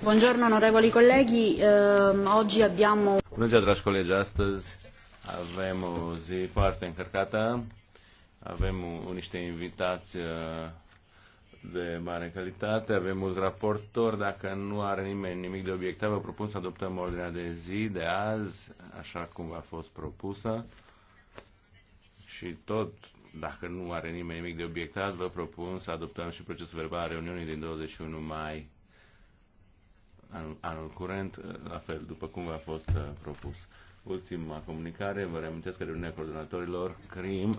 Buongiorno onorevoli colleghi, uh, oggi abbiamo... Bună ziua, dragi colegi, astăzi avem o zi foarte încărcată, avem niște invitați uh, de mare calitate, avem mulți raportori, dacă nu are nimeni nimic de obiectat, vă propun să adoptăm ordinea de zi de azi, așa cum a fost propusă și tot dacă nu are nimeni nimic de obiectat, vă propun să adoptăm și procesul verbal a reuniunii din 21 mai anul, anul curent, la fel, după cum v-a fost uh, propus. Ultima comunicare, vă reamintesc că reuniunea coordonatorilor CRIM uh,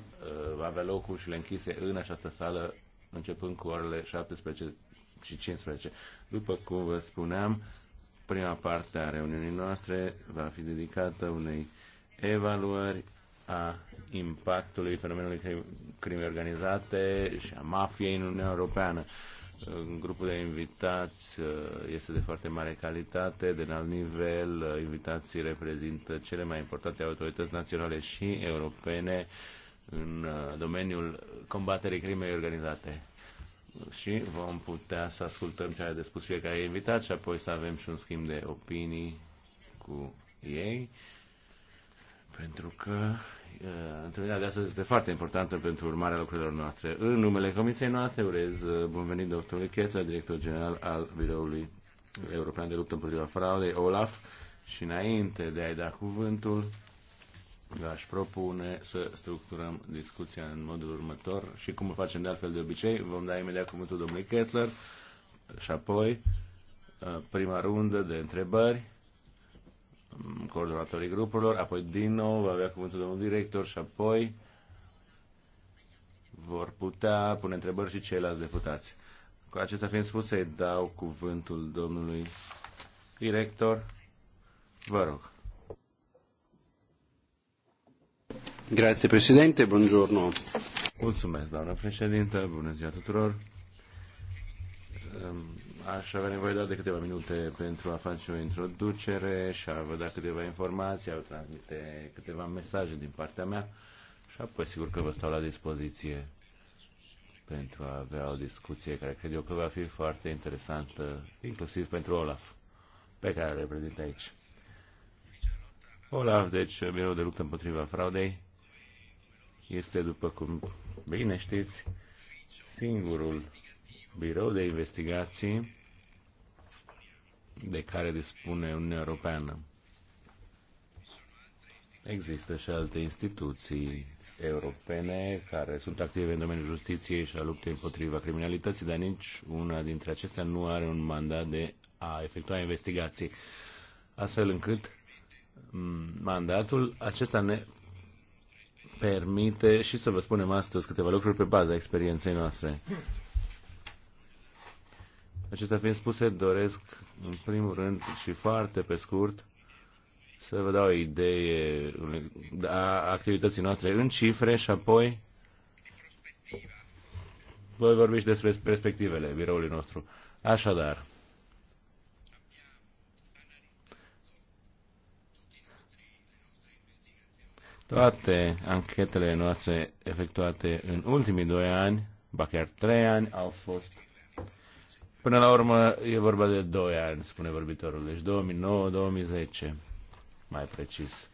va avea loc ușile închise în această sală, începând cu orele 17 și 15. După cum vă spuneam, prima parte a reuniunii noastre va fi dedicată unei evaluări a impactului fenomenului crimei organizate și a mafiei în Uniunea Europeană. Grupul de invitați uh, este de foarte mare calitate, de înalt nivel. Uh, invitații reprezintă cele mai importante autorități naționale și europene în uh, domeniul combaterii crimei organizate. Și vom putea să ascultăm ce are de spus fiecare invitat și apoi să avem și un schimb de opinii cu ei pentru că întâlnirea de astăzi este foarte importantă pentru urmarea lucrurilor noastre. În numele Comisiei noastre urez bun venit doctorului Chetra, director general al Biroului European de Luptă împotriva Fraudei, OLAF, și înainte de a-i da cuvântul, aș propune să structurăm discuția în modul următor și cum o facem de altfel de obicei. Vom da imediat cuvântul domnului Kessler și apoi prima rundă de întrebări Mm, coordonatorii grupurilor, apoi din nou va avea cuvântul domnul director și apoi vor putea pune întrebări și ceilalți deputați. Cu acestea fiind spuse, i dau cuvântul domnului director. Vă rog. Grazie președinte. buongiorno. Mulțumesc, doamnă președinte. bună ziua tuturor. Aș avea nevoie doar de câteva minute pentru a face o introducere și a vă da câteva informații, a vă transmite câteva mesaje din partea mea și apoi sigur că vă stau la dispoziție pentru a avea o discuție care cred eu că va fi foarte interesantă, inclusiv pentru Olaf, pe care îl reprezint aici. Olaf, deci, Birou de Luptă împotriva Fraudei, este, după cum bine știți, singurul birou de investigații de care dispune Uniunea Europeană. Există și alte instituții europene care sunt active în domeniul justiției și a luptei împotriva criminalității, dar nici una dintre acestea nu are un mandat de a efectua investigații. Astfel încât mm, mandatul acesta ne permite și să vă spunem astăzi câteva lucruri pe baza experienței noastre. Acestea fiind spuse, doresc în primul rând și foarte pe scurt să vă dau o idee a activității noastre în cifre și apoi voi vorbi și despre perspectivele biroului nostru. Așadar, toate anchetele noastre efectuate în ultimii doi ani, ba chiar trei ani, au fost Până la urmă e vorba de 2 ani, spune vorbitorul, deci 2009-2010, mai precis.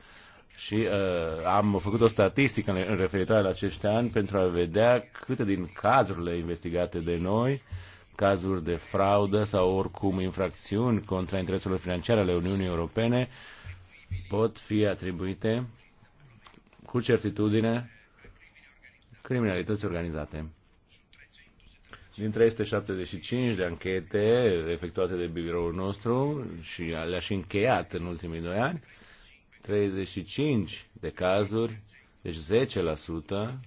Și uh, am făcut o statistică în referitoare la acești ani pentru a vedea câte din cazurile investigate de noi, cazuri de fraudă sau oricum infracțiuni contra intereselor financiare ale Uniunii Europene, pot fi atribuite cu certitudine criminalități organizate. Din 375 de anchete efectuate de biroul nostru și le-a și încheiat în ultimii doi ani, 35 de cazuri, deci 10%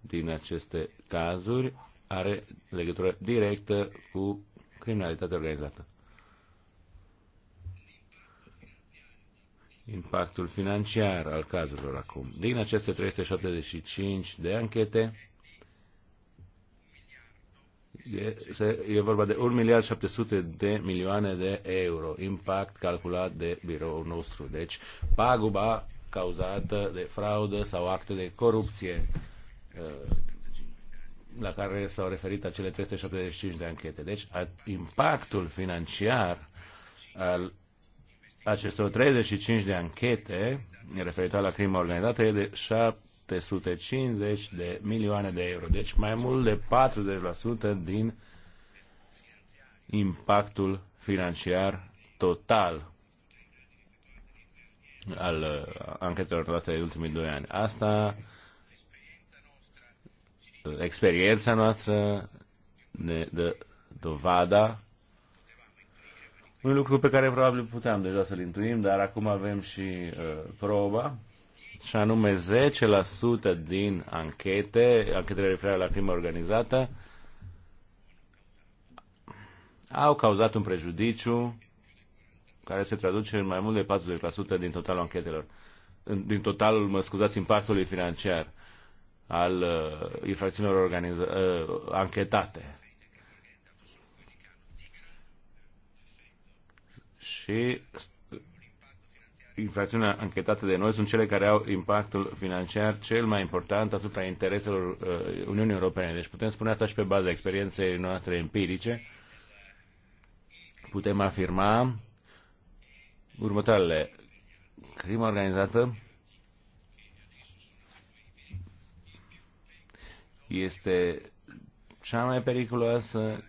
din aceste cazuri are legătură directă cu criminalitatea organizată. Impactul financiar al cazurilor acum. Din aceste 375 de anchete, E vorba de 1 miliard 700 de milioane de euro, impact calculat de biroul nostru. Deci, paguba cauzată de fraudă sau acte de corupție uh, la care s-au referit acele 375 de anchete. Deci, impactul financiar al acestor 35 de anchete referitoare la crimă organizată e de 750 de milioane de euro, deci mai mult de 40% din impactul financiar total al uh, anchetelor date de ultimii doi ani. Asta, uh, experiența noastră ne dă dovada un lucru pe care probabil puteam deja să-l intuim, dar acum avem și uh, proba și anume 10% din anchete, anchetele referitoare la crimă organizată, au cauzat un prejudiciu care se traduce în mai mult de 40% din totalul anchetelor, din totalul, mă scuzați, impactului financiar al uh, infracțiunilor organiza- uh, anchetate. Și infracțiunea anchetată de noi sunt cele care au impactul financiar cel mai important asupra intereselor uh, Uniunii Europene. Deci putem spune asta și pe baza experienței noastre empirice. Putem afirma următoarele. Crima organizată este cea mai periculoasă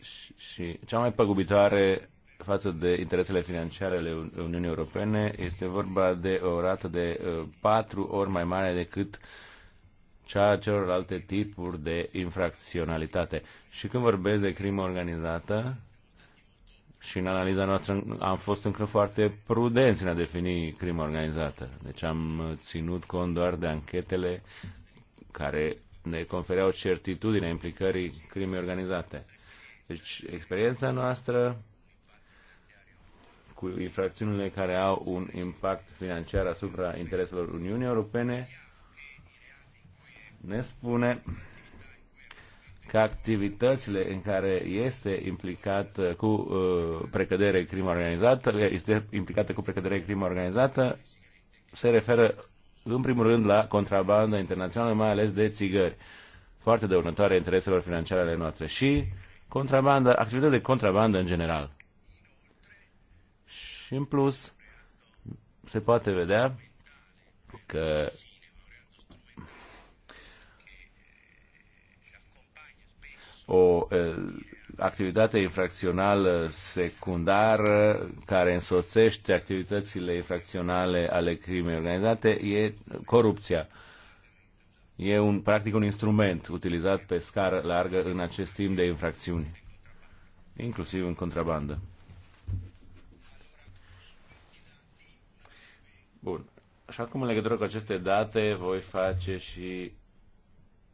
și, și cea mai păgubitoare față de interesele financiare ale Uniunii Europene. Este vorba de o rată de uh, patru ori mai mare decât cea a celorlalte tipuri de infracționalitate. Și când vorbesc de crimă organizată, și în analiza noastră am fost încă foarte prudenți în a defini crimă organizată. Deci am ținut cont doar de anchetele care ne confereau certitudinea implicării crimei organizate. Deci experiența noastră cu infracțiunile care au un impact financiar asupra intereselor Uniunii Europene, ne spune că activitățile în care este implicat uh, cu uh, precădere crima organizată, este implicată cu precădere crima organizată, se referă în primul rând la contrabanda internațională, mai ales de țigări, foarte dăunătoare intereselor financiare ale noastre și contrabanda, activități de contrabandă în general. Și în plus, se poate vedea că o activitate infracțională secundară care însoțește activitățile infracționale ale crimei organizate e corupția. E un, practic un instrument utilizat pe scară largă în acest timp de infracțiuni, inclusiv în contrabandă. Bun. Și acum, în legătură cu aceste date, voi face și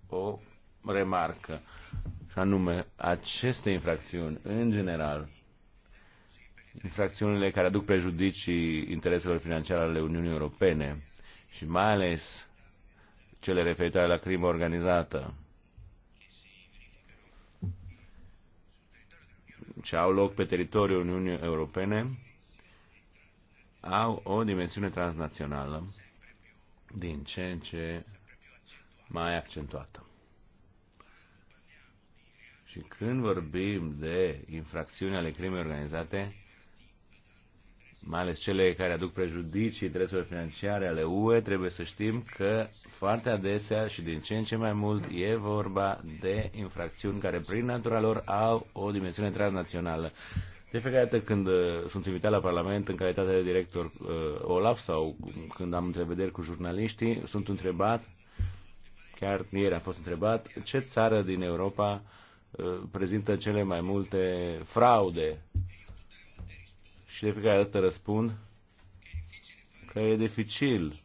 o remarcă. Și anume, aceste infracțiuni, în general, infracțiunile care aduc prejudicii intereselor financiare ale Uniunii Europene și mai ales cele referitoare la crimă organizată, ce au loc pe teritoriul Uniunii Europene, au o dimensiune transnațională din ce în ce mai accentuată. Și când vorbim de infracțiuni ale crimei organizate, mai ales cele care aduc prejudicii intereselor financiare ale UE, trebuie să știm că foarte adesea și din ce în ce mai mult e vorba de infracțiuni care prin natura lor au o dimensiune transnațională. De fiecare dată când uh, sunt invitat la Parlament în calitate de director uh, Olaf sau când am întrevederi cu jurnaliștii, sunt întrebat, chiar ieri am fost întrebat, ce țară din Europa uh, prezintă cele mai multe fraude. Și de fiecare dată răspund că e dificil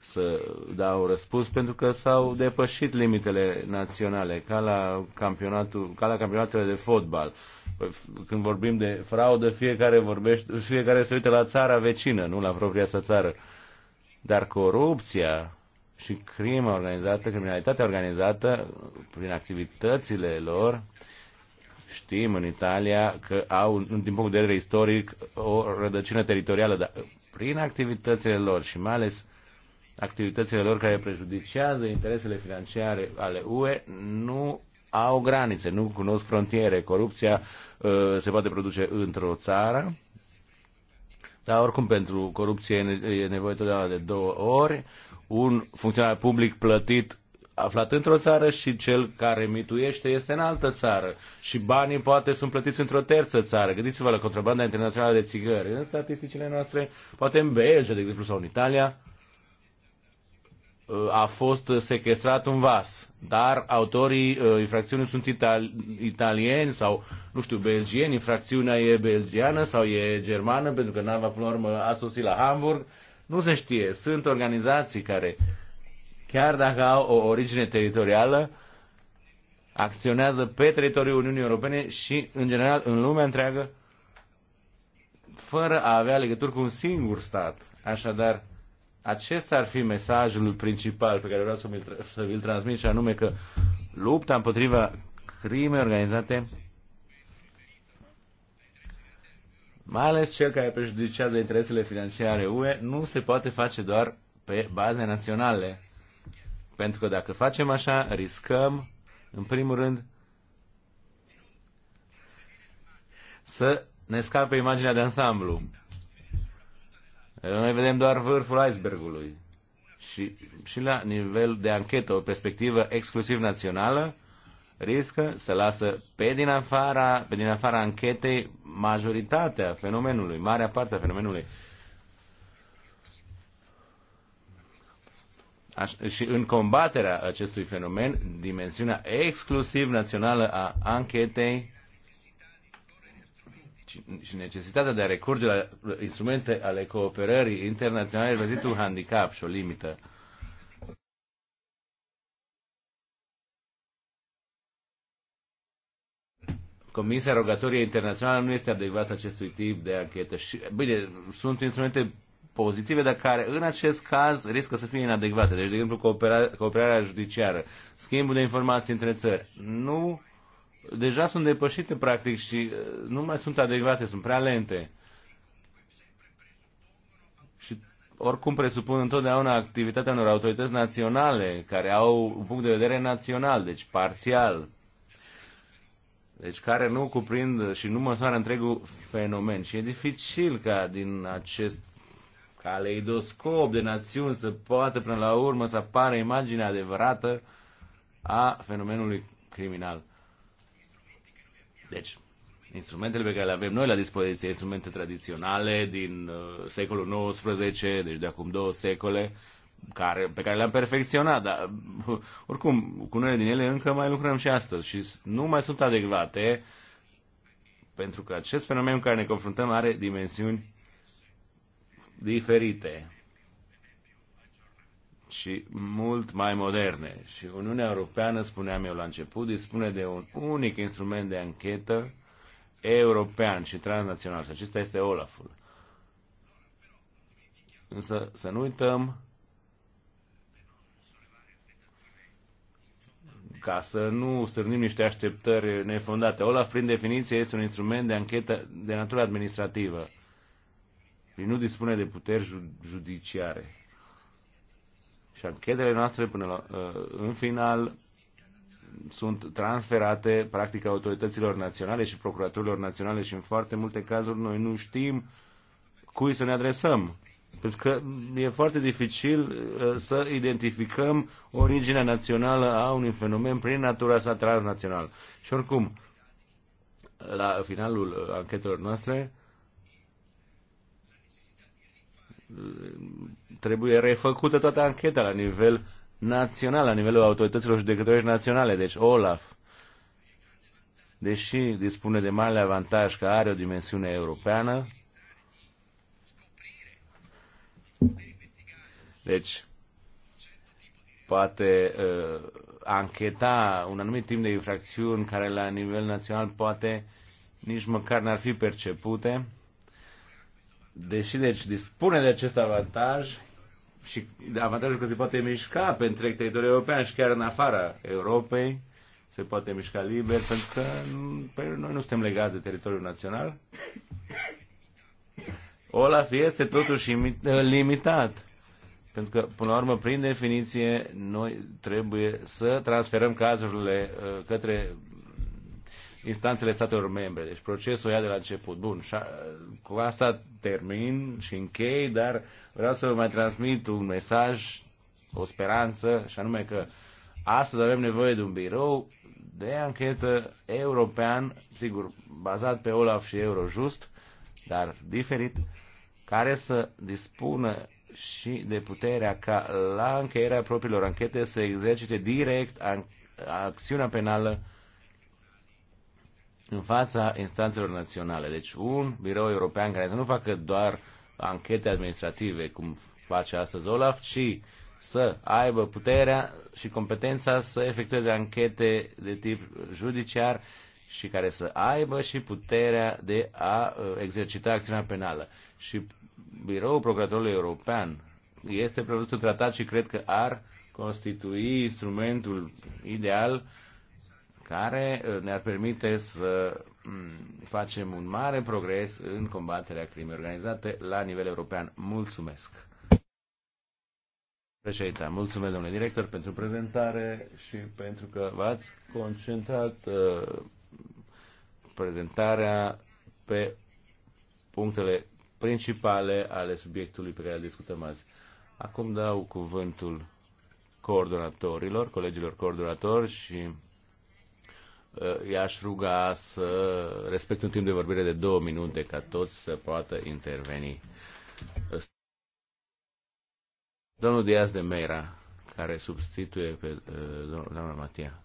să dau răspuns pentru că s-au depășit limitele naționale, ca la, campionatul, ca la campionatele de fotbal. Când vorbim de fraudă, fiecare, vorbește, fiecare se uită la țara vecină, nu la propria sa țară. Dar corupția și crima organizată, criminalitatea organizată, prin activitățile lor, știm în Italia că au, din punct de vedere istoric, o rădăcină teritorială, dar prin activitățile lor și mai ales activitățile lor care prejudicează interesele financiare ale UE nu au granițe, nu cunosc frontiere. Corupția uh, se poate produce într-o țară, dar oricum pentru corupție e nevoie totdeauna de două ori. Un funcționar public plătit aflat într-o țară și cel care mituiește este în altă țară. Și banii poate sunt plătiți într-o terță țară. Gândiți-vă la contrabanda internațională de țigări. În statisticile noastre, poate în Belgia, de exemplu, sau în Italia, a fost sequestrat un vas, dar autorii uh, infracțiunii sunt itali- italieni sau, nu știu, belgieni, infracțiunea e belgiană sau e germană, pentru că nava, până la urmă, a sosit la Hamburg. Nu se știe. Sunt organizații care, chiar dacă au o origine teritorială, acționează pe teritoriul Uniunii Europene și, în general, în lumea întreagă, fără a avea legături cu un singur stat. Așadar, acesta ar fi mesajul principal pe care vreau să, să transmit și anume că lupta împotriva crimei organizate mai ales cel care prejudicează interesele financiare UE, nu se poate face doar pe baze naționale. Pentru că dacă facem așa, riscăm, în primul rând, să ne scape imaginea de ansamblu. Noi vedem doar vârful icebergului. Și, și la nivel de anchetă, o perspectivă exclusiv națională, riscă să lasă pe din afara, pe din afara anchetei majoritatea fenomenului, marea parte a fenomenului. Aș, și în combaterea acestui fenomen, dimensiunea exclusiv națională a anchetei și, și necesitatea de a recurge la instrumente ale cooperării internaționale reprezintă un handicap și o limită. Comisia Rogatorie Internațională nu este adecvată acestui tip de anchetă. Și, bine, sunt instrumente pozitive, dar care în acest caz riscă să fie inadecvate. Deci, de exemplu, cooperarea, cooperarea judiciară, schimbul de informații între țări. Nu deja sunt depășite practic și uh, nu mai sunt adecvate, sunt prea lente. Și oricum presupun întotdeauna activitatea unor autorități naționale care au un punct de vedere național, deci parțial. Deci care nu cuprind și nu măsoară întregul fenomen. Și e dificil ca din acest caleidoscop de națiuni să poată până la urmă să apară imaginea adevărată a fenomenului criminal. Deci, instrumentele pe care le avem noi la dispoziție, instrumente tradiționale din uh, secolul XIX, deci de acum două secole, care, pe care le-am perfecționat, dar uh, oricum, cu unele din ele încă mai lucrăm și astăzi și nu mai sunt adecvate pentru că acest fenomen cu care ne confruntăm are dimensiuni diferite și mult mai moderne. Și Uniunea Europeană, spuneam eu la început, dispune de un unic instrument de anchetă european și transnațional. Și acesta este Olaful. Însă să nu uităm ca să nu stârnim niște așteptări nefondate. Olaf, prin definiție, este un instrument de anchetă de natură administrativă și deci nu dispune de puteri judiciare. Și anchetele noastre, până la, uh, în final, sunt transferate, practic, autorităților naționale și procuraturilor naționale și, în foarte multe cazuri, noi nu știm cui să ne adresăm. Pentru că e foarte dificil uh, să identificăm originea națională a unui fenomen prin natura sa transnațională. Și oricum, la finalul uh, anchetelor noastre, trebuie refăcută toată ancheta la nivel național, la nivelul autorităților judecătorești naționale, deci OLAF. Deși dispune de mare avantaj că are o dimensiune europeană, deci poate uh, ancheta un anumit timp de infracțiuni care la nivel național poate nici măcar n-ar fi percepute deși deci dispune de acest avantaj și avantajul că se poate mișca pe întreg teritoriul european și chiar în afara Europei, se poate mișca liber, pentru că pe păi, noi nu suntem legați de teritoriul național. Olaf este totuși limitat. Pentru că, până la urmă, prin definiție, noi trebuie să transferăm cazurile uh, către instanțele statelor membre. Deci procesul ia de la început. Bun, cu asta termin și închei, dar vreau să vă mai transmit un mesaj, o speranță, și anume că astăzi avem nevoie de un birou de anchetă european, sigur, bazat pe Olaf și Eurojust, dar diferit, care să dispună și de puterea ca la încheierea propriilor anchete să exercite direct acțiunea penală în fața instanțelor naționale. Deci un birou european care să nu facă doar anchete administrative, cum face astăzi Olaf, ci să aibă puterea și competența să efectueze anchete de tip judiciar și care să aibă și puterea de a uh, exercita acțiunea penală. Și biroul procuratorului european este prevăzut în tratat și cred că ar constitui instrumentul ideal uh, care uh, ne-ar permite să mm, facem un mare progres în combaterea crimei organizate la nivel european. Mulțumesc! Președinte, mulțumesc, domnule director, pentru prezentare și pentru că v-ați concentrat uh, prezentarea pe punctele principale ale subiectului pe care discutăm azi. Acum dau cuvântul coordonatorilor, colegilor coordonatori și Uh, i-aș ruga să respect un timp de vorbire de două minute ca toți să poată interveni. Domnul Diaz de Meira, care substituie pe uh, doamna Matia.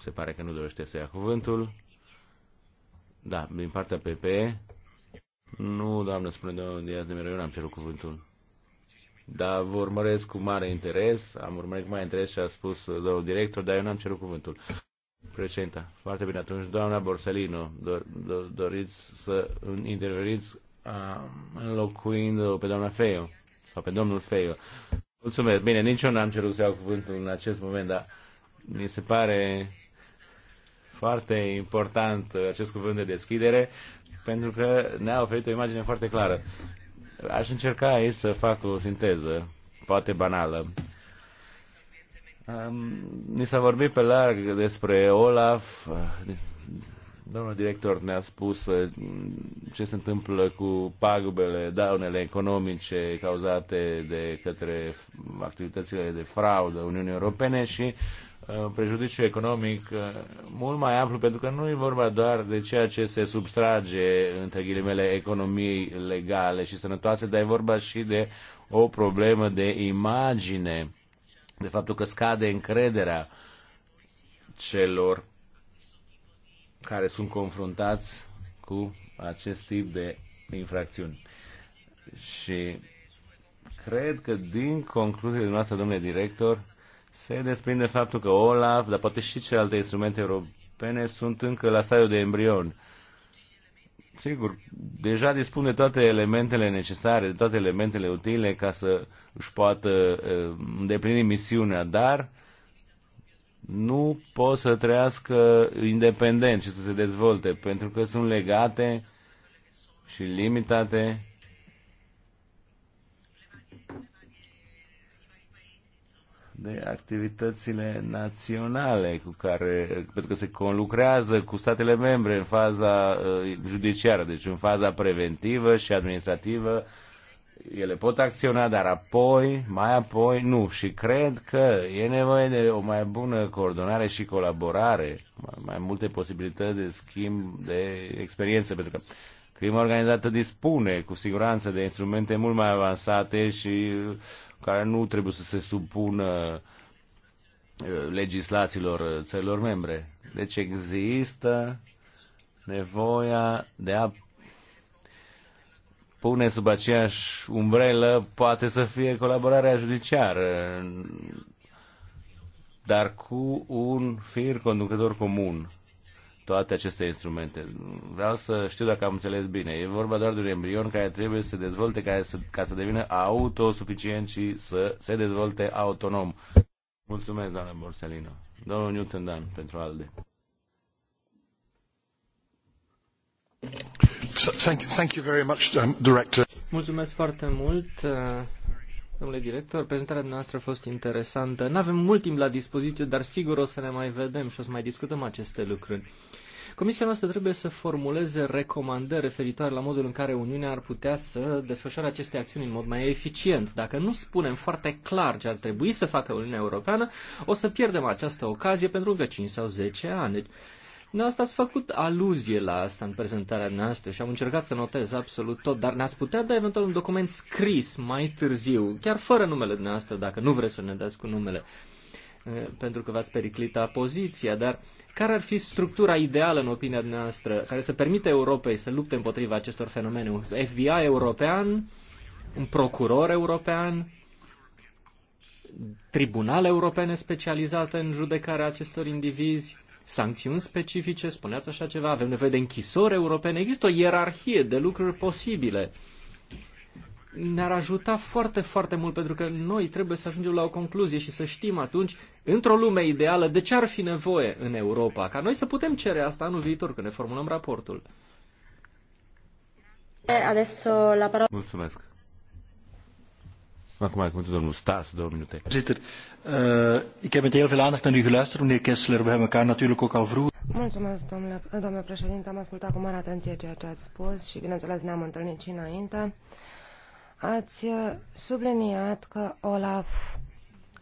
Se pare că nu dorește să ia cuvântul. Da, din partea PP. Nu, doamnă, spune domnul Diaz de Meira, eu n-am cerut cuvântul. Dar vă urmăresc cu mare interes, am urmărit cu mare interes și a spus uh, domnul director, dar eu n-am cerut cuvântul prezenta. foarte bine. Atunci, doamna Borsellino, do- do- doriți să interveniți înlocuind pe doamna Feio sau pe domnul Feio. Mulțumesc. Bine, nici eu n-am cerut să iau cuvântul în acest moment, dar mi se pare foarte important acest cuvânt de deschidere pentru că ne-a oferit o imagine foarte clară. Aș încerca aici să fac o sinteză, poate banală, Ni s-a vorbit pe larg despre Olaf. Domnul director ne-a spus uh, ce se întâmplă cu pagubele, daunele economice cauzate de către activitățile de fraudă Uniunii Europene și uh, prejudiciu economic uh, mult mai amplu, pentru că nu e vorba doar de ceea ce se substrage între ghilimele economiei legale și sănătoase, dar e vorba și de o problemă de imagine de faptul că scade încrederea celor care sunt confruntați cu acest tip de infracțiuni. Și cred că din concluziile noastre, domnule director, se desprinde faptul că OLAF, dar poate și celelalte instrumente europene, sunt încă la stadiul de embrion. Uh, sigur, deja dispune de toate elementele necesare, de toate elementele utile ca să își poată îndeplini misiunea, dar nu pot să trăiască independent și să se dezvolte, pentru că sunt legate și limitate de activitățile naționale cu care, pentru că se conlucrează cu statele membre în faza uh, judiciară, deci în faza preventivă și administrativă, ele pot acționa, dar apoi, mai apoi, nu. Și cred că e nevoie de o mai bună coordonare și colaborare, mai multe posibilități de schimb de experiențe, pentru că crima organizată dispune cu siguranță de instrumente mult mai avansate și care nu trebuie să se supună uh, legislațiilor uh, țărilor membre. Deci există nevoia de a pune sub aceeași umbrelă, poate să fie colaborarea judiciară, dar cu un fir conducător comun toate aceste instrumente. Vreau să știu dacă am înțeles bine. E vorba doar de un embrion care trebuie să se dezvolte ca să, ca să devină autosuficient și să se dezvolte autonom. Mulțumesc, doamna Borsellino. Domnul Newton Dan, pentru ALDE. Thank, thank you very much, um, Director. Mulțumesc foarte mult, uh, Domnule director, prezentarea noastră a fost interesantă. Nu avem mult timp la dispoziție, dar sigur o să ne mai vedem și o să mai discutăm aceste lucruri. Comisia noastră trebuie să formuleze recomandări referitoare la modul în care Uniunea ar putea să desfășoare aceste acțiuni în mod mai eficient. Dacă nu spunem foarte clar ce ar trebui să facă Uniunea Europeană, o să pierdem această ocazie pentru încă 5 sau 10 ani. Noastră ați făcut aluzie la asta în prezentarea noastră și am încercat să notez absolut tot, dar ne-ați putea da eventual un document scris mai târziu, chiar fără numele dumneavoastră, dacă nu vreți să ne dați cu numele eh, pentru că v-ați periclita poziția, dar care ar fi structura ideală, în opinia noastră, care să permite Europei să lupte împotriva acestor fenomene? Un FBI european, un procuror european, tribunale europene specializate în judecarea acestor indivizi, sancțiuni specifice, spuneați așa ceva, avem nevoie de închisori europene, există o ierarhie de lucruri posibile. Ne-ar ajuta foarte, foarte mult, pentru că noi trebuie să ajungem la o concluzie și să știm atunci, într-o lume ideală, de ce ar fi nevoie în Europa, ca noi să putem cere asta anul viitor, când ne formulăm raportul. Adesso la parola... Mulțumesc domnul Voorzitter, uh, ik heb met heel veel aandacht naar u geluisterd, meneer Kessler. We hebben elkaar natuurlijk ook al vroeg. Mulțumesc, domnule, domnule președinte. Am ascultat cu mare atenție ceea ce ați spus și, bineînțeles, ne-am întâlnit și înainte. Ați eh, subliniat că Olaf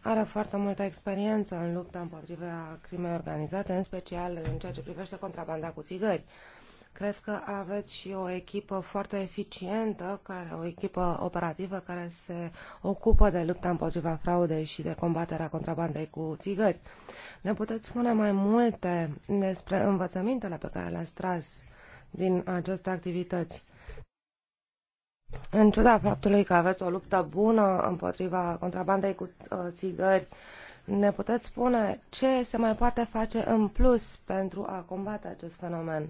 are foarte multă experiență în lupta împotriva crimei organizate, în special în ceea ce privește contrabanda cu țigări. Uh, Cred că aveți și o echipă foarte eficientă, care, o echipă operativă care se ocupă de lupta împotriva fraudei și de combaterea contrabandei cu țigări. Ne puteți spune mai multe despre învățămintele pe care le-ați tras din aceste activități? În ciuda faptului că aveți o luptă bună împotriva contrabandei cu uh, țigări, ne puteți spune ce se mai poate face în plus pentru a combate acest fenomen?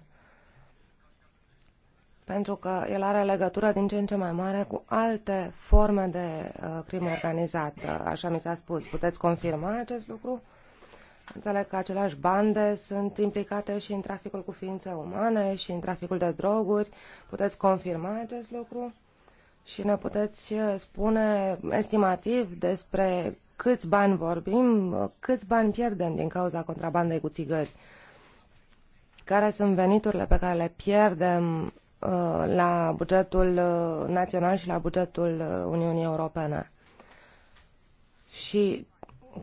pentru că el are legătură din ce în ce mai mare cu alte forme de uh, crimă organizată, așa mi s-a spus. Puteți confirma acest lucru? Înțeleg că aceleași bande sunt implicate și în traficul cu ființe umane și în traficul de droguri. Puteți confirma acest lucru? Și ne puteți uh, spune estimativ despre câți bani vorbim, uh, câți bani pierdem din cauza contrabandei cu țigări? Care sunt veniturile pe care le pierdem Uh, la bugetul uh, național și la bugetul uh, Uniunii Europene. Și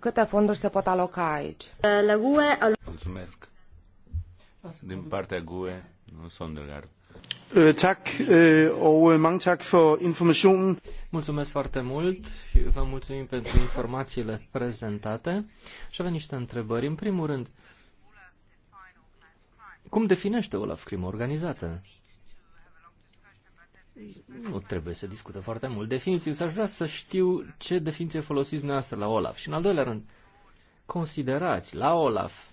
câte fonduri se pot aloca aici? La GUE... Al... Mulțumesc. Din partea GUE, nu sunt øh, Tak, øh, og øh, mange tak for informationen. Mulțumesc foarte mult și vă mulțumim pentru informațiile prezentate. Și avem niște întrebări. În primul rând, cum definește Olaf crimă organizată? nu trebuie să discută foarte mult definiții, însă aș vrea să știu ce definiție folosiți dumneavoastră la Olaf. Și în al doilea rând, considerați la Olaf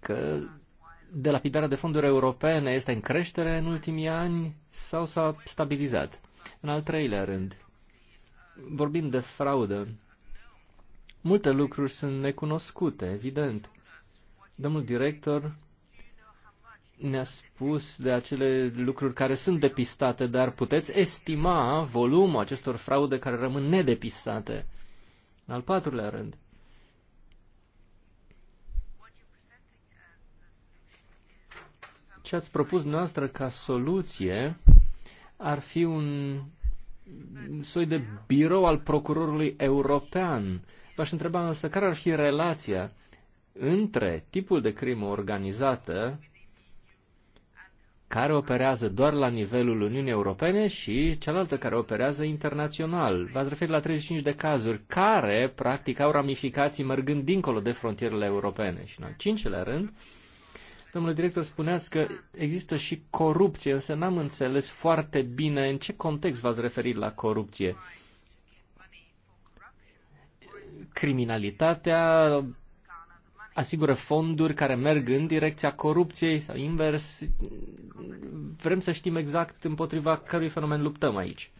că de lapidarea de fonduri europene este în creștere în ultimii ani sau s-a stabilizat? În al treilea rând, vorbim de fraudă. Multe lucruri sunt necunoscute, evident. Domnul director ne-a spus de acele lucruri care sunt depistate, dar puteți estima volumul acestor fraude care rămân nedepistate. În al patrulea rând, ce ați propus noastră ca soluție ar fi un soi de birou al procurorului european. V-aș întreba însă care ar fi relația între tipul de crimă organizată care operează doar la nivelul Uniunii Europene și cealaltă care operează internațional. V-ați referit la 35 de cazuri care, practic, au ramificații mergând dincolo de frontierele europene. Și în al cincilea rând, domnule director, spuneați că există și corupție, însă n-am înțeles foarte bine în ce context v-ați referit la corupție criminalitatea asigură fonduri care merg în direcția corupției sau invers. Vrem să știm exact împotriva cărui fenomen luptăm aici.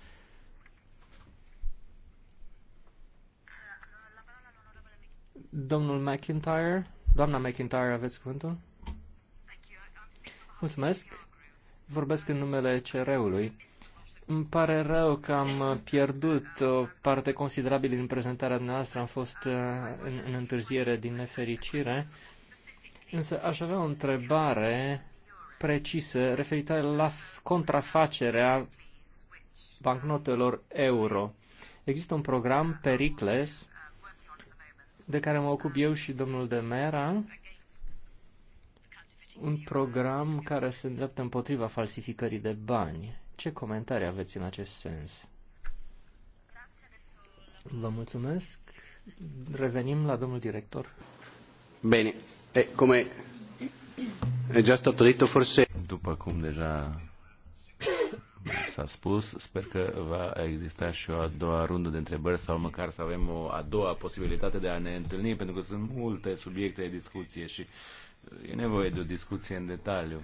Domnul McIntyre, doamna McIntyre, aveți cuvântul? Mulțumesc. Vorbesc în numele CR-ului. Îmi pare rău că am uh, pierdut o parte considerabilă din prezentarea noastră. Am fost uh, în, în întârziere din nefericire. Însă aș avea o întrebare precisă referitoare la contrafacerea bancnotelor euro. Există un program, Pericles, de care mă ocup eu și domnul de Mera, un program care se îndreaptă împotriva falsificării de bani. Ce comentarii aveți în acest sens? Vă mulțumesc. Revenim la domnul director. Bine. E, cum e, e già stato detto, forse... După cum deja s-a spus, sper că va exista și o a doua rundă de întrebări sau măcar să avem o a doua posibilitate de a ne întâlni, pentru că sunt multe subiecte de discuție și e nevoie de o discuție în detaliu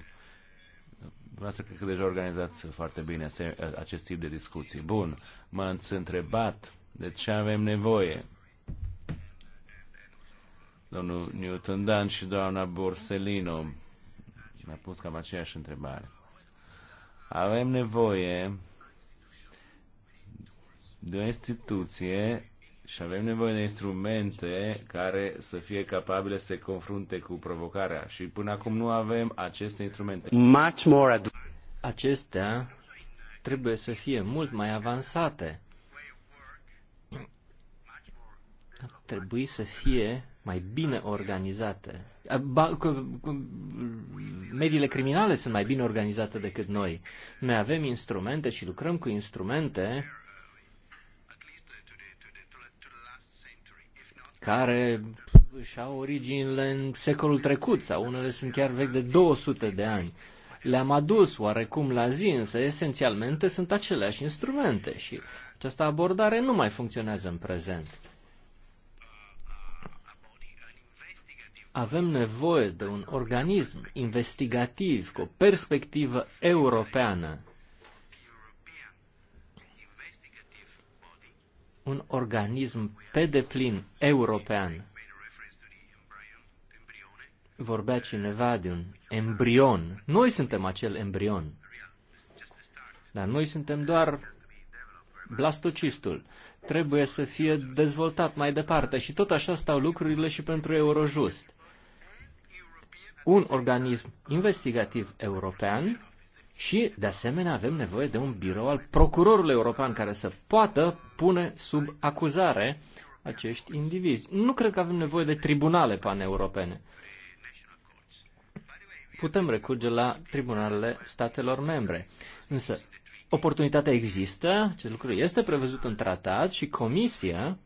să cred că deja organizați foarte bine acest tip de discuții. Bun, m-ați întrebat de ce avem nevoie. Domnul Newton Dan și doamna Borsellino mi-a pus cam aceeași întrebare. Avem nevoie de o instituție și avem nevoie de instrumente care să fie capabile să se confrunte cu provocarea. Și până acum nu avem aceste instrumente. Much more Acestea trebuie să fie mult mai avansate. Ar trebui să fie mai bine organizate. Ba, cu, cu, mediile criminale sunt mai bine organizate decât noi. Noi avem instrumente și lucrăm cu instrumente care își au originile în secolul trecut sau unele sunt chiar vechi de 200 de ani. Le-am adus oarecum la zi, însă esențialmente sunt aceleași instrumente și această abordare nu mai funcționează în prezent. Avem nevoie de un organism investigativ cu o perspectivă europeană un organism pe deplin european. Vorbea cineva de un embrion. Noi suntem acel embrion. Dar noi suntem doar blastocistul. Trebuie să fie dezvoltat mai departe și tot așa stau lucrurile și pentru Eurojust. Un organism investigativ european și, de asemenea, avem nevoie de un birou al procurorului european care să poată pune sub acuzare acești indivizi. Nu cred că avem nevoie de tribunale paneuropene. Putem recurge la tribunalele statelor membre. Însă, oportunitatea există, acest lucru este prevăzut în tratat și Comisia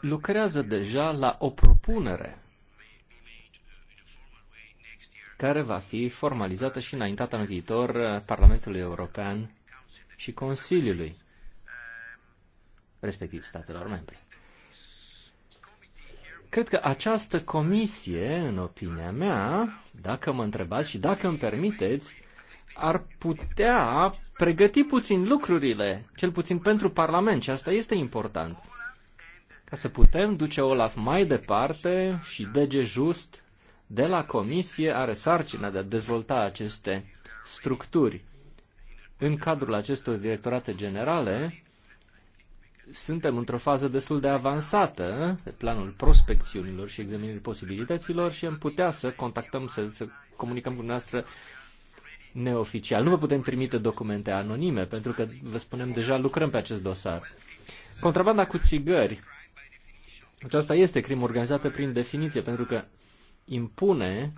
lucrează deja la o propunere care va fi formalizată și înaintată în viitor uh, Parlamentului European și Consiliului, respectiv statelor membre. Cred că această comisie, în opinia mea, dacă mă întrebați și dacă îmi permiteți, ar putea pregăti puțin lucrurile, cel puțin pentru Parlament, și asta este important. Ca să putem duce Olaf mai departe și dege Just de la comisie are sarcina de a dezvolta aceste structuri. În cadrul acestor directorate generale, suntem într-o fază destul de avansată pe planul prospecțiunilor și examinării posibilităților și am putea să contactăm, să, să comunicăm cu noastră neoficial. Nu vă putem trimite documente anonime, pentru că, vă spunem, deja lucrăm pe acest dosar. Contrabanda cu țigări. Aceasta este crimă organizată prin definiție, pentru că impune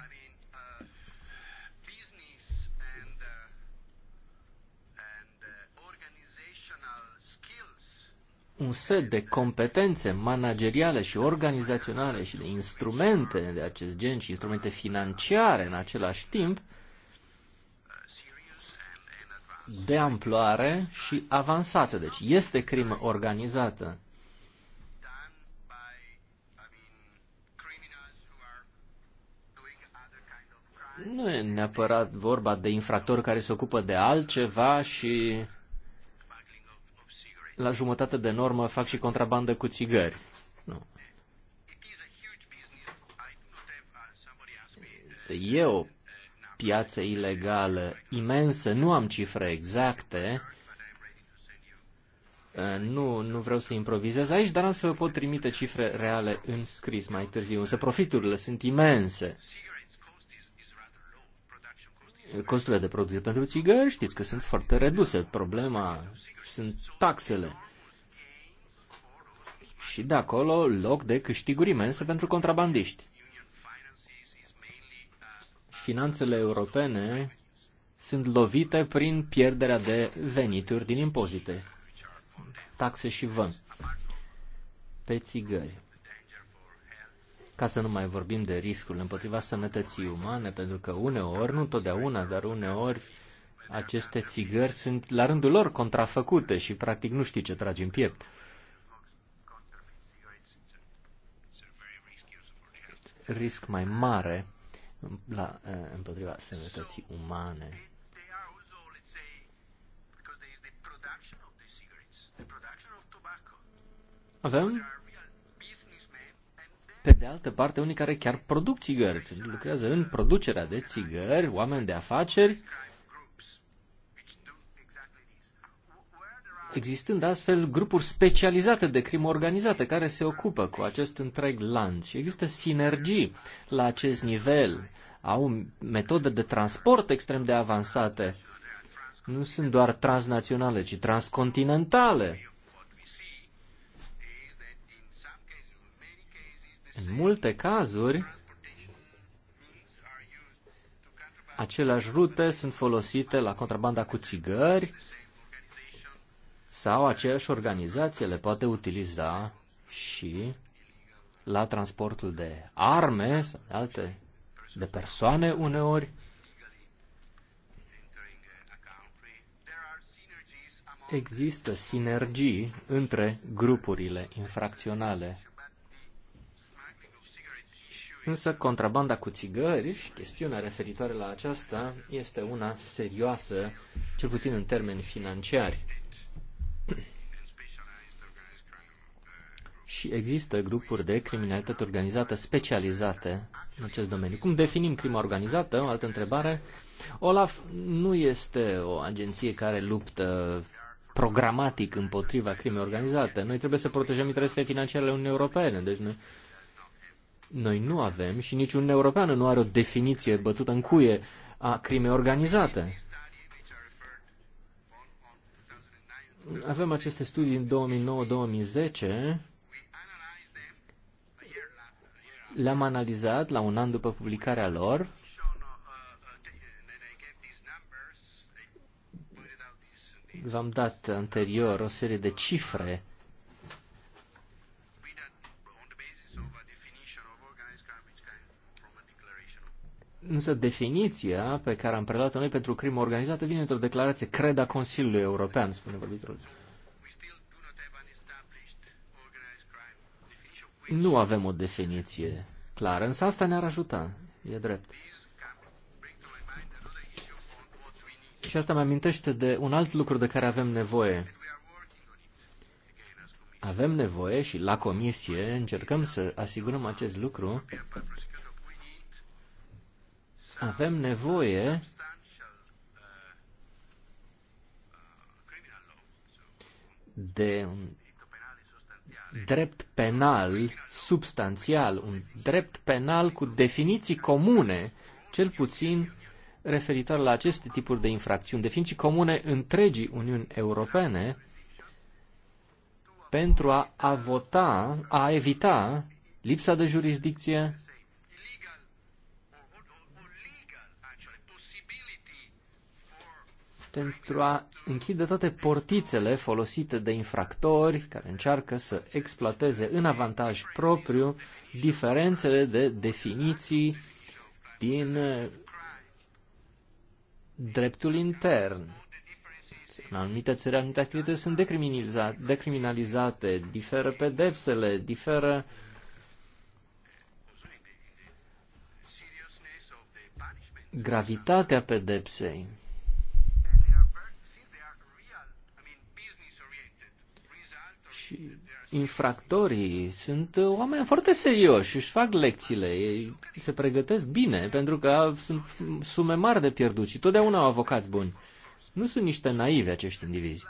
un set de competențe manageriale și organizaționale și de instrumente de acest gen și instrumente financiare în același timp de amploare și avansată. Deci este crimă organizată. nu e neapărat vorba de infractori care se ocupă de altceva și la jumătate de normă fac și contrabandă cu țigări. Nu. E o piață ilegală imensă, nu am cifre exacte, ă, nu, nu vreau să improvizez aici, dar am să vă pot trimite cifre reale în scris mai târziu, însă profiturile sunt imense costurile de producție pentru țigări, știți că sunt foarte reduse. Problema sunt taxele. Și de acolo loc de câștiguri imense pentru contrabandiști. Finanțele europene sunt lovite prin pierderea de venituri din impozite, taxe și văm pe țigări ca să nu mai vorbim de riscul împotriva sănătății umane, pentru că uneori, nu totdeauna, dar uneori aceste țigări sunt la rândul lor contrafăcute și practic nu știi ce tragi în piept. Risc mai mare la, eh, împotriva sănătății umane. Avem pe de altă parte unii care chiar produc țigări, lucrează în producerea de țigări, oameni de afaceri, existând astfel grupuri specializate de crimă organizată care se ocupă cu acest întreg lanț și există sinergii la acest nivel, au metode de transport extrem de avansate, nu sunt doar transnaționale, ci transcontinentale. În multe cazuri, aceleași rute sunt folosite la contrabanda cu țigări sau aceeași organizație le poate utiliza și la transportul de arme sau de alte de persoane uneori. Există sinergii între grupurile infracționale Însă contrabanda cu țigări și chestiunea referitoare la aceasta este una serioasă, cel puțin în termeni financiari. și există grupuri de criminalitate organizată specializate în acest domeniu. Cum definim crima organizată? O altă întrebare. Olaf nu este o agenție care luptă programatic împotriva crimei organizate. Noi trebuie să protejăm interesele financiare ale Uniunii Europene, deci noi noi nu avem și niciun european nu are o definiție bătută în cuie a crimei organizate. Avem aceste studii în 2009-2010. Le-am analizat la un an după publicarea lor. V-am dat anterior o serie de cifre Însă definiția pe care am preluat-o noi pentru crimă organizată vine într-o declarație cred a Consiliului European, spune vorbitorul. Nu avem o definiție clară, însă asta ne-ar ajuta, e drept. Și asta mă amintește de un alt lucru de care avem nevoie. Avem nevoie și la comisie încercăm să asigurăm acest lucru avem nevoie de un drept penal substanțial, un drept penal cu definiții comune, cel puțin referitor la aceste tipuri de infracțiuni, definiții comune întregii Uniuni Europene, pentru a, a vota, a evita lipsa de jurisdicție pentru a închide toate portițele folosite de infractori care încearcă să exploateze în avantaj propriu diferențele de definiții din uh, dreptul intern. În anumite țări, anumite activități sunt decriminalizate, decriminalizate diferă pedepsele, diferă gravitatea pedepsei. Și infractorii sunt oameni foarte serioși, își fac lecțiile, ei se pregătesc bine, pentru că sunt sume mari de pierdut și totdeauna au avocați buni. Nu sunt niște naivi acești indivizi.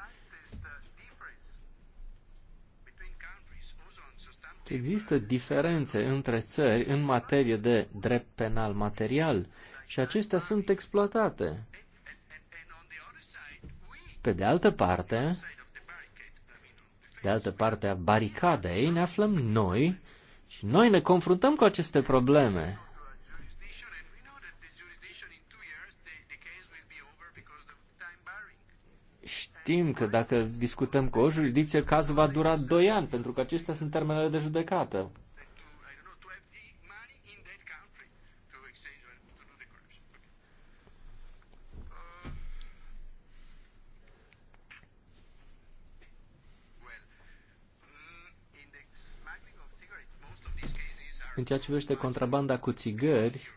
Există diferențe între țări în materie de drept penal material și acestea sunt exploatate. Pe de altă parte, de altă parte a baricadei ne aflăm noi și noi ne confruntăm cu aceste probleme. Știm că dacă discutăm cu o jurisdicție, cazul va dura 2 ani, pentru că acestea sunt termenele de judecată. În ceea ce privește contrabanda cu țigări,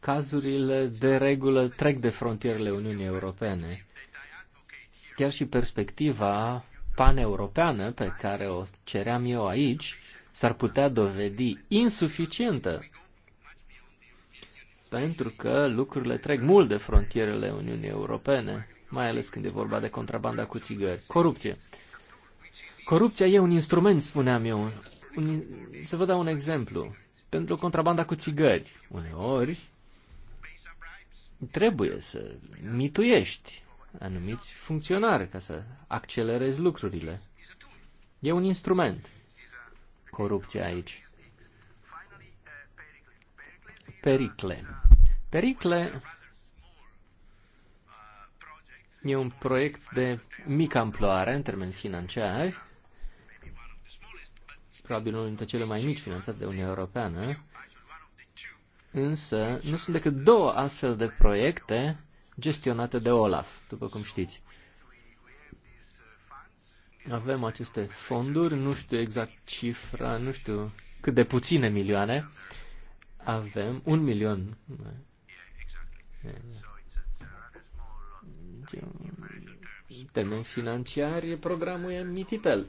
cazurile de regulă trec de frontierele Uniunii Europene. Chiar și perspectiva paneuropeană pe care o ceream eu aici s-ar putea dovedi insuficientă pentru că lucrurile trec mult de frontierele Uniunii Europene, mai ales când e vorba de contrabanda cu țigări. Corupție. Corupția e un instrument, spuneam eu, un, să vă dau un exemplu. Pentru contrabanda cu țigări, uneori trebuie să mituiești anumiți funcționari ca să accelerezi lucrurile. E un instrument. Corupția aici. Pericle. Pericle e un proiect de mică amploare în termeni financiari probabil unul dintre cele mai mici finanțate de Uniunea Europeană, însă nu sunt decât două astfel de proiecte gestionate de OLAF, după cum știți. Avem aceste fonduri, nu știu exact cifra, nu știu cât de puține milioane. Avem un milion. Termen termeni financiari, programul e mititel.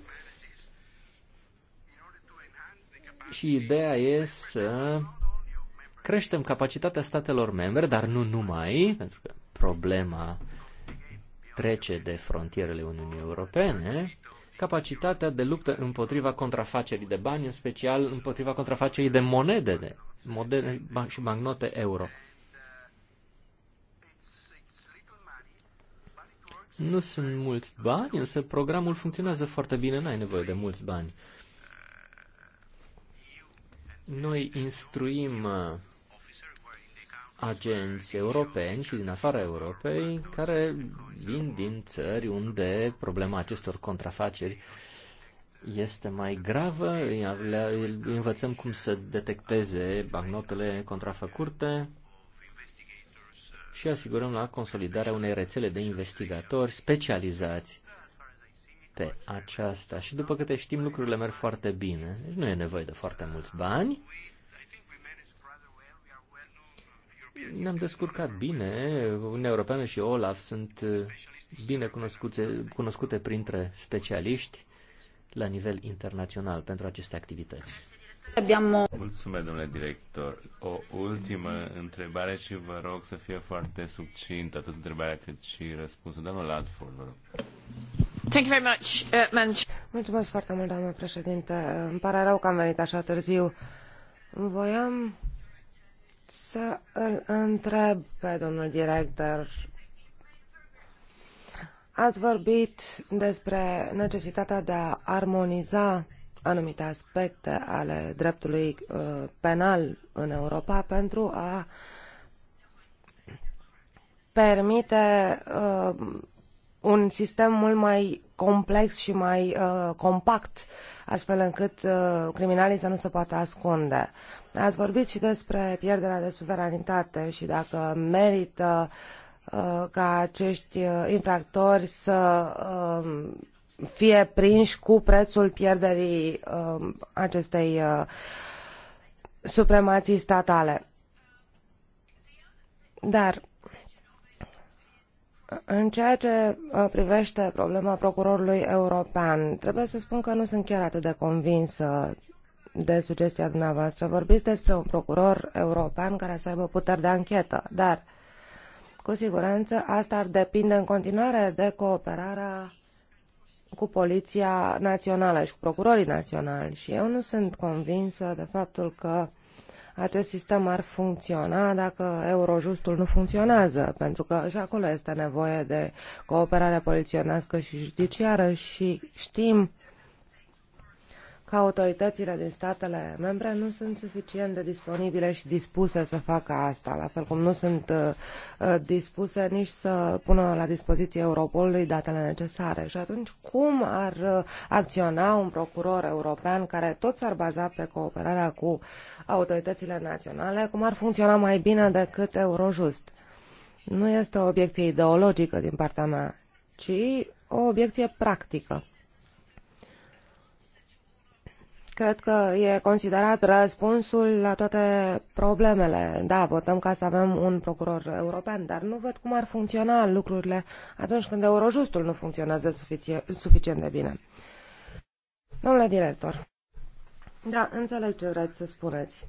Și ideea e să creștem capacitatea statelor membre, dar nu numai, pentru că problema trece de frontierele Uniunii Europene, capacitatea de luptă împotriva contrafacerii de bani, în special împotriva contrafacerii de monede de modele și magnote euro. Nu sunt mulți bani, însă programul funcționează foarte bine, n-ai nevoie de mulți bani. Uh, noi instruim uh, agenți europeni și din afara Europei care vin din țări unde problema acestor contrafaceri este mai gravă, Îi învățăm cum să detecteze bancnotele contrafăcute și asigurăm la consolidarea unei rețele de investigatori specializați pe aceasta și după câte știm lucrurile merg foarte bine. Deci nu e nevoie de foarte mulți bani. Ne-am descurcat bine. Uniunea Europeană și Olaf sunt uh, bine cunoscute, cunoscute printre specialiști la nivel internațional pentru aceste activități. Mulțumesc, domnule director. O ultimă întrebare și vă rog să fie foarte succint atât întrebarea cât și răspunsul. Domnul Ladford, vă rog. Thank you very much, uh, Mulțumesc foarte mult, doamnă președinte. Îmi pare rău că am venit așa târziu. Voiam să îl întreb pe domnul director Ați vorbit despre necesitatea de a armoniza anumite aspecte ale dreptului uh, penal în Europa pentru a permite uh, un sistem mult mai complex și mai uh, compact, astfel încât criminalii să nu se poată ascunde. Ați vorbit și despre pierderea de suveranitate și dacă merită ca acești infractori să fie prinși cu prețul pierderii uh, acestei uh, supremații statale. Dar în ceea ce uh, privește problema procurorului european, trebuie să spun că nu sunt chiar atât de convinsă de sugestia dumneavoastră. Vorbiți despre un procuror european care să aibă puteri de anchetă, dar cu siguranță asta ar depinde în continuare de cooperarea cu Poliția Națională și cu procurorii naționali și eu nu sunt convinsă de faptul că acest sistem ar funcționa dacă Eurojustul nu funcționează, pentru că și acolo este nevoie de cooperare poliționească și judiciară și știm că autoritățile din statele membre nu sunt suficient de disponibile și dispuse să facă asta, la fel cum nu sunt uh, uh, dispuse nici să pună la dispoziție Europolului datele necesare. Și atunci cum ar uh, acționa un procuror european care tot s-ar baza pe cooperarea cu autoritățile naționale, cum ar funcționa mai bine decât Eurojust? Nu este o obiecție ideologică din partea mea, ci o obiecție practică. Cred că e considerat răspunsul la toate problemele. Da, votăm ca să avem un procuror european, dar nu văd cum ar funcționa lucrurile atunci când Eurojustul nu funcționează suficient de bine. Domnule director, da, înțeleg ce vreți să spuneți.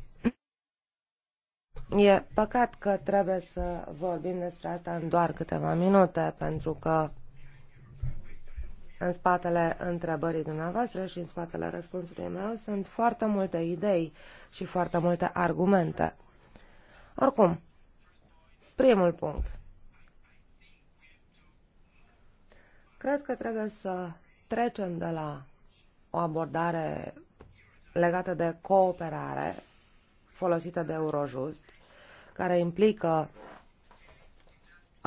E păcat că trebuie să vorbim despre asta în doar câteva minute, pentru că în spatele întrebării dumneavoastră și în spatele răspunsului meu sunt foarte multe idei și foarte multe argumente. Oricum, primul punct. Cred că trebuie să trecem de la o abordare legată de cooperare folosită de Eurojust, care implică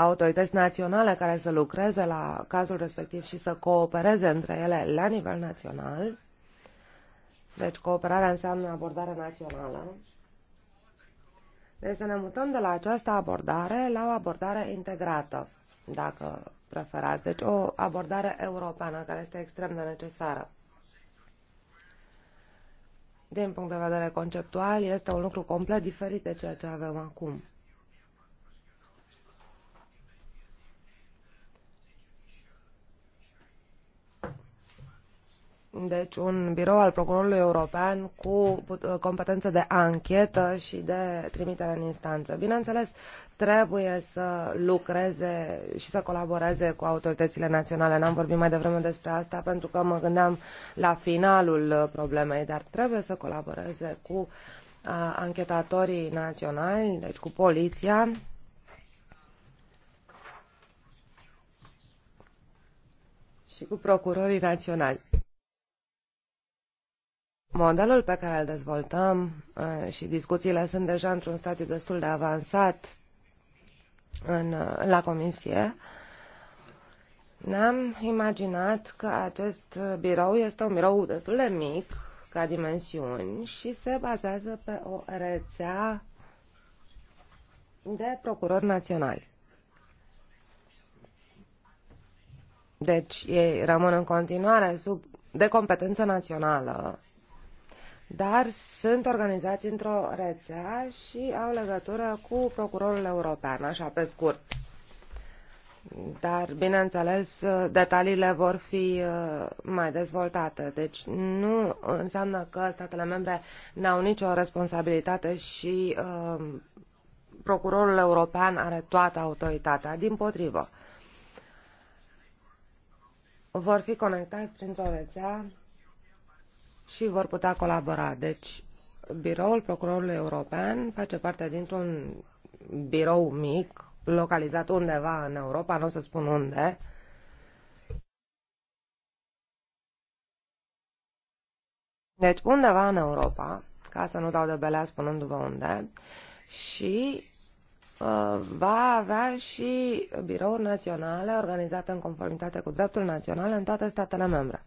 autorități naționale care să lucreze la cazul respectiv și să coopereze între ele la nivel național. Deci cooperarea înseamnă abordare națională. Deci să ne mutăm de la această abordare la o abordare integrată, dacă preferați. Deci o abordare europeană care este extrem de necesară. Din punct de vedere conceptual, este un lucru complet diferit de ceea ce avem acum. deci un birou al procurorului european cu competență de anchetă și de trimitere în instanță. Bineînțeles, trebuie să lucreze și să colaboreze cu autoritățile naționale. N-am vorbit mai devreme despre asta pentru că mă gândeam la finalul problemei, dar trebuie să colaboreze cu anchetatorii naționali, deci cu poliția, și cu procurorii naționali. Modelul pe care îl dezvoltăm uh, și discuțiile sunt deja într-un stadiu destul de avansat în, uh, la Comisie, ne-am imaginat că acest birou este un birou destul de mic ca dimensiuni și se bazează pe o rețea de procurori naționali. Deci ei rămân în continuare sub, de competență națională dar sunt organizați într-o rețea și au legătură cu procurorul european, așa pe scurt. Dar, bineînțeles, detaliile vor fi uh, mai dezvoltate. Deci nu înseamnă că statele membre n-au nicio responsabilitate și uh, procurorul european are toată autoritatea. Din potrivă, vor fi conectați printr-o rețea și vor putea colabora. Deci, biroul procurorului european face parte dintr-un birou mic, localizat undeva în Europa, nu o să spun unde, Deci undeva în Europa, ca să nu dau de belea spunându-vă unde, și uh, va avea și birouri naționale organizate în conformitate cu dreptul național în toate statele membre.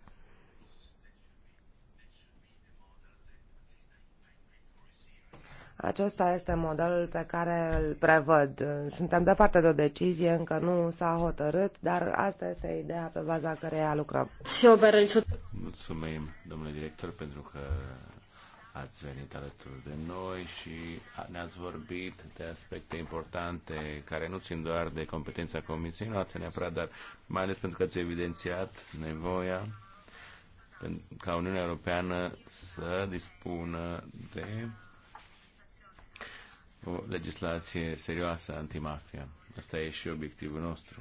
Acesta este modelul pe care îl prevăd. Suntem departe de o decizie, încă nu s-a hotărât, dar asta este ideea pe baza căreia lucrăm. Mulțumim, domnule director, pentru că ați venit alături de noi și ne-ați vorbit de aspecte importante care nu țin doar de competența Comisiei noastre neapărat, dar mai ales pentru că ați evidențiat nevoia ca Uniunea Europeană să dispună de o legislație serioasă antimafia. Asta e și obiectivul nostru.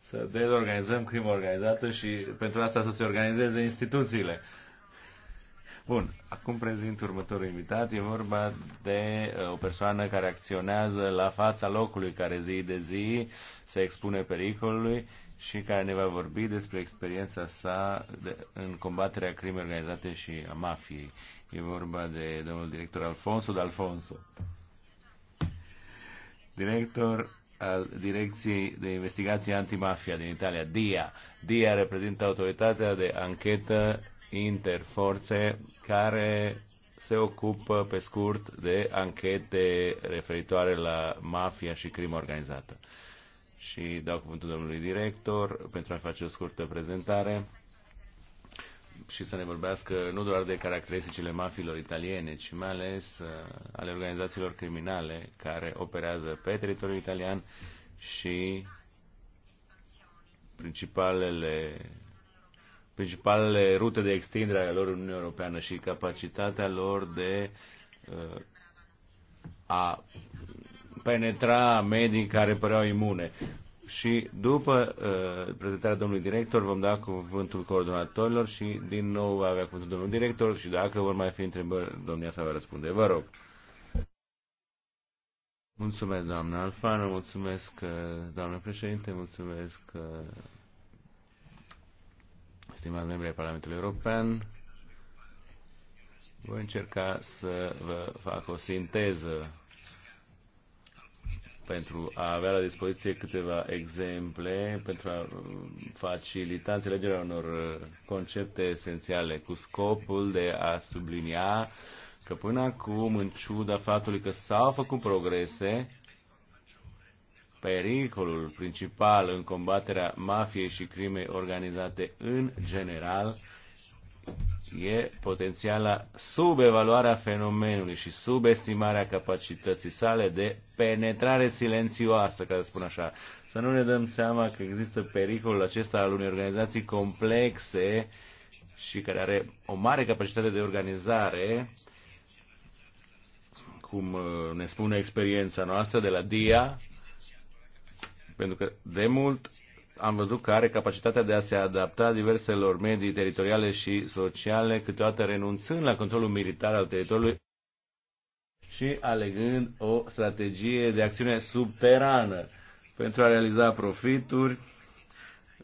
Să dezorganizăm crimă organizată și pentru asta să se organizeze instituțiile. Bun, acum prezint următorul invitat. E vorba de uh, o persoană care acționează la fața locului, care zi de zi se expune pericolului și care ne va vorbi despre experiența sa de, în combaterea crimei organizate și a mafiei. E vorba de domnul director Alfonso de Alfonso, director al Direcției de Investigație Antimafia din Italia, DIA. DIA reprezintă autoritatea de anchetă interforțe care se ocupă pe scurt de anchete referitoare la mafia și crimă organizată și dau cuvântul domnului director pentru a face o scurtă prezentare și să ne vorbească nu doar de caracteristicile mafilor italiene, ci mai ales uh, ale organizațiilor criminale care operează pe teritoriul italian și principalele principalele rute de extindere ale lor în Uniunea Europeană și capacitatea lor de uh, a penetra medii care păreau imune. Și după uh, prezentarea domnului director vom da cuvântul coordonatorilor și din nou va avea cuvântul domnul director și dacă vor mai fi întrebări, domnia sa va răspunde. Vă rog. Mulțumesc, doamna Alfană, mulțumesc, uh, doamna președinte, mulțumesc, uh, stimați membri ai Parlamentului European. Voi încerca să vă fac o sinteză pentru a avea la dispoziție câteva exemple, pentru a uh, facilita înțelegerea unor uh, concepte esențiale, cu scopul de a sublinia că până acum, în ciuda faptului că s-au făcut progrese, pericolul principal în combaterea mafiei și crimei organizate în general e potențiala subevaluarea fenomenului și subestimarea capacității sale de penetrare silențioasă, ca să spun așa. Să nu ne dăm seama că există pericolul acesta al unei organizații complexe și care are o mare capacitate de organizare, cum uh, ne spune experiența noastră de la DIA, pentru că de mult am văzut că are capacitatea de a se adapta diverselor medii teritoriale și sociale, câteodată renunțând la controlul militar al teritoriului și alegând o strategie de acțiune subterană pentru a realiza profituri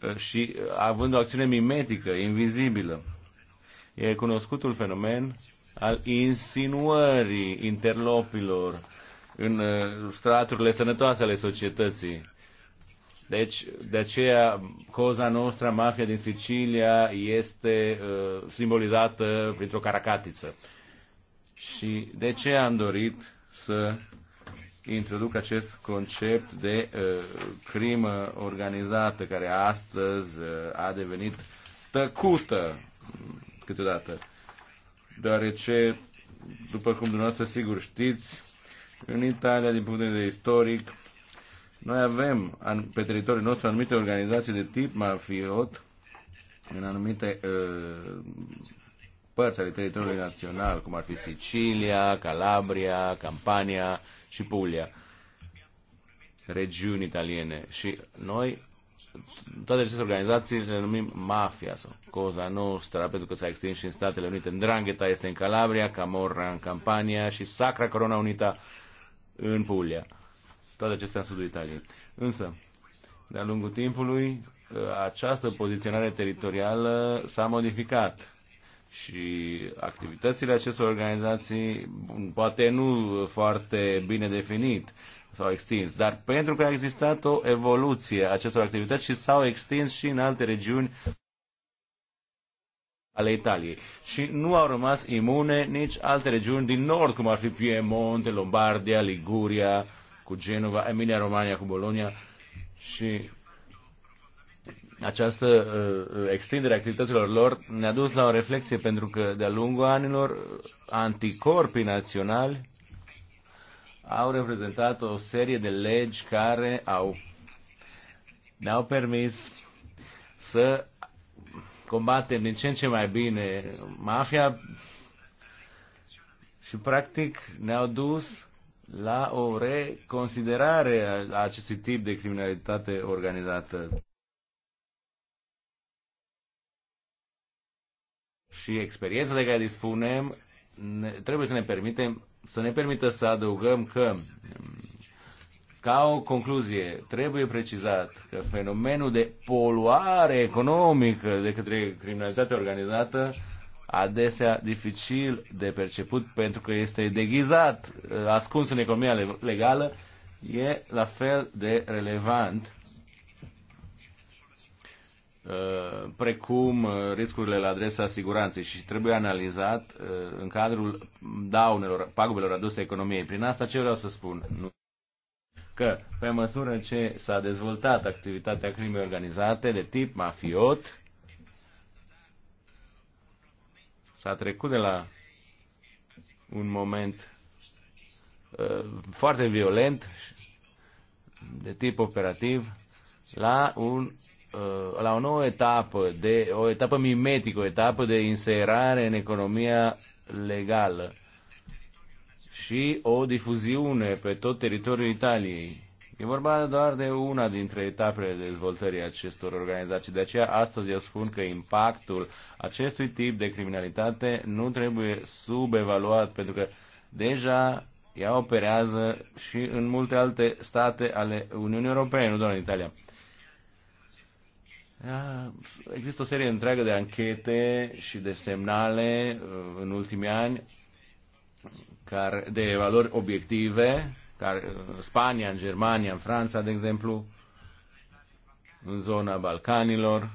uh, și uh, având o acțiune mimetică, invizibilă. E cunoscutul fenomen al insinuării interlopilor în uh, straturile sănătoase ale societății deci, de aceea, coza noastră, mafia din Sicilia, este uh, simbolizată printr-o caracatiță. Și de ce am dorit să introduc acest concept de uh, crimă organizată, care astăzi uh, a devenit tăcută câteodată. Deoarece, după cum dumneavoastră sigur știți, în Italia, din punct de vedere istoric, noi avem pe teritoriul nostru anumite organizații de tip mafiot în anumite uh, părți ale teritoriului național, cum ar fi Sicilia, Calabria, Campania și Puglia, regiuni italiene. Și noi toate aceste organizații le numim mafia sau Cosa Nostra, pentru că s-a extins și în Statele Unite. Drangheta este în Calabria, Camorra în Campania și Sacra Corona Unita în Puglia toate acestea în sudul Italiei. Însă, de-a lungul timpului, ă, această poziționare teritorială s-a modificat și activitățile acestor organizații poate nu foarte bine definit s-au extins, dar pentru că a existat o evoluție a acestor activități și s-au extins și în alte regiuni ale Italiei. Și nu au rămas imune nici alte regiuni din nord, cum ar fi Piemonte, Lombardia, Liguria, cu Genova, Emilia-Romania cu Bologna și această uh, extindere a activităților lor ne-a dus la o reflexie pentru că de-a lungul anilor anticorpii naționali au reprezentat o serie de legi care au ne-au permis să combatem din ce în ce mai bine mafia și practic ne-au dus la o reconsiderare a acestui tip de criminalitate organizată. Și experiența de care dispunem ne, trebuie să ne permitem să ne permită să adăugăm că ca o concluzie, trebuie precizat că fenomenul de poluare economică de către criminalitatea organizată adesea dificil de perceput pentru că este deghizat, ascuns în economia legală, e la fel de relevant uh, precum uh, riscurile la adresa siguranței și trebuie analizat uh, în cadrul daunelor, pagubelor aduse economiei. Prin asta ce vreau să spun? Că pe măsură ce s-a dezvoltat activitatea crimei organizate de tip mafiot, S-a trecut de la un moment uh, foarte violent, de tip operativ, la, un, uh, la o nouă etapă, de, o etapă mimetică, o etapă de inserare în economia legală și o difuziune pe tot teritoriul Italiei E vorba doar de una dintre etapele de dezvoltării acestor organizații. De aceea, astăzi eu spun că impactul acestui tip de criminalitate nu trebuie subevaluat, pentru că deja ea operează și în multe alte state ale Uniunii Europene, nu doar în Italia. Da, există o serie întreagă de anchete și de semnale uh, în ultimii ani care, de valori obiective care, Spania, în Germania, în Franța, de exemplu, în zona Balcanilor,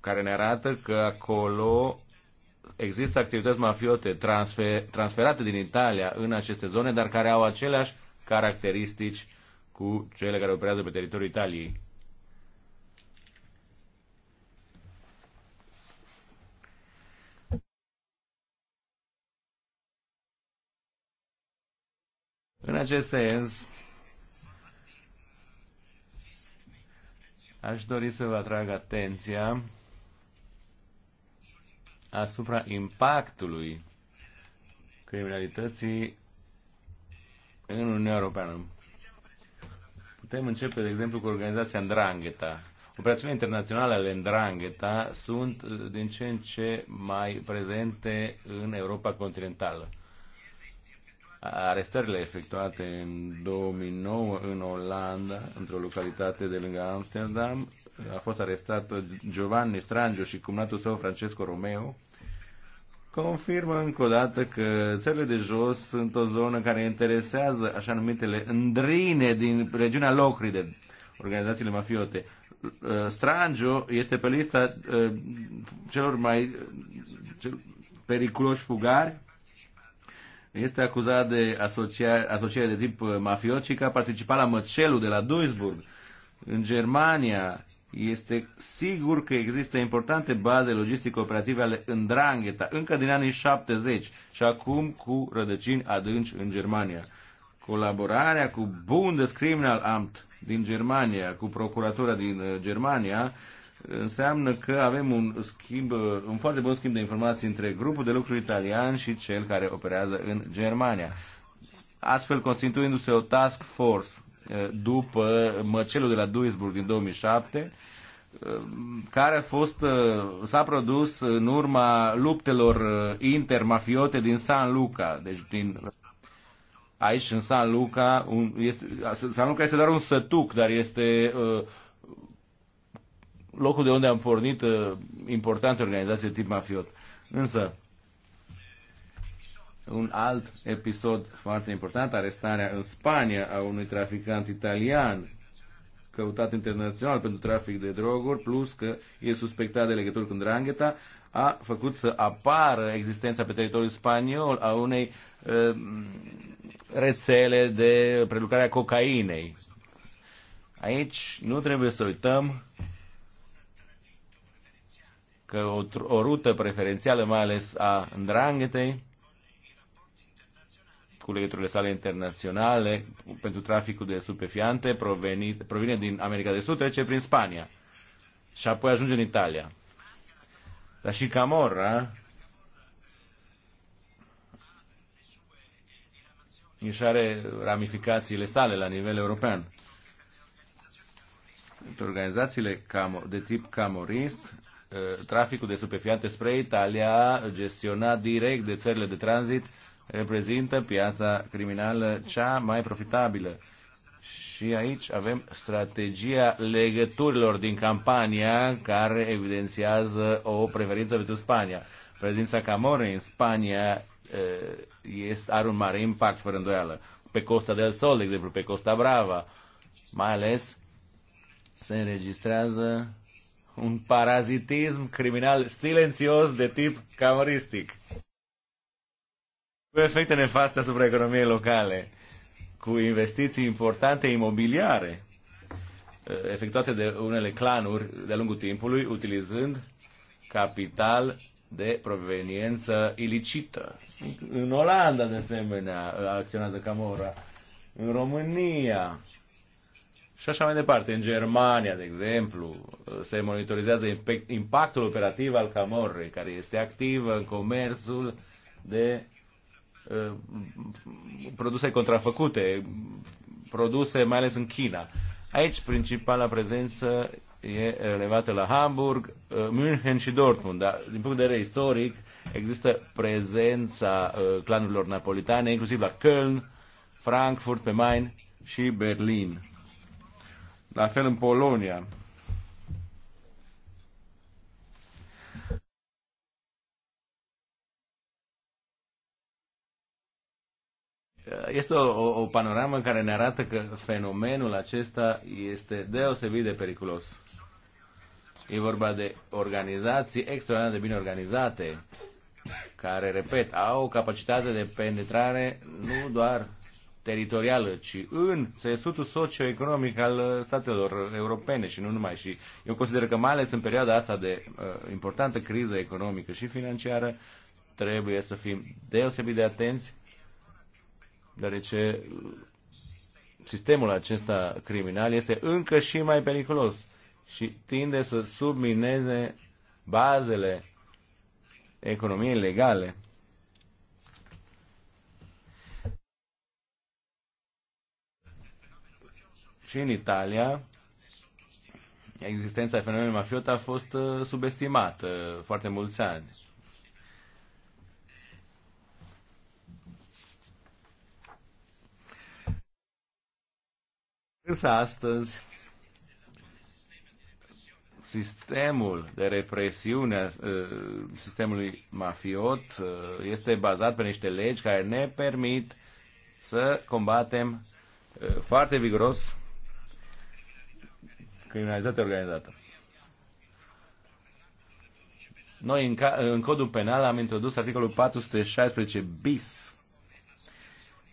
care ne arată că acolo există activități mafiote transfer, transferate din Italia în aceste zone, dar care au aceleași caracteristici cu cele care operează pe teritoriul Italiei. În acest sens, aș dori să vă atrag atenția asupra impactului criminalității în Uniunea Europeană. Putem începe, de exemplu, cu organizația Ndrangheta. Operațiunile internaționale ale Ndrangheta sunt uh, din ce în ce mai prezente în Europa continentală arestările efectuate în 2009 în Olanda, într-o localitate de lângă Amsterdam, a fost arestat Giovanni Strangio și cumnatul său Francesco Romeo, confirmă încă o dată că țările de jos sunt o zonă care interesează așa numitele îndrine din regiunea Locride, organizațiile mafiote. Uh, Strangio este pe lista uh, celor mai uh, periculoși fugari este acuzat de asociere, asociere de tip uh, mafiot și că a participat la măcelul de la Duisburg. În Germania este sigur că există importante baze logistice operative ale Îndrangheta, încă din anii 70 și acum cu rădăcini adânci în Germania. Colaborarea cu Bundeskriminalamt din Germania, cu procuratura din uh, Germania, înseamnă că avem un, schimb, un foarte bun schimb de informații între grupul de lucru italian și cel care operează în Germania. Astfel, constituindu-se o task force eh, după măcelul de la Duisburg din 2007, eh, care a fost, eh, s-a produs în urma luptelor intermafiote din San Luca, deci din aici în San Luca, un, este, San Luca este doar un sătuc, dar este uh, locul de unde am pornit uh, importante organizații de tip mafiot. Însă, un alt episod foarte important, arestarea în Spania a unui traficant italian căutat internațional pentru trafic de droguri, plus că e suspectat de legături cu Drangheta, a făcut să apară existența pe teritoriul spaniol a unei uh, rețele de prelucrare a cocainei. Aici nu trebuie să uităm că o, o rută preferențială, mai ales a îndranghetei, cu legăturile sale internaționale pentru traficul de stupefiante provine din America de Sud, trece prin Spania și apoi ajunge în Italia. Dar și Camorra își are ramificațiile sale la nivel european. Organizațiile de tip camorist Uh, traficul de stupefiante spre Italia, gestionat direct de țările de tranzit, reprezintă piața criminală cea mai profitabilă. Și aici avem strategia legăturilor din campania care evidențiază o preferință pentru Spania. Prezența Camorre în Spania uh, este, are un mare impact, fără îndoială. Pe Costa del Sol, de exemplu, pe Costa Brava, mai ales se înregistrează un parazitism criminal silențios de tip camoristic. Cu efecte nefaste asupra economiei locale, cu investiții importante imobiliare, eh, efectuate de unele clanuri de-a lungul timpului, utilizând capital de proveniență ilicită. În Olanda, de asemenea, acționează Camorra. În România, și așa mai departe. În Germania, de exemplu, se monitorizează impactul operativ al Camorrei, care este activ în comerțul de uh, produse contrafăcute, produse mai ales în China. Aici principala prezență e relevată la Hamburg, uh, München și Dortmund, dar din punct de vedere istoric există prezența uh, clanurilor napolitane, inclusiv la Köln, Frankfurt pe Main și Berlin. La fel în Polonia. Este o, o panoramă care ne arată că fenomenul acesta este deosebit de periculos. E vorba de organizații extraordinar de bine organizate, care, repet, au o capacitate de penetrare nu doar teritorială, ci în țesutul socioeconomic al uh, statelor europene și nu numai. Și eu consider că mai ales în perioada asta de uh, importantă criză economică și financiară, trebuie să fim deosebit de atenți, deoarece uh, sistemul acesta criminal este încă și mai periculos și tinde să submineze bazele economiei legale. și în Italia existența fenomenului mafiot a fost uh, subestimată uh, foarte mulți ani. Însă astăzi sistemul de represiune a uh, sistemului mafiot este bazat pe niște legi care ne permit să combatem foarte viguros criminalitatea organizată. Noi în, ca, în codul penal am introdus articolul 416 bis,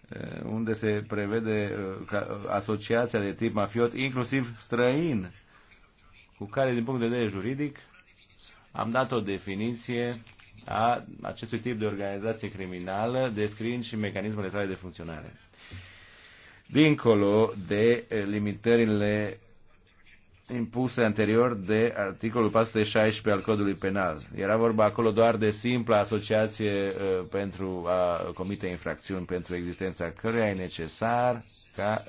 eh, unde se prevede eh, asociația de tip mafiot, inclusiv străin, cu care, din punct de vedere juridic, am dat o definiție a acestui tip de organizație criminală, descriind și mecanismele sale de funcționare. Dincolo de limitările impuse anterior de articolul 416 al codului penal. Era vorba acolo doar de simpla asociație uh, pentru a comite infracțiuni pentru existența căreia e necesar ca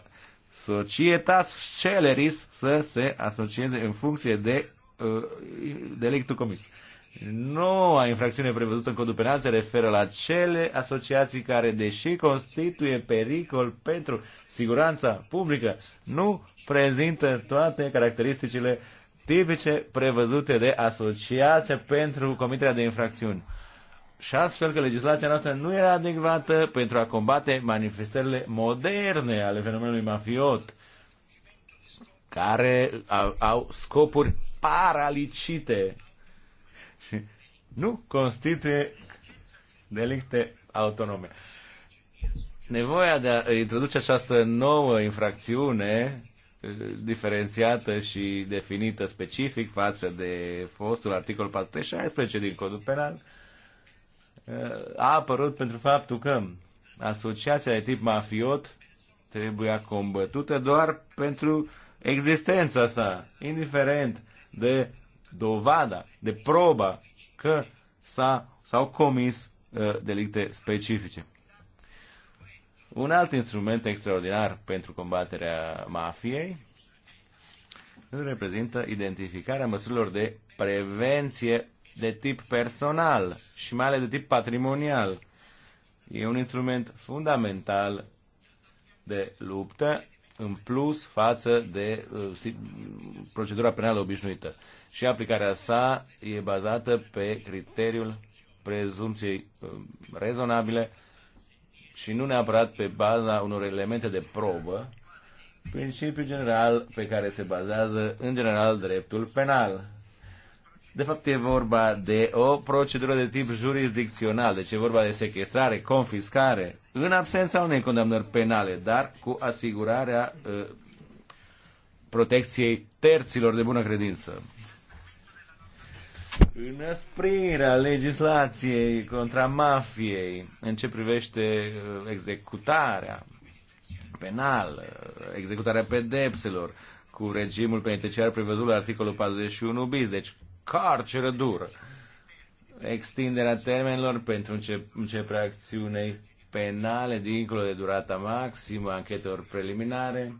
societas sceleris să se asocieze în funcție de uh, delictul comis. Uh, Noua infracțiune prevăzută în codul penal se referă la cele asociații care, deși constituie pericol pentru siguranța publică, nu prezintă toate caracteristicile tipice prevăzute de asociație pentru comiterea de infracțiuni. Și astfel că legislația noastră nu era adecvată pentru a combate manifestările moderne ale fenomenului mafiot, care au scopuri paralicite și nu constituie delicte autonome. Nevoia de a introduce această nouă infracțiune eh, diferențiată și definită specific față de fostul articol 416 din codul penal eh, a apărut pentru faptul că asociația de tip mafiot trebuia combătută doar pentru existența sa, indiferent de dovada, de proba că s-a, s-au comis uh, delicte specifice. Un alt instrument extraordinar pentru combaterea mafiei îl reprezintă identificarea măsurilor de prevenție de tip personal și mai ales de tip patrimonial. E un instrument fundamental de luptă în plus față de uh, procedura penală obișnuită. Și aplicarea sa e bazată pe criteriul prezumției uh, rezonabile și nu neapărat pe baza unor elemente de probă, principiu general pe care se bazează în general dreptul penal. De fapt, e vorba de o procedură de tip jurisdicțional, deci e vorba de sequestrare, confiscare, în absența unei condamnări penale, dar cu asigurarea uh, protecției terților de bună credință. Înăsprirea legislației contra mafiei în ce privește uh, executarea penală, uh, executarea pedepselor cu regimul penitenciar prevăzut la articolul 41 bis, deci carceră dură, extinderea termenilor pentru începerea acțiunei penale dincolo de durata maximă a anchetelor preliminare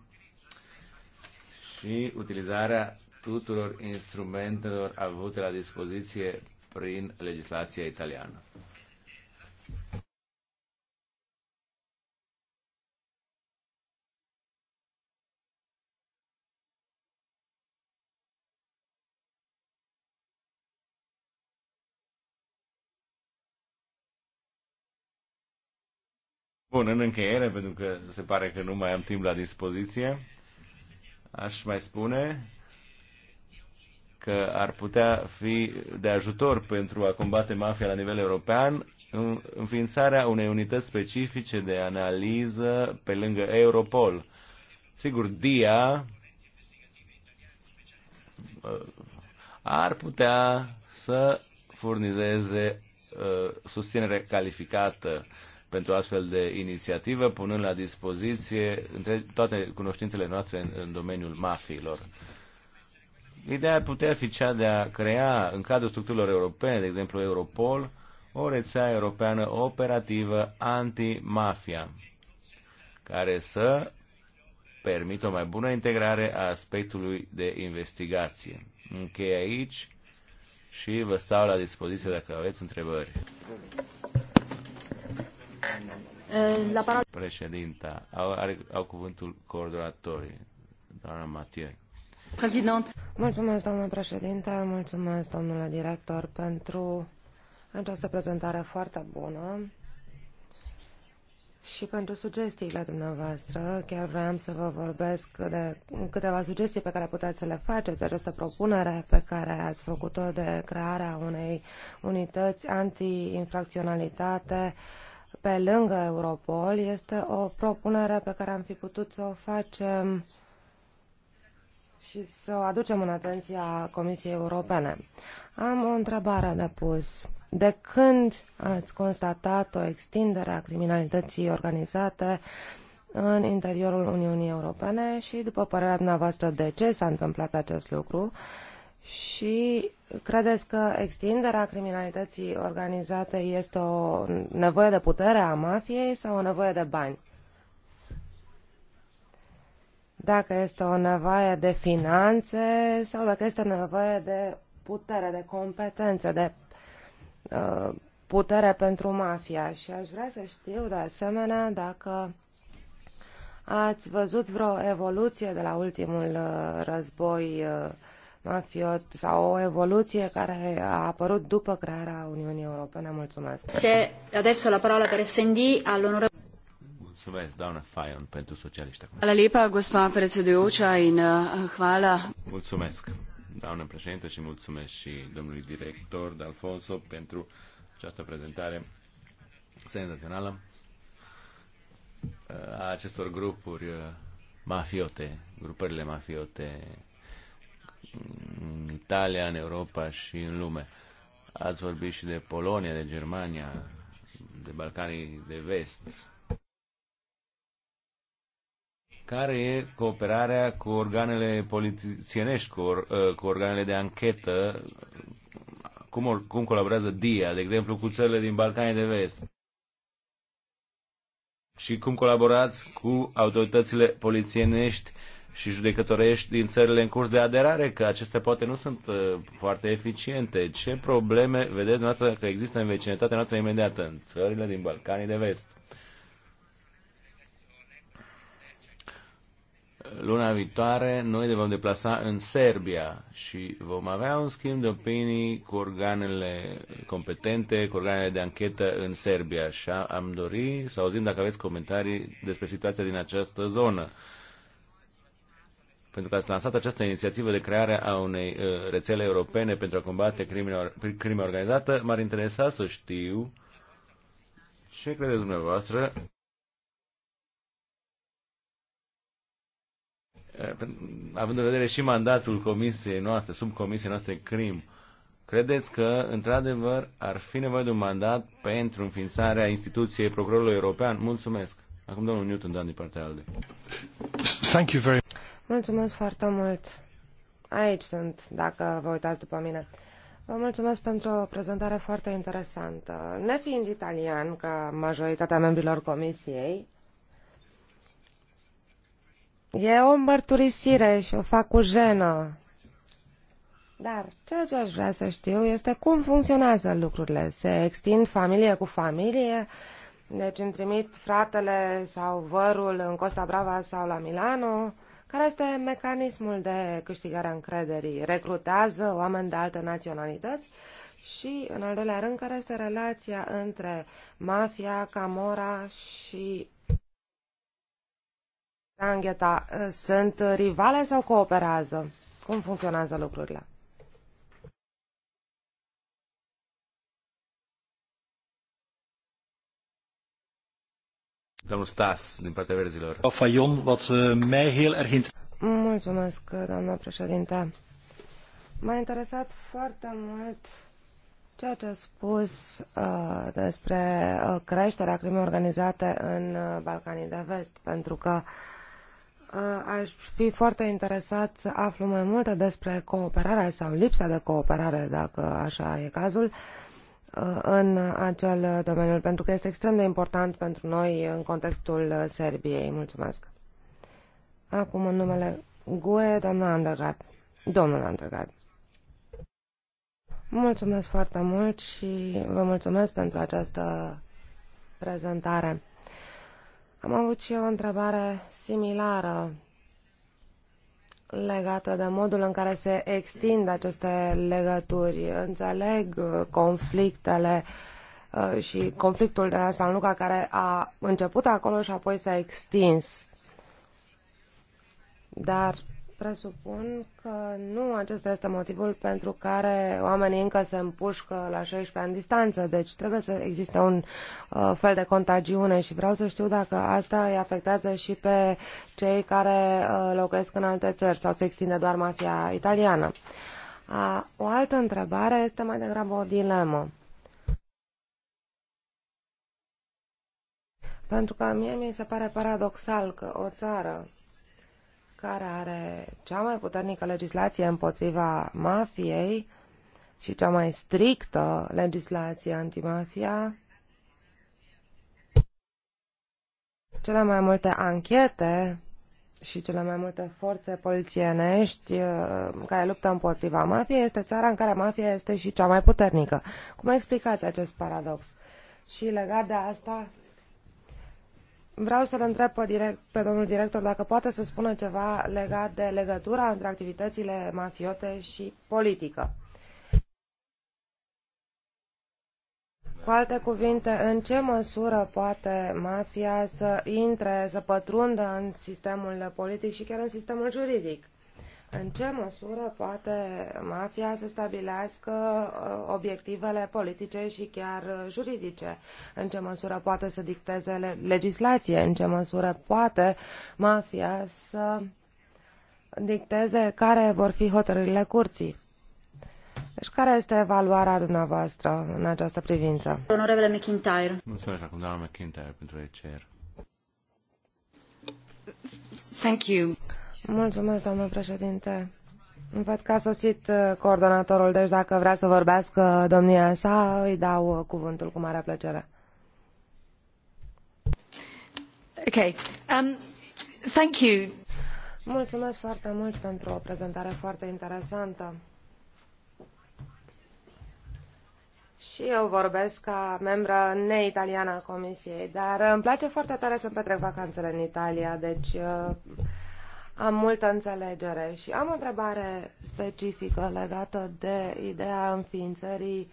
și utilizarea tuturor instrumentelor avute la dispoziție prin legislația italiană. Bun, în încheiere, pentru că se pare că nu mai am timp la dispoziție, aș mai spune că ar putea fi de ajutor pentru a combate mafia la nivel european înființarea unei unități specifice de analiză pe lângă Europol. Sigur, DIA ar putea să furnizeze uh, susținere calificată uh, pentru astfel de inițiativă, punând la dispoziție între toate cunoștințele noastre în, în domeniul mafiilor. Ideea ar putea fi cea de a crea, în cadrul structurilor europene, de exemplu Europol, o rețea europeană operativă anti-mafia, care să permită o mai bună integrare a aspectului de investigație. Închei aici și vă stau la dispoziție dacă aveți întrebări. Eh, la Președinta, au, are, au cuvântul coordonatorii, doamna Matie. Mulțumesc, doamnă președinte, mulțumesc, domnule director, pentru această prezentare foarte bună și pentru sugestiile dumneavoastră. Chiar vreau să vă vorbesc de câteva sugestii pe care puteți să le faceți. Această propunere pe care ați făcut-o de crearea unei unități anti-infracționalitate uh, pe lângă Europol este o propunere pe care am fi putut să o facem și să o aducem în atenția Comisiei Europene. Am o întrebare de pus. De când ați constatat o extindere a criminalității organizate în interiorul Uniunii Europene și, după părerea dumneavoastră, de ce s-a întâmplat acest lucru? Și credeți că extinderea criminalității organizate este o nevoie de putere a mafiei sau o nevoie de bani? Dacă este o nevoie de finanțe sau dacă este nevoie de putere, de competență, de uh, putere pentru mafia. Și aș vrea să știu, de asemenea, dacă ați văzut vreo evoluție de la ultimul uh, război uh, mafiot sau o evoluție care a apărut după crearea Uniunii Europene. Mulțumesc. Se, adesso la parola per SND all'onorevole Mulțumesc, doamna Fajon, pentru socialiști. Hvala lepa, gospa predsedujoča în, eh, hvala. Mulțumesc, doamna președinte, și mulțumesc și domnului director D'Alfonso pentru această prezentare senzațională eh, a acestor grupuri eh, mafiote, grupările mafiote în Italia, în Europa și în lume. Ați vorbit și de Polonia, de Germania, de Balcanii de Vest. Care e cooperarea cu organele polițienești, cu, or, uh, cu organele de anchetă? Cum, cum colaborează DIA, de exemplu, cu țările din Balcanii de Vest? Și cum colaborați cu autoritățile polițienești uh, și judecătorești din țările în curs de aderare, că acestea poate nu sunt uh, foarte eficiente. Ce probleme vedeți noastră că există în vecinătatea noastră imediată, în țările din Balcanii de Vest? Luna viitoare noi ne vom deplasa în Serbia și vom avea un schimb de opinii cu organele competente, cu organele de anchetă în Serbia. Și am dori să auzim dacă aveți comentarii despre situația din această zonă pentru că ați lansat această inițiativă de creare a unei uh, rețele europene pentru a combate crima organizată. M-ar interesa să știu ce credeți dumneavoastră uh, având în vedere și mandatul comisiei noastre, subcomisiei noastre CRIM, credeți că, într-adevăr, ar fi nevoie de un mandat pentru înființarea instituției Procurorului European? Mulțumesc! Acum domnul Newton, Dan, din partea ALDE. Thank you very much. Mulțumesc foarte mult. Aici sunt, dacă vă uitați după mine. Vă mulțumesc pentru o prezentare foarte interesantă. Nefiind italian, ca majoritatea membrilor comisiei, e o mărturisire și o fac cu jenă. Dar ceea ce aș vrea să știu este cum funcționează lucrurile. Se extind familie cu familie, deci îmi trimit fratele sau vărul în Costa Brava sau la Milano, care este mecanismul de câștigare a încrederii? Recrutează oameni de alte naționalități? Și, în al doilea rând, care este relația între mafia, camora și Angheta? Sunt rivale sau cooperează? Cum funcționează lucrurile? Domnul Stas, din partea verzilor. Fayon, wat eh, mij heel erg Mulțumesc, doamna președinte. M-a interesat foarte mult ceea ce a spus uh, despre uh, creșterea crimei organizate în uh, Balcanii de Vest, pentru că uh, aș fi foarte interesat să aflu mai multe despre cooperarea sau lipsa de cooperare, dacă așa e cazul, uh, Uh, în acel domeniu, pentru că este extrem de important pentru noi în contextul Serbiei. Mulțumesc. Acum, în numele GUE, doamna Andergaard. Domnul Andergaard. Mulțumesc foarte mult și vă mulțumesc pentru această prezentare. Am avut și eu o întrebare similară legată de modul în care se extind aceste legături. Înțeleg uh, conflictele uh, și conflictul de la San Luca care a început acolo și apoi s-a extins. Dar presupun că nu acesta este motivul pentru care oamenii încă se împușcă la 16 ani distanță, deci trebuie să existe un uh, fel de contagiune și vreau să știu dacă asta îi afectează și pe cei care uh, locuiesc în alte țări sau se extinde doar mafia italiană. A, o altă întrebare este mai degrabă o dilemă. Pentru că mie mi se pare paradoxal că o țară care are cea mai puternică legislație împotriva mafiei și cea mai strictă legislație antimafia, cele mai multe anchete și cele mai multe forțe polițienești uh, care luptă împotriva mafiei este țara în care mafia este și cea mai puternică. Cum explicați acest paradox? Și legat de asta, Vreau să-l întreb pe, direct, pe domnul director dacă poate să spună ceva legat de legătura între activitățile mafiote și politică. Cu alte cuvinte, în ce măsură poate mafia să intre, să pătrundă în sistemul politic și chiar în sistemul juridic? În ce măsură poate mafia să stabilească uh, obiectivele politice și chiar uh, juridice? În ce măsură poate să dicteze legislație? În ce măsură poate mafia să dicteze care vor fi hotărârile curții? Deci care este evaluarea dumneavoastră în această privință? Onorevole McIntyre. Mulțumesc acum, doamna McIntyre, pentru ECR. Thank you. Mulțumesc, președinte. Văd că a sosit uh, coordonatorul, deci dacă vrea să vorbească uh, domnia sa, îi dau uh, cuvântul cu mare plăcere. Okay. Um, thank you. Mulțumesc foarte mult pentru o prezentare foarte interesantă. Și eu vorbesc ca membră neitaliană a Comisiei, dar îmi place foarte tare să petrec vacanțele în Italia, deci uh, am multă înțelegere și am o întrebare specifică legată de ideea înființării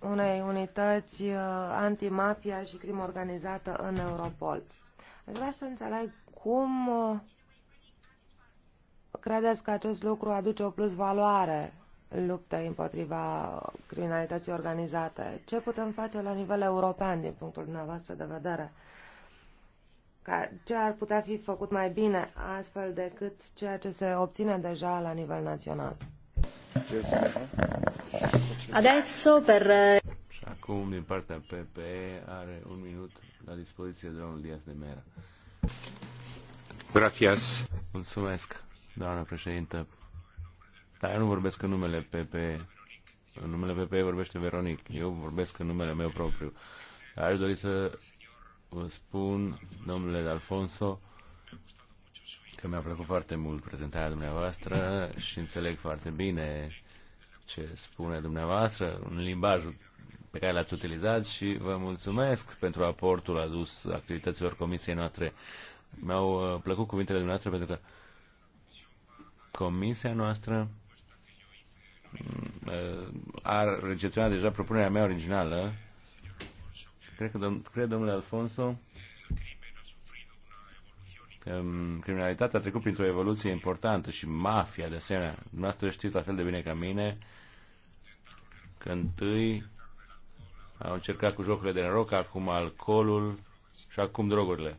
unei unități uh, antimafia și crimă organizată în Europol. Aș vrea să înțeleg cum uh, credeți că acest lucru aduce o plus valoare luptei împotriva criminalității organizate? Ce putem face la nivel european din punctul dumneavoastră de vedere? ce ar putea fi făcut mai bine astfel decât ceea ce se obține deja la nivel național. Adesso per... Eh, Și acum din partea PPE are un minut la dispoziție domnul Diaz de Mera. Gracias. Mulțumesc, doamna președintă. Dar eu nu vorbesc în numele PPE. În numele PPE vorbește Veronic. Eu vorbesc în numele meu propriu. Aș dori să vă spun, domnule Alfonso, că mi-a plăcut foarte mult prezentarea dumneavoastră și înțeleg foarte bine ce spune dumneavoastră în limbajul pe care l-ați utilizat și vă mulțumesc pentru aportul adus activităților comisiei noastre. Mi-au uh, plăcut cuvintele dumneavoastră pentru că comisia noastră mm, uh, a recepționat deja propunerea mea originală Cred că, dom- cred, domnule Alfonso, că um, criminalitatea a trecut printr-o evoluție importantă și mafia, de asemenea. Dumneavoastră știți la fel de bine ca mine că întâi au încercat cu jocurile de noroc, acum alcoolul și acum drogurile.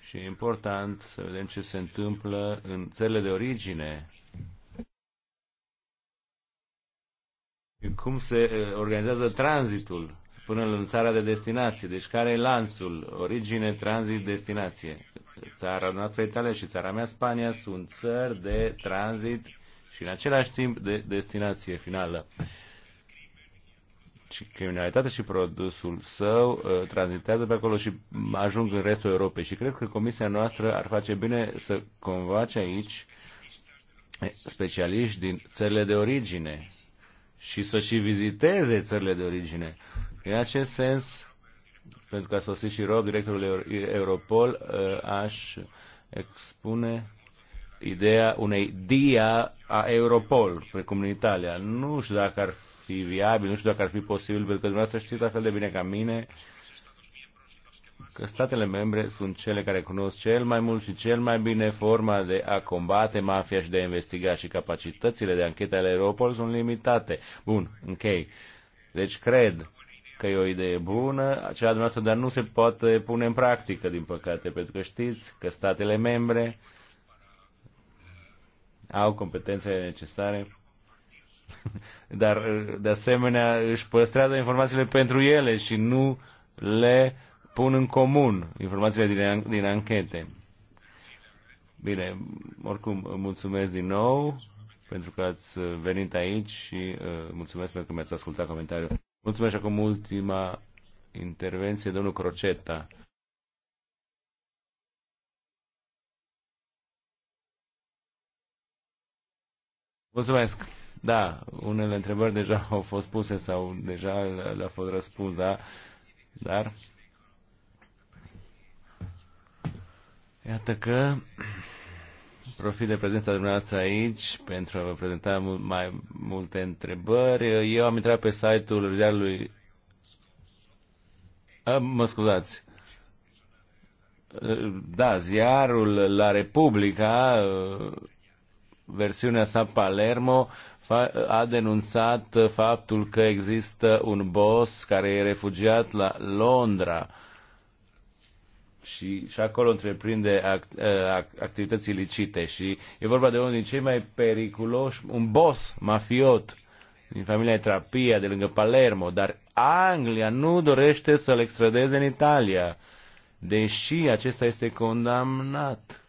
Și e important să vedem ce se întâmplă în țările de origine. Cum se uh, organizează tranzitul până în țara de destinație. Deci care e lanțul? Origine, tranzit, destinație. Țara noastră Italia și țara mea Spania sunt țări de tranzit și în același timp de destinație finală. Și criminalitatea și produsul său uh, tranzitează pe acolo și ajung în restul Europei. Și cred că comisia noastră ar face bine să convoace aici specialiști din țările de origine și să și viziteze țările de origine în acest sens, pentru că a sosit și Rob, directorul Europol, uh, aș expune ideea unei dia a Europol, precum în Italia. Nu știu dacă ar fi viabil, nu știu dacă ar fi posibil, pentru că dumneavoastră știți la fel de bine ca mine că statele membre sunt cele care cunosc cel mai mult și cel mai bine forma de a combate mafia și de a investiga și capacitățile de anchetă ale Europol sunt limitate. Bun, închei. Okay. Deci cred că e o idee bună, cea dumneavoastră, dar nu se poate pune în practică, din păcate, pentru că știți că statele membre au competențele necesare, dar de asemenea își păstrează informațiile pentru ele și nu le pun în comun, informațiile din, din anchete. Bine, oricum, mulțumesc din nou pentru că ați venit aici și uh, mulțumesc pentru că mi-ați ascultat comentariul. Mulțumesc acum ultima intervenție, domnul Croceta. Mulțumesc. Da, unele întrebări deja au fost puse sau deja le-a fost răspuns, da? Dar iată că profit de prezența dumneavoastră aici pentru a vă prezenta mai multe întrebări. Eu am intrat pe site-ul ziarului... mă scuzați. Da, ziarul La Republica, versiunea sa Palermo, a denunțat faptul că există un boss care e refugiat la Londra și, și acolo întreprinde act, uh, activități ilicite și e vorba de unul din cei mai periculoși, un boss mafiot din familia Trapia, de lângă Palermo, dar Anglia nu dorește să-l extradeze în Italia, deși acesta este condamnat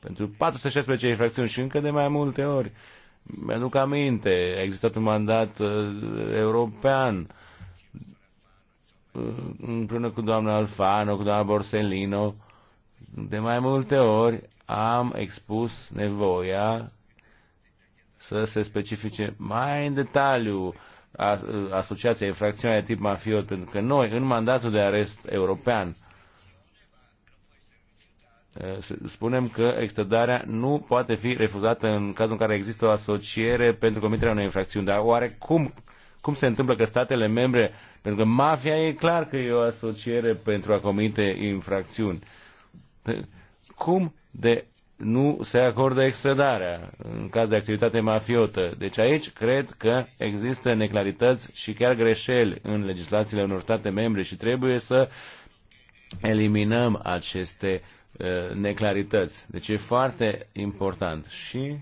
pentru 416 infracțiuni și încă de mai multe ori. Mi-aduc aminte, a existat un mandat uh, european uh, Uh, împreună cu doamna Alfano, cu doamna Borsellino, de mai multe ori am expus nevoia să se specifice mai în detaliu asociația infracțiunea de tip mafiot, pentru că noi, în mandatul de arest european, uh, spunem că extradarea nu poate fi refuzată în cazul în care există o asociere pentru comiterea unei infracțiuni. Dar oare cum, cum se întâmplă că statele membre pentru că mafia e clar că e o asociere pentru a comite infracțiuni. Cum de nu se acordă extradarea în caz de activitate mafiotă. Deci aici cred că există neclarități și chiar greșeli în legislațiile unor state membre și trebuie să eliminăm aceste uh, neclarități. Deci e foarte important. Și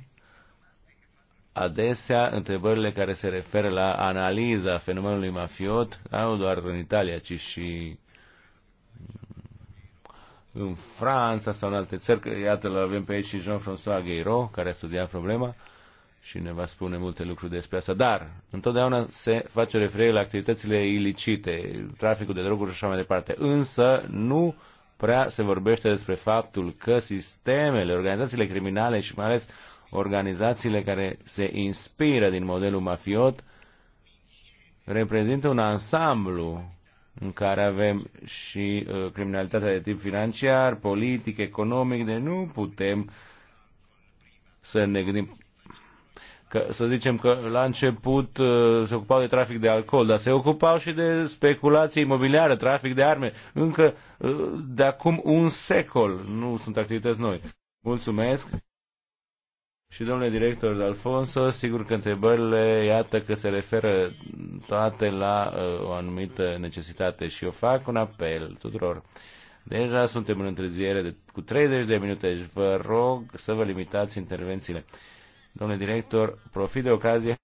adesea întrebările care se referă la analiza fenomenului mafiot, nu doar în Italia, ci și în Franța sau în alte țări. Iată, l avem pe aici și Jean-François Gueiro, care a studiat problema și ne va spune multe lucruri despre asta. Dar, întotdeauna se face referire la activitățile ilicite, traficul de droguri și așa mai departe. Însă, nu prea se vorbește despre faptul că sistemele, organizațiile criminale și mai ales organizațiile care se inspiră din modelul mafiot reprezintă un ansamblu în care avem și uh, criminalitatea de tip financiar, politic, economic, de nu putem să ne gândim că, să zicem că la început uh, se ocupau de trafic de alcool, dar se ocupau și de speculație imobiliară, trafic de arme. Încă uh, de acum un secol nu sunt activități noi. Mulțumesc! Și domnule director de Alfonso, sigur că întrebările, iată că se referă toate la uh, o anumită necesitate și eu fac un apel tuturor. Deja suntem în întârziere de, cu 30 de minute, deci vă rog să vă limitați intervențiile. Domnule director, profit de ocazie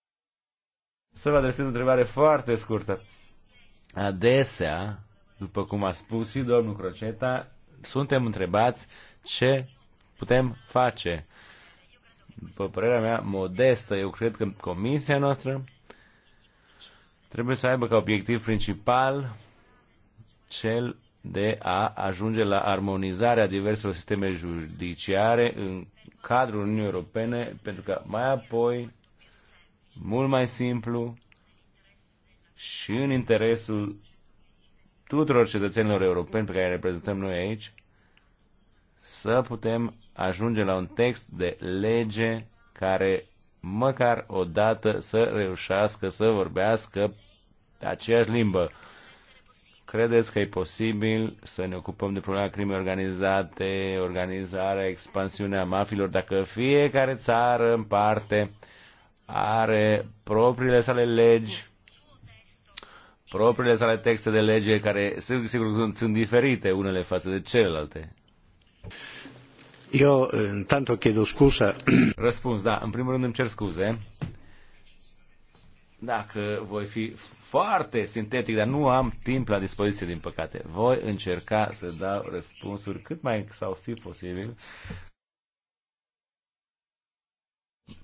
să vă adresez o întrebare foarte scurtă. Adesea, după cum a spus și domnul Croceta, suntem întrebați ce putem face după părerea mea, modestă. Eu cred că comisia noastră trebuie să aibă ca obiectiv principal cel de a ajunge la armonizarea diverselor sisteme judiciare în cadrul Uniunii Europene, pentru că mai apoi, mult mai simplu și în interesul tuturor cetățenilor europeni pe care îi reprezentăm noi aici, să putem ajunge la un text de lege care măcar o dată să reușească să vorbească aceeași limbă. Credeți că e posibil să ne ocupăm de problema crimei organizate, organizarea, expansiunea mafilor, dacă fiecare țară în parte are propriile sale legi, propriile sale texte de lege care, sigur, sigur sunt, sunt diferite unele față de celelalte. Eu, intanto, chiedo scusa. Răspuns, da. În primul rând îmi cer scuze. Dacă voi fi foarte sintetic, dar nu am timp la dispoziție, din păcate. Voi încerca să dau răspunsuri cât mai exhaustiv posibil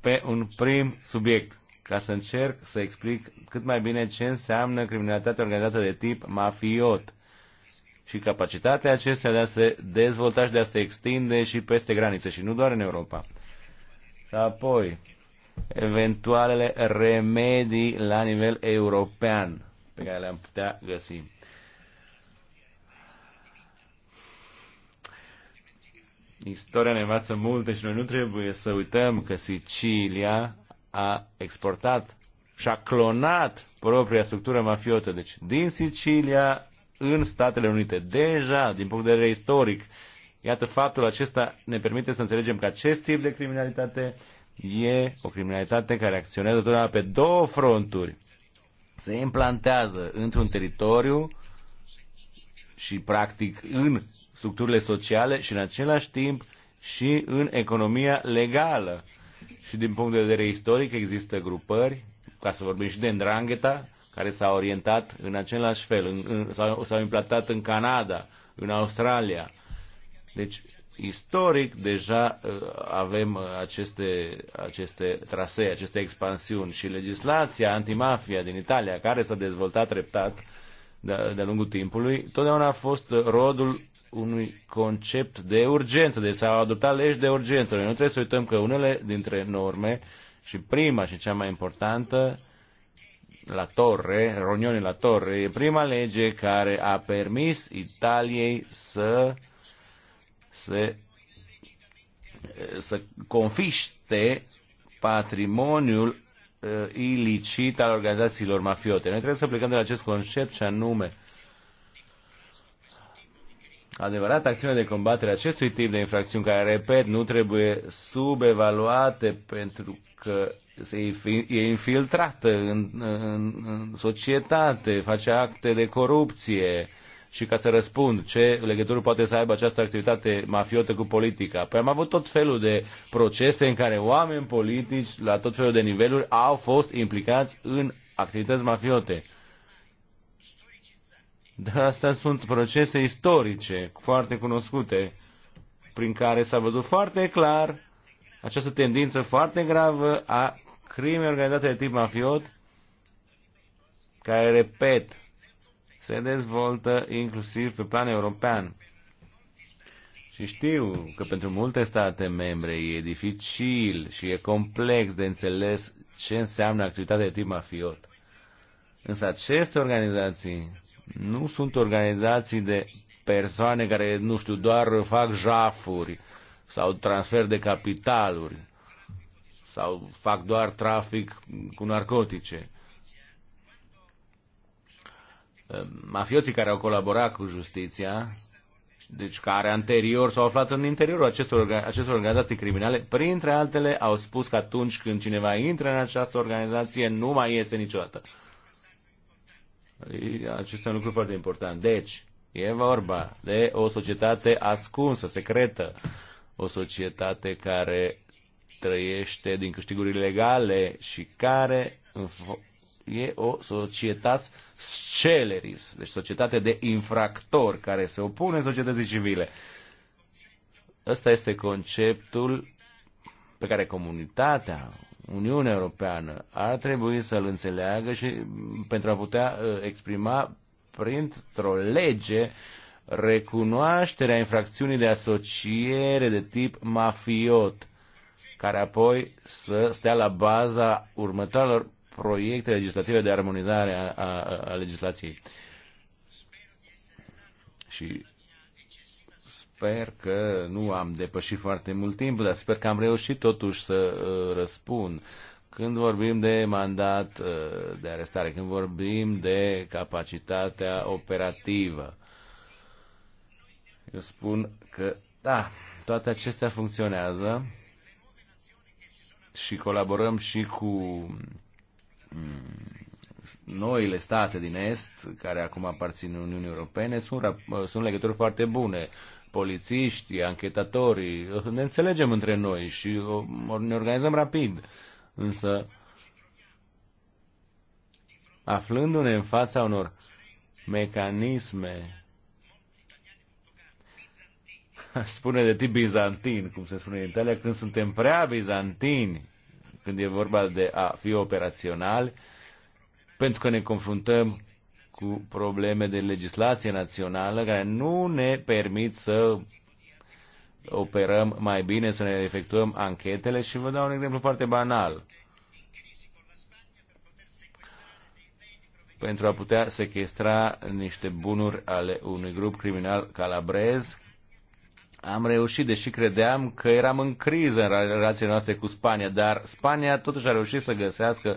pe un prim subiect, ca să încerc să explic cât mai bine ce înseamnă criminalitatea organizată de tip mafiot și capacitatea acestea de a se dezvolta și de a se extinde și peste granițe și nu doar în Europa. Apoi, eventualele remedii la nivel european pe care le-am putea găsi. Istoria ne învață multe și noi nu trebuie să uităm că Sicilia a exportat și a clonat propria structură mafiotă. Deci, din Sicilia în Statele Unite. Deja, din punct de vedere istoric, iată faptul acesta ne permite să înțelegem că acest tip de criminalitate e o criminalitate care acționează totdeauna pe două fronturi. Se implantează într-un teritoriu și practic în structurile sociale și în același timp și în economia legală. Și din punct de vedere istoric există grupări, ca să vorbim și de îndrangheta, care s-a orientat în același fel, în, în, s-au, s-au implantat în Canada, în Australia. Deci, istoric, deja uh, avem uh, aceste, aceste trasee, aceste expansiuni și legislația antimafia din Italia, care s-a dezvoltat treptat de-a de lungul timpului, totdeauna a fost rodul unui concept de urgență, deci s-au adoptat legi de urgență. Noi nu trebuie să uităm că unele dintre norme, și prima și cea mai importantă, la Torre, Ronione la Torre, e prima lege care a permis Italiei să să să confiște patrimoniul uh, ilicit al organizațiilor mafiote. Noi trebuie să plecăm de la acest concept și anume adevărat acțiune de combatere a acestui tip de infracțiuni care, repet, nu trebuie subevaluate pentru că se e infiltrată în, în, în societate, face acte de corupție și ca să răspund ce legătură poate să aibă această activitate mafiotă cu politica. Păi am avut tot felul de procese în care oameni politici la tot felul de niveluri au fost implicați în activități mafiote. Dar astea sunt procese istorice, foarte cunoscute, prin care s-a văzut foarte clar această tendință foarte gravă a crime organizate de tip mafiot, care, repet, se dezvoltă inclusiv pe plan european. Și știu că pentru multe state membre e dificil și e complex de înțeles ce înseamnă activitatea de tip mafiot. Însă aceste organizații nu sunt organizații de persoane care, nu știu, doar fac jafuri sau transfer de capitaluri sau fac doar trafic cu narcotice. Ehm, mafioții care au colaborat cu justiția, deci care anterior s-au aflat în interiorul acestor, acestor organizații criminale, printre altele au spus că atunci când cineva intră în această organizație nu mai iese niciodată. Acesta e un lucru foarte important. Deci, e vorba de o societate ascunsă, secretă, o societate care trăiește din câștiguri legale și care e o societas sceleris, deci societate de infractori care se opune societății civile. Ăsta este conceptul pe care comunitatea, Uniunea Europeană, ar trebui să-l înțeleagă și pentru a putea uh, exprima printr-o lege recunoașterea infracțiunii de asociere de tip mafiot care apoi să stea la baza următoarelor proiecte legislative de armonizare a, a, a legislației. Și sper că nu am depășit foarte mult timp, dar sper că am reușit totuși să uh, răspund. Când vorbim de mandat uh, de arestare, când vorbim de capacitatea operativă, eu spun că, da, toate acestea funcționează și colaborăm și cu mm, noile state din Est, care acum aparțin Uniunii Europene, sunt, sunt legături foarte bune. polițiști, anchetatorii, ne înțelegem între noi și ne organizăm rapid. Însă, aflându-ne în fața unor mecanisme spune de tip bizantin, cum se spune în Italia, când suntem prea bizantini, când e vorba de a fi operațional, pentru că ne confruntăm cu probleme de legislație națională care nu ne permit să operăm mai bine, să ne efectuăm anchetele și vă dau un exemplu foarte banal. Pentru a putea sequestra niște bunuri ale unui grup criminal calabrez, am reușit, deși credeam că eram în criză în relațiile noastre cu Spania, dar Spania totuși a reușit să găsească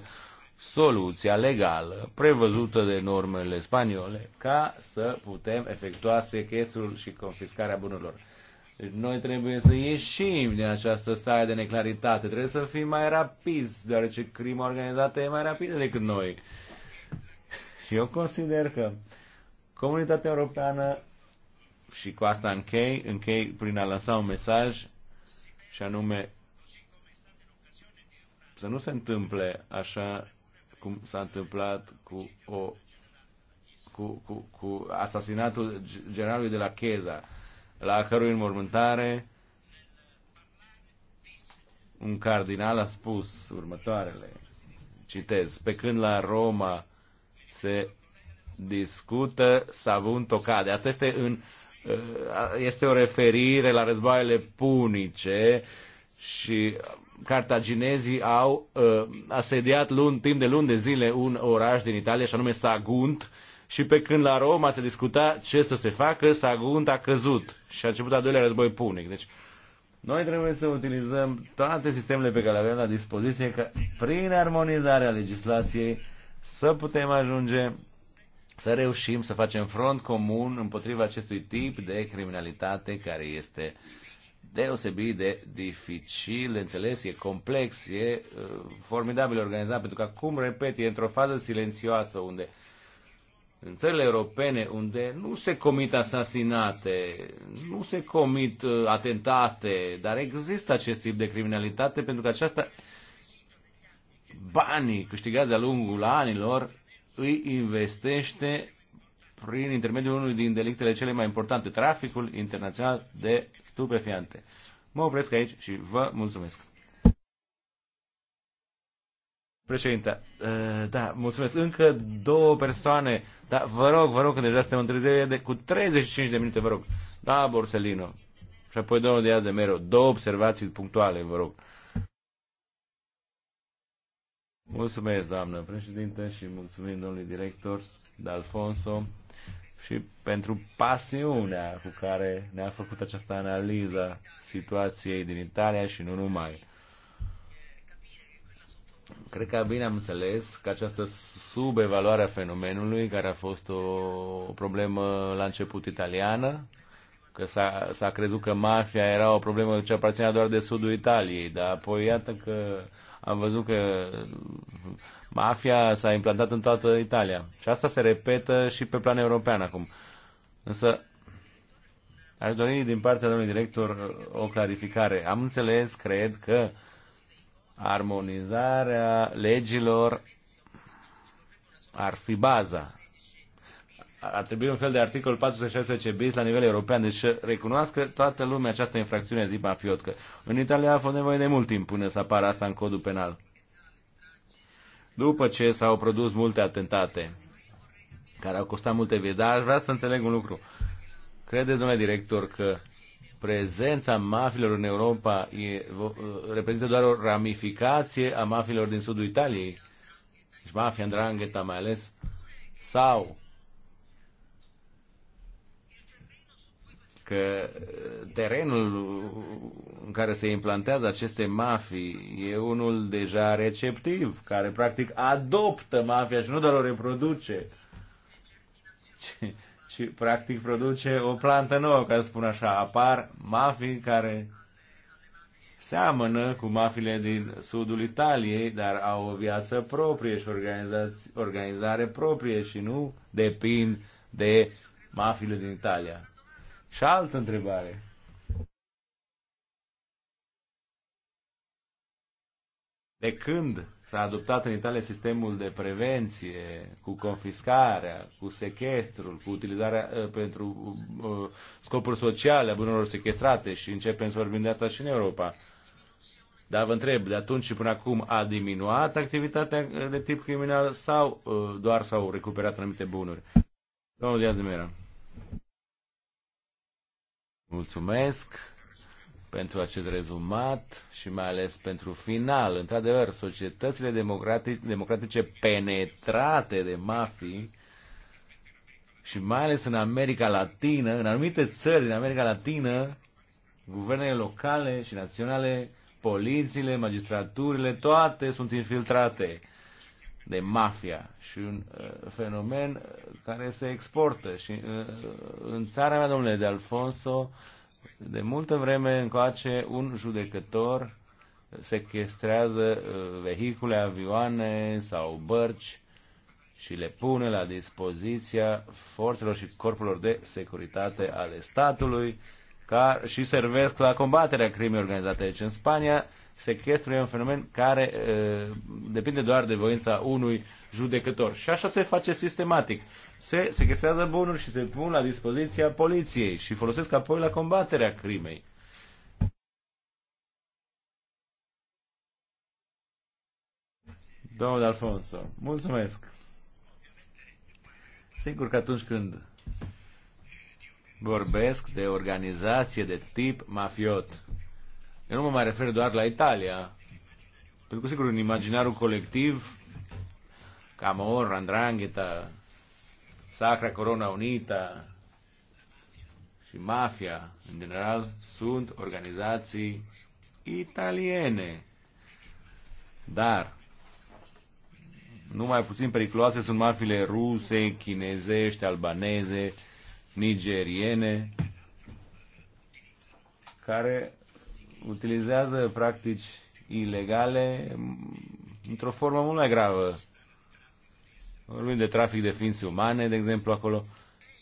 soluția legală prevăzută de normele spaniole ca să putem efectua sechetul și confiscarea bunurilor. Deci noi trebuie să ieșim din această stare de neclaritate, trebuie să fim mai rapizi, deoarece crima organizată e mai rapidă decât noi. Și eu consider că comunitatea europeană și cu asta închei, închei prin a lansa un mesaj și anume să nu se întâmple așa cum s-a întâmplat cu, o, cu, cu, cu asasinatul generalului de la Cheza, la cărui înmormântare un cardinal a spus următoarele, citez, pe când la Roma se discută savun tocade. Asta este în Eh, este o referire la războaiele punice și cartaginezii au uh, asediat luni, timp de luni de zile un oraș din Italia, și anume Sagunt, și pe când la Roma se discuta ce să se facă, Sagunt a căzut și a început al doilea război punic. Deci, noi trebuie să utilizăm toate sistemele pe care le avem la dispoziție ca, prin armonizarea legislației să putem ajunge să reușim să facem front comun împotriva acestui tip de criminalitate care este deosebit de dificil de înțeles, e complex, e uh, formidabil organizat, pentru că acum, repet, e într-o fază silențioasă unde în țările europene unde nu se comit asasinate, nu se comit uh, atentate, dar există acest tip de criminalitate pentru că aceasta banii câștigați de-a lungul anilor îi investește prin intermediul unui din delictele cele mai importante, traficul internațional de stupefiante. Mă opresc aici și vă mulțumesc. Președinte, eh, da, mulțumesc. Încă două persoane, Da, vă rog, vă rog, că deja suntem întârziere de, cu 35 de minute, vă rog. Da, Borsellino. Și apoi domnul Diaz de Mero, două observații punctuale, vă rog. Mulțumesc, doamnă președinte, și mulțumim domnului director D'Alfonso și pentru pasiunea cu care ne-a făcut această analiză situației din Italia și nu numai. Cred că bine am înțeles că această subevaluare a fenomenului, care a fost o problemă la început italiană, că s-a, s-a crezut că mafia era o problemă ce aparținea doar de sudul Italiei, dar apoi iată că am văzut că mafia s-a implantat în toată Italia. Și asta se repetă și pe plan european acum. Însă aș dori din partea domnului director o clarificare. Am înțeles, cred, că armonizarea legilor ar fi baza ar trebui un fel de articol 416 bis la nivel european, deci să recunoască toată lumea această infracțiune zic mafiot, că în Italia a fost nevoie de mult timp până să apară asta în codul penal. După ce s-au produs multe atentate, care au costat multe vieți, dar aș vrea să înțeleg un lucru. Crede, domnule director, că prezența mafilor în Europa e, ă, reprezintă doar o ramificație a mafilor din sudul Italiei? Deci mafia, îndrangheta mai ales, sau că uh, terenul în care se implantează aceste mafii e unul deja receptiv, care practic adoptă mafia și nu doar o reproduce, ci, ci practic produce o plantă nouă, ca să spun așa. Apar mafii care seamănă cu mafile din sudul Italiei, dar au o viață proprie și organizare proprie și nu depind de mafile din Italia. Și altă întrebare. De când s-a adoptat în Italia sistemul de prevenție cu confiscarea, cu sechestrul, cu utilizarea uh, pentru uh, uh scopuri sociale a bunurilor sechestrate și începem să vorbim de asta și în Europa. Dar vă întreb, de atunci și până acum a diminuat activitatea uh, de tip criminal sau uh, doar s-au recuperat anumite bunuri? Domnul Diaz de Mera. Mulțumesc pentru acest rezumat și mai ales pentru final. Într-adevăr, societățile democratice, democratice penetrate de mafii și mai ales în America Latină, în anumite țări din America Latină, guvernele locale și naționale, polițiile, magistraturile, toate sunt infiltrate de mafia și un uh, fenomen uh, care se exportă. Și uh, în țara mea, domnule de Alfonso, de multă vreme încoace un judecător uh, sequestrează uh, vehicule, avioane sau bărci și le pune la dispoziția forțelor și corpurilor de securitate ale statului ca și servesc la combaterea crimei organizate. Deci în Spania sechestrul e un fenomen care uh, depinde doar de voința unui judecător. Și așa se face sistematic. Se sechestrează bunuri și se pun la dispoziția poliției și folosesc apoi la combaterea crimei. Domnul Alfonso, mulțumesc. Sigur că atunci când Vorbesc de organizație de tip mafiot. Eu nu mă mai refer doar la Italia. Pentru că, sigur, în imaginarul colectiv, Camorra, Andrangheta, Sacra Corona Unita și mafia, în general, sunt organizații italiene. Dar, nu mai puțin periculoase sunt mafile ruse, chinezești, albaneze, nigeriene care utilizează practici ilegale într-o formă mult mai gravă. Vorbim de trafic de ființe umane, de exemplu, acolo.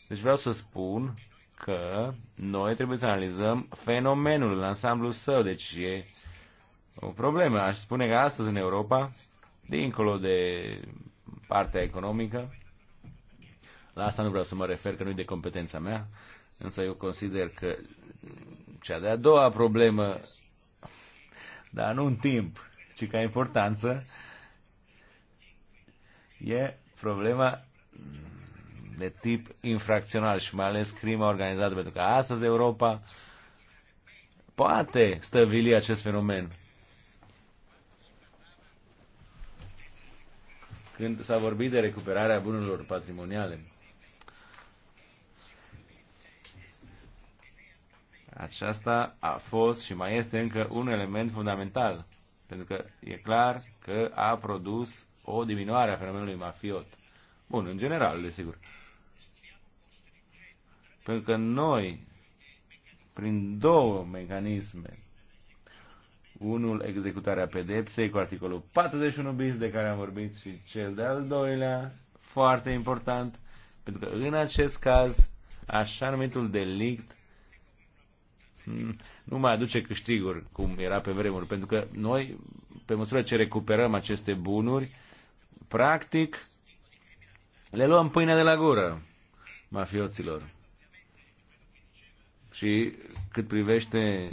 Deci vreau să spun că noi trebuie să analizăm fenomenul în ansamblu său. Deci e o problemă. Aș spune că astăzi în Europa, dincolo de partea economică, la asta nu vreau să mă refer, că nu e de competența mea, însă eu consider că cea de-a doua problemă, dar nu în timp, ci ca importanță, e problema de tip infracțional și mai ales crima organizată, pentru că astăzi Europa poate stăvili acest fenomen. Când s-a vorbit de recuperarea bunurilor patrimoniale, Aceasta a fost și mai este încă un element fundamental, pentru că e clar că a produs o diminuare a fenomenului mafiot. Bun, în general, desigur. Pentru că noi, prin două mecanisme, unul executarea pedepsei cu articolul 41 bis de care am vorbit și cel de-al doilea, foarte important, pentru că în acest caz, așa numitul delict nu mai aduce câștiguri cum era pe vremuri, pentru că noi, pe măsură ce recuperăm aceste bunuri, practic le luăm pâine de la gură mafioților. Și cât privește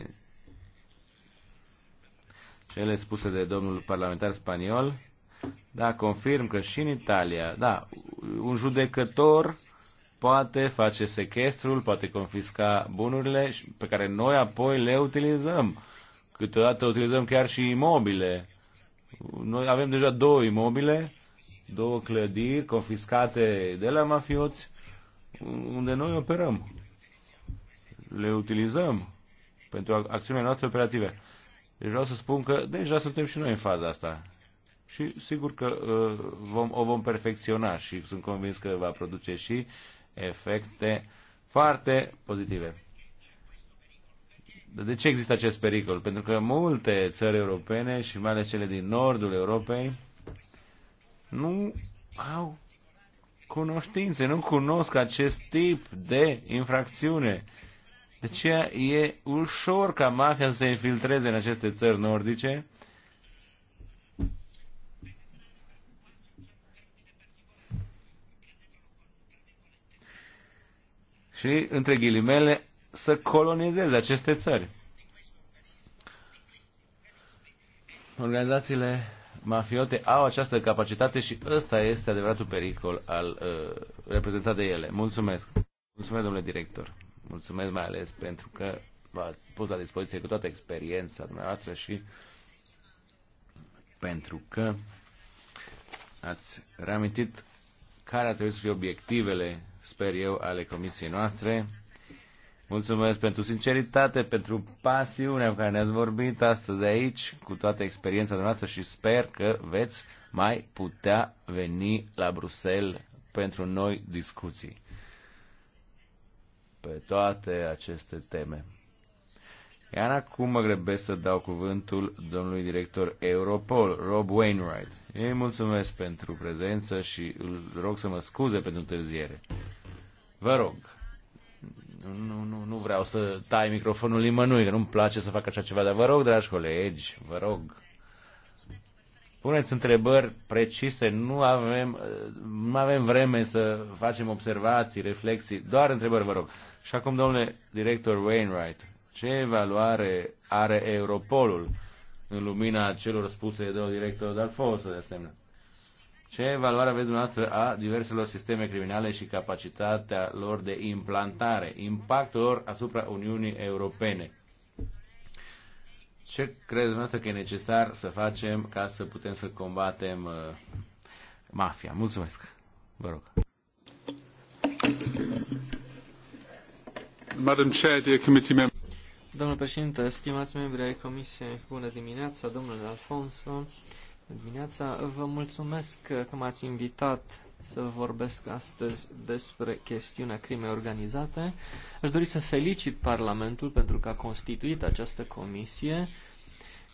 cele spuse de domnul parlamentar spaniol, da, confirm că și în Italia, da, un judecător poate face sequestrul, poate confisca bunurile pe care noi apoi le utilizăm. Câteodată utilizăm chiar și imobile. Noi avem deja două imobile, două clădiri confiscate de la mafioți, unde noi operăm. Le utilizăm pentru acțiunile noastre operative. Deci vreau să spun că deja suntem și noi în faza asta. Și sigur că uh, vom, o vom perfecționa și sunt convins că va produce și efecte foarte pozitive. De ce există acest pericol? Pentru că multe țări europene și mai ales cele din nordul Europei nu au cunoștințe, nu cunosc acest tip de infracțiune. De deci, aceea e ușor ca mafia să se infiltreze în aceste țări nordice și, între ghilimele, să colonizeze aceste țări. Organizațiile mafiote au această capacitate și ăsta este adevăratul pericol al, uh, reprezentat de ele. Mulțumesc! Mulțumesc, domnule director! Mulțumesc mai ales pentru că v-ați pus la dispoziție cu toată experiența dumneavoastră și pentru că ați reamintit care ar trebui să fie obiectivele sper eu, ale comisiei noastre. Mulțumesc pentru sinceritate, pentru pasiunea cu care ne-ați vorbit astăzi aici, cu toată experiența noastră și sper că veți mai putea veni la Bruxelles pentru noi discuții pe toate aceste teme. Iar acum mă grăbesc să dau cuvântul domnului director Europol, Rob Wainwright. Îi mulțumesc pentru prezență și îl rog să mă scuze pentru întârziere. Vă rog, nu, nu, nu vreau să tai microfonul nimănui, că nu-mi place să fac așa ceva, dar vă rog, dragi colegi, vă rog, puneți întrebări precise, nu avem, nu avem vreme să facem observații, reflexii, doar întrebări, vă rog. Și acum, domnule director Wainwright, ce valoare are Europolul în lumina celor spuse de două director de Alfonso, de asemenea? Ce valoare aveți dumneavoastră a diverselor sisteme criminale și capacitatea lor de implantare, impactul lor asupra Uniunii Europene? Ce credeți dumneavoastră că e necesar să facem ca să putem să combatem uh, mafia? Mulțumesc! Vă rog! Madam Chair, dear committee members. Domnule președinte, stimați membri ai Comisiei, bună dimineața, domnule Alfonso, bună dimineața. Vă mulțumesc că m-ați invitat să vorbesc astăzi despre chestiunea crimei organizate. Aș dori să felicit Parlamentul pentru că a constituit această comisie.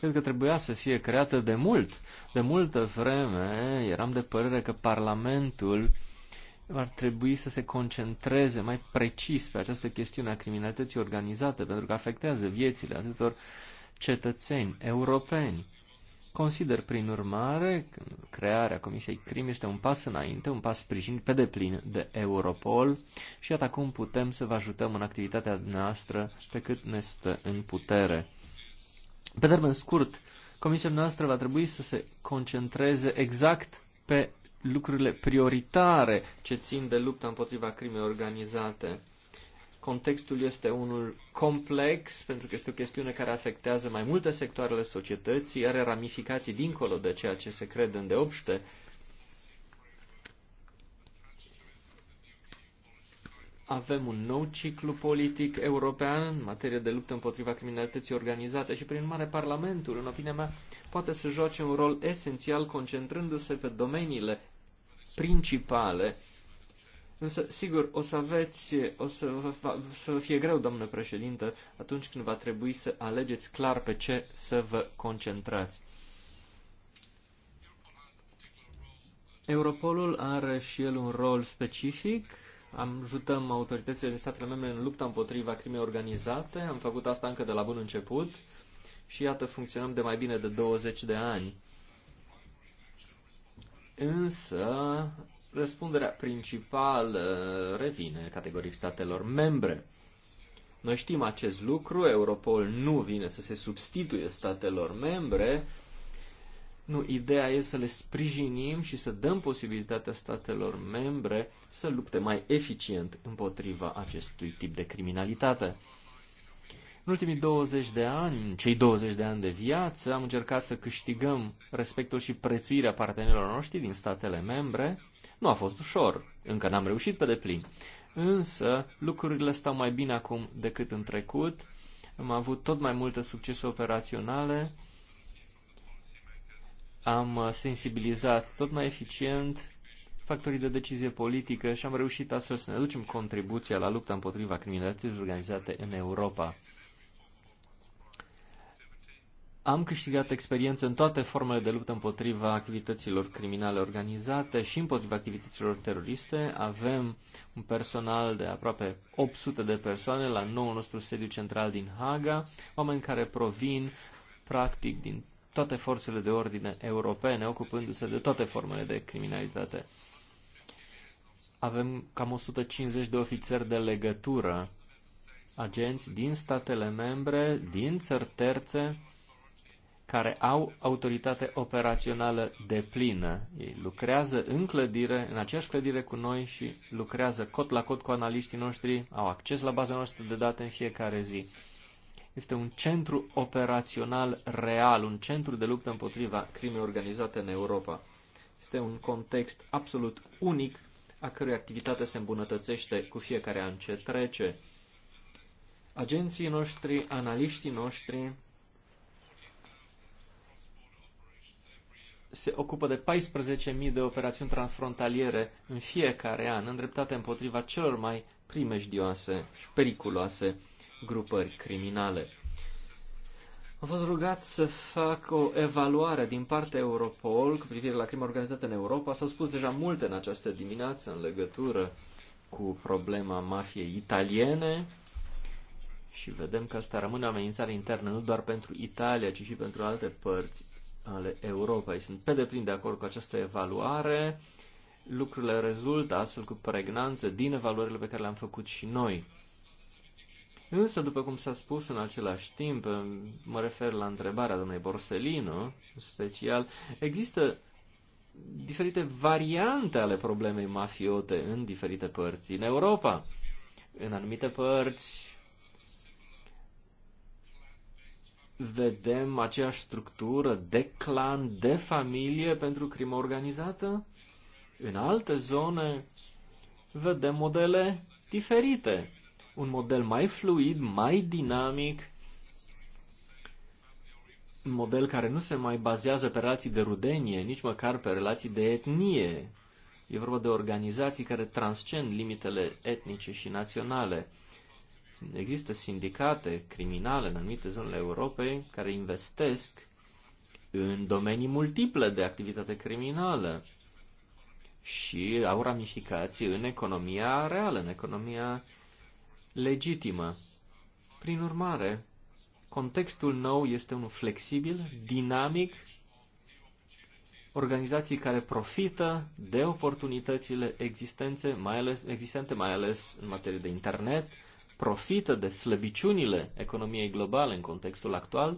Cred că trebuia să fie creată de mult. De multă vreme eram de părere că Parlamentul uh, ar trebui să se concentreze mai precis pe această chestiune a criminalității organizate, pentru că afectează viețile atâtor cetățeni europeni. Consider, prin urmare, că crearea Comisiei Crim este un pas înainte, un pas sprijin pe deplin de Europol și iată cum putem să vă ajutăm în activitatea noastră pe cât ne stă în putere. Pe termen scurt, Comisia noastră va trebui să se concentreze exact pe lucrurile prioritare ce țin de lupta împotriva crimei organizate. Contextul este unul complex, pentru că este o chestiune care afectează mai multe sectoarele societății, are ramificații dincolo de ceea ce se crede deopște. Avem un nou ciclu politic european în materie de luptă împotriva criminalității organizate și, prin mare Parlamentul, în opinia mea, poate să joace un rol esențial concentrându-se pe domeniile principale. Însă, sigur, o să aveți, o să vă, să vă fie greu, domnule președinte, atunci când va trebui să alegeți clar pe ce să vă concentrați. Europolul are și el un rol specific. Ajutăm autoritățile din statele membre în lupta împotriva crimei organizate. Am făcut asta încă de la bun început și iată, funcționăm de mai bine de 20 de ani. Însă, răspunderea principală revine categoric statelor membre. Noi știm acest lucru, Europol nu vine să se substituie statelor membre, nu, ideea e să le sprijinim și să dăm posibilitatea statelor membre să lupte mai eficient împotriva acestui tip de criminalitate. În ultimii 20 de ani, cei 20 de ani de viață, am încercat să câștigăm respectul și prețuirea partenerilor noștri din statele membre. Nu a fost ușor, încă n-am reușit pe deplin. Însă, lucrurile stau mai bine acum decât în trecut. Am avut tot mai multe succese operaționale. Am uh, sensibilizat tot mai eficient factorii de decizie politică și am reușit astfel să ne ducem contribuția la lupta împotriva criminalității organizate în Europa. Am câștigat experiență în toate formele de luptă împotriva activităților criminale organizate și împotriva activităților teroriste. Avem un personal de aproape 800 de persoane la nou nostru sediu central din Haga, oameni care provin practic din toate forțele de ordine europene, ocupându-se de toate formele de criminalitate. Avem cam 150 de ofițeri de legătură, agenți din statele membre, din țări terțe, care au autoritate operațională deplină. Ei lucrează în clădire, în aceeași clădire cu noi și lucrează cot la cot cu analiștii noștri, au acces la baza noastră de date în fiecare zi. Este un centru operațional real, un centru de luptă împotriva crimei organizate în Europa. Este un context absolut unic a cărui activitate se îmbunătățește cu fiecare an ce trece. Agenții noștri, analiștii noștri, se ocupă de 14.000 de operațiuni transfrontaliere în fiecare an, îndreptate împotriva celor mai primejdioase și periculoase grupări criminale. Am fost rugat să fac o evaluare din partea Europol cu privire la crimă organizată în Europa. S-au spus deja multe în această dimineață în legătură cu problema mafiei italiene și vedem că asta rămâne o amenințare internă nu doar pentru Italia, ci și pentru alte părți ale Europei. Sunt pe deplin de acord cu această evaluare. Lucrurile rezultă astfel cu pregnanță din evaluările pe care le-am făcut și noi. Însă, după cum s-a spus în același timp, mă refer la întrebarea domnului Borsellino, în special, există diferite variante ale problemei mafiote în diferite părți. În Europa, în anumite părți, vedem aceeași structură de clan, de familie pentru crimă organizată. În alte zone vedem modele diferite. Un model mai fluid, mai dinamic, un model care nu se mai bazează pe relații de rudenie, nici măcar pe relații de etnie. E vorba de organizații care transcend limitele etnice și naționale. Există sindicate criminale în anumite zonele Europei care investesc în domenii multiple de activitate criminală și au ramificații în economia reală, în economia legitimă. Prin urmare, contextul nou este unul flexibil, dinamic, organizații care profită de oportunitățile existențe, mai ales, existente, mai ales în materie de internet, profită de slăbiciunile economiei globale în contextul actual,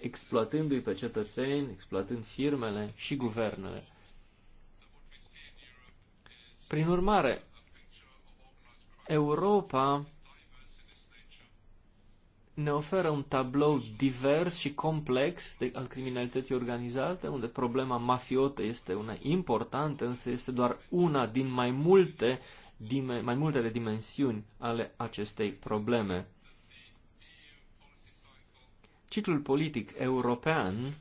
exploatându-i pe cetățeni, exploatând firmele și guvernele. Prin urmare, Europa ne oferă un tablou divers și complex de, al criminalității organizate, unde problema mafiotă este una importantă, însă este doar una din mai multe mai multele dimensiuni ale acestei probleme. Ciclul politic european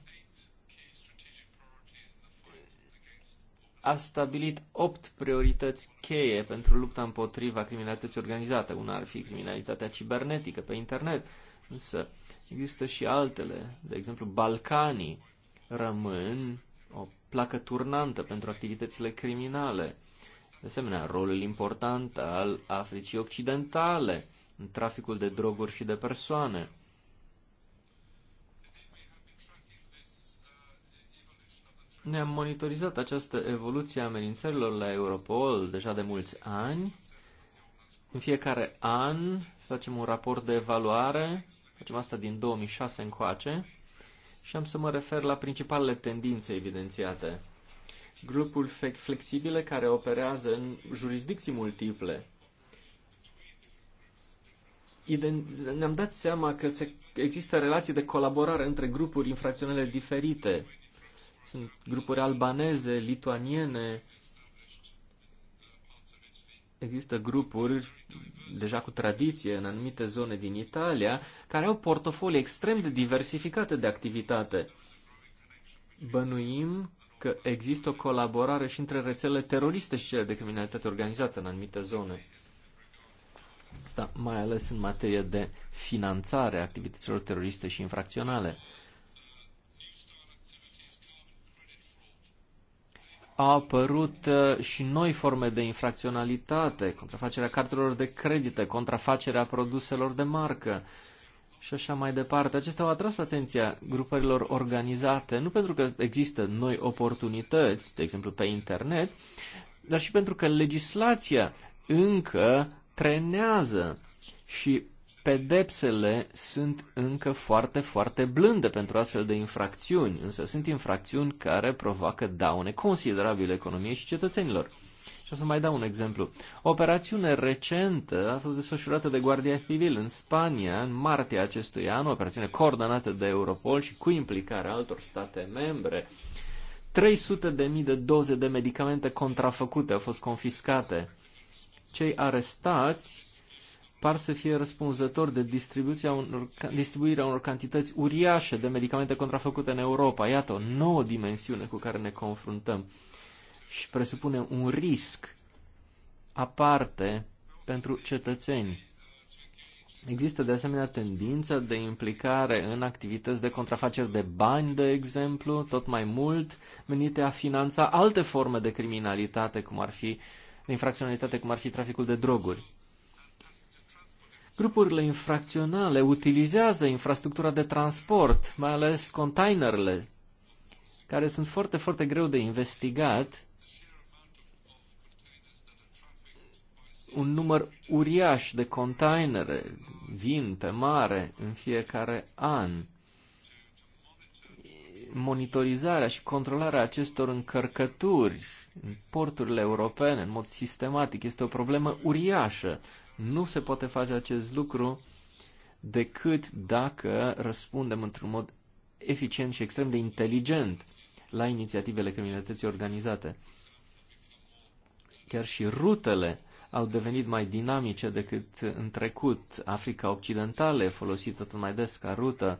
a stabilit opt priorități cheie pentru lupta împotriva criminalității organizate. Una ar fi criminalitatea cibernetică pe internet, însă există și altele. De exemplu, Balcanii rămân o placă turnantă pentru activitățile criminale. De asemenea, rolul important al Africii Occidentale în traficul de droguri și de persoane. Ne-am monitorizat această evoluție a amenințărilor la Europol deja de mulți ani. În fiecare an facem un raport de evaluare, facem asta din 2006 încoace, și am să mă refer la principalele tendințe evidențiate grupuri flexibile care operează în jurisdicții multiple. Ne-am dat seama că se, există relații de colaborare între grupuri infracționale diferite. Sunt grupuri albaneze, lituaniene, există grupuri deja cu tradiție în anumite zone din Italia care au portofolii extrem de diversificate de activitate. Bănuim că există o colaborare și între rețelele teroriste și cele de criminalitate organizată în anumite zone. Asta mai ales în materie de finanțare a activităților teroriste și infracționale. Au apărut uh, și noi forme de infracționalitate, contrafacerea cartelor de credite, contrafacerea produselor de marcă, uh, și așa mai departe. Acestea au atras atenția grupărilor organizate, nu pentru că există noi oportunități, de exemplu pe internet, dar și pentru că legislația încă trenează și pedepsele sunt încă foarte, foarte blânde pentru astfel de infracțiuni, însă sunt infracțiuni care provoacă daune considerabile economiei și cetățenilor. Și o să mai dau un exemplu. O operațiune recentă a fost desfășurată de Guardia Civil în Spania în martie acestui an, o operațiune coordonată de Europol și cu implicarea altor state membre. 300 de mii de doze de medicamente contrafăcute au fost confiscate. Cei arestați par să fie răspunzători de distribuția unor, distribuirea unor cantități uriașe de medicamente contrafăcute în Europa. Iată o nouă dimensiune cu care ne confruntăm și presupune un risc aparte pentru cetățeni. Există de asemenea tendința de implicare în activități de contrafaceri de bani, de exemplu, tot mai mult, menite a finanța alte forme de criminalitate, cum ar fi de infracționalitate, cum ar fi traficul de droguri. Grupurile infracționale utilizează infrastructura de transport, mai ales containerele, care sunt foarte, foarte greu de investigat un număr uriaș de containere vin pe mare în fiecare an. Monitorizarea și controlarea acestor încărcături în porturile europene în mod sistematic este o problemă uriașă. Nu se poate face acest lucru decât dacă răspundem într-un mod eficient și extrem de inteligent la inițiativele criminalității organizate. Chiar și rutele au devenit mai dinamice decât în trecut. Africa Occidentală folosită tot mai des ca rută.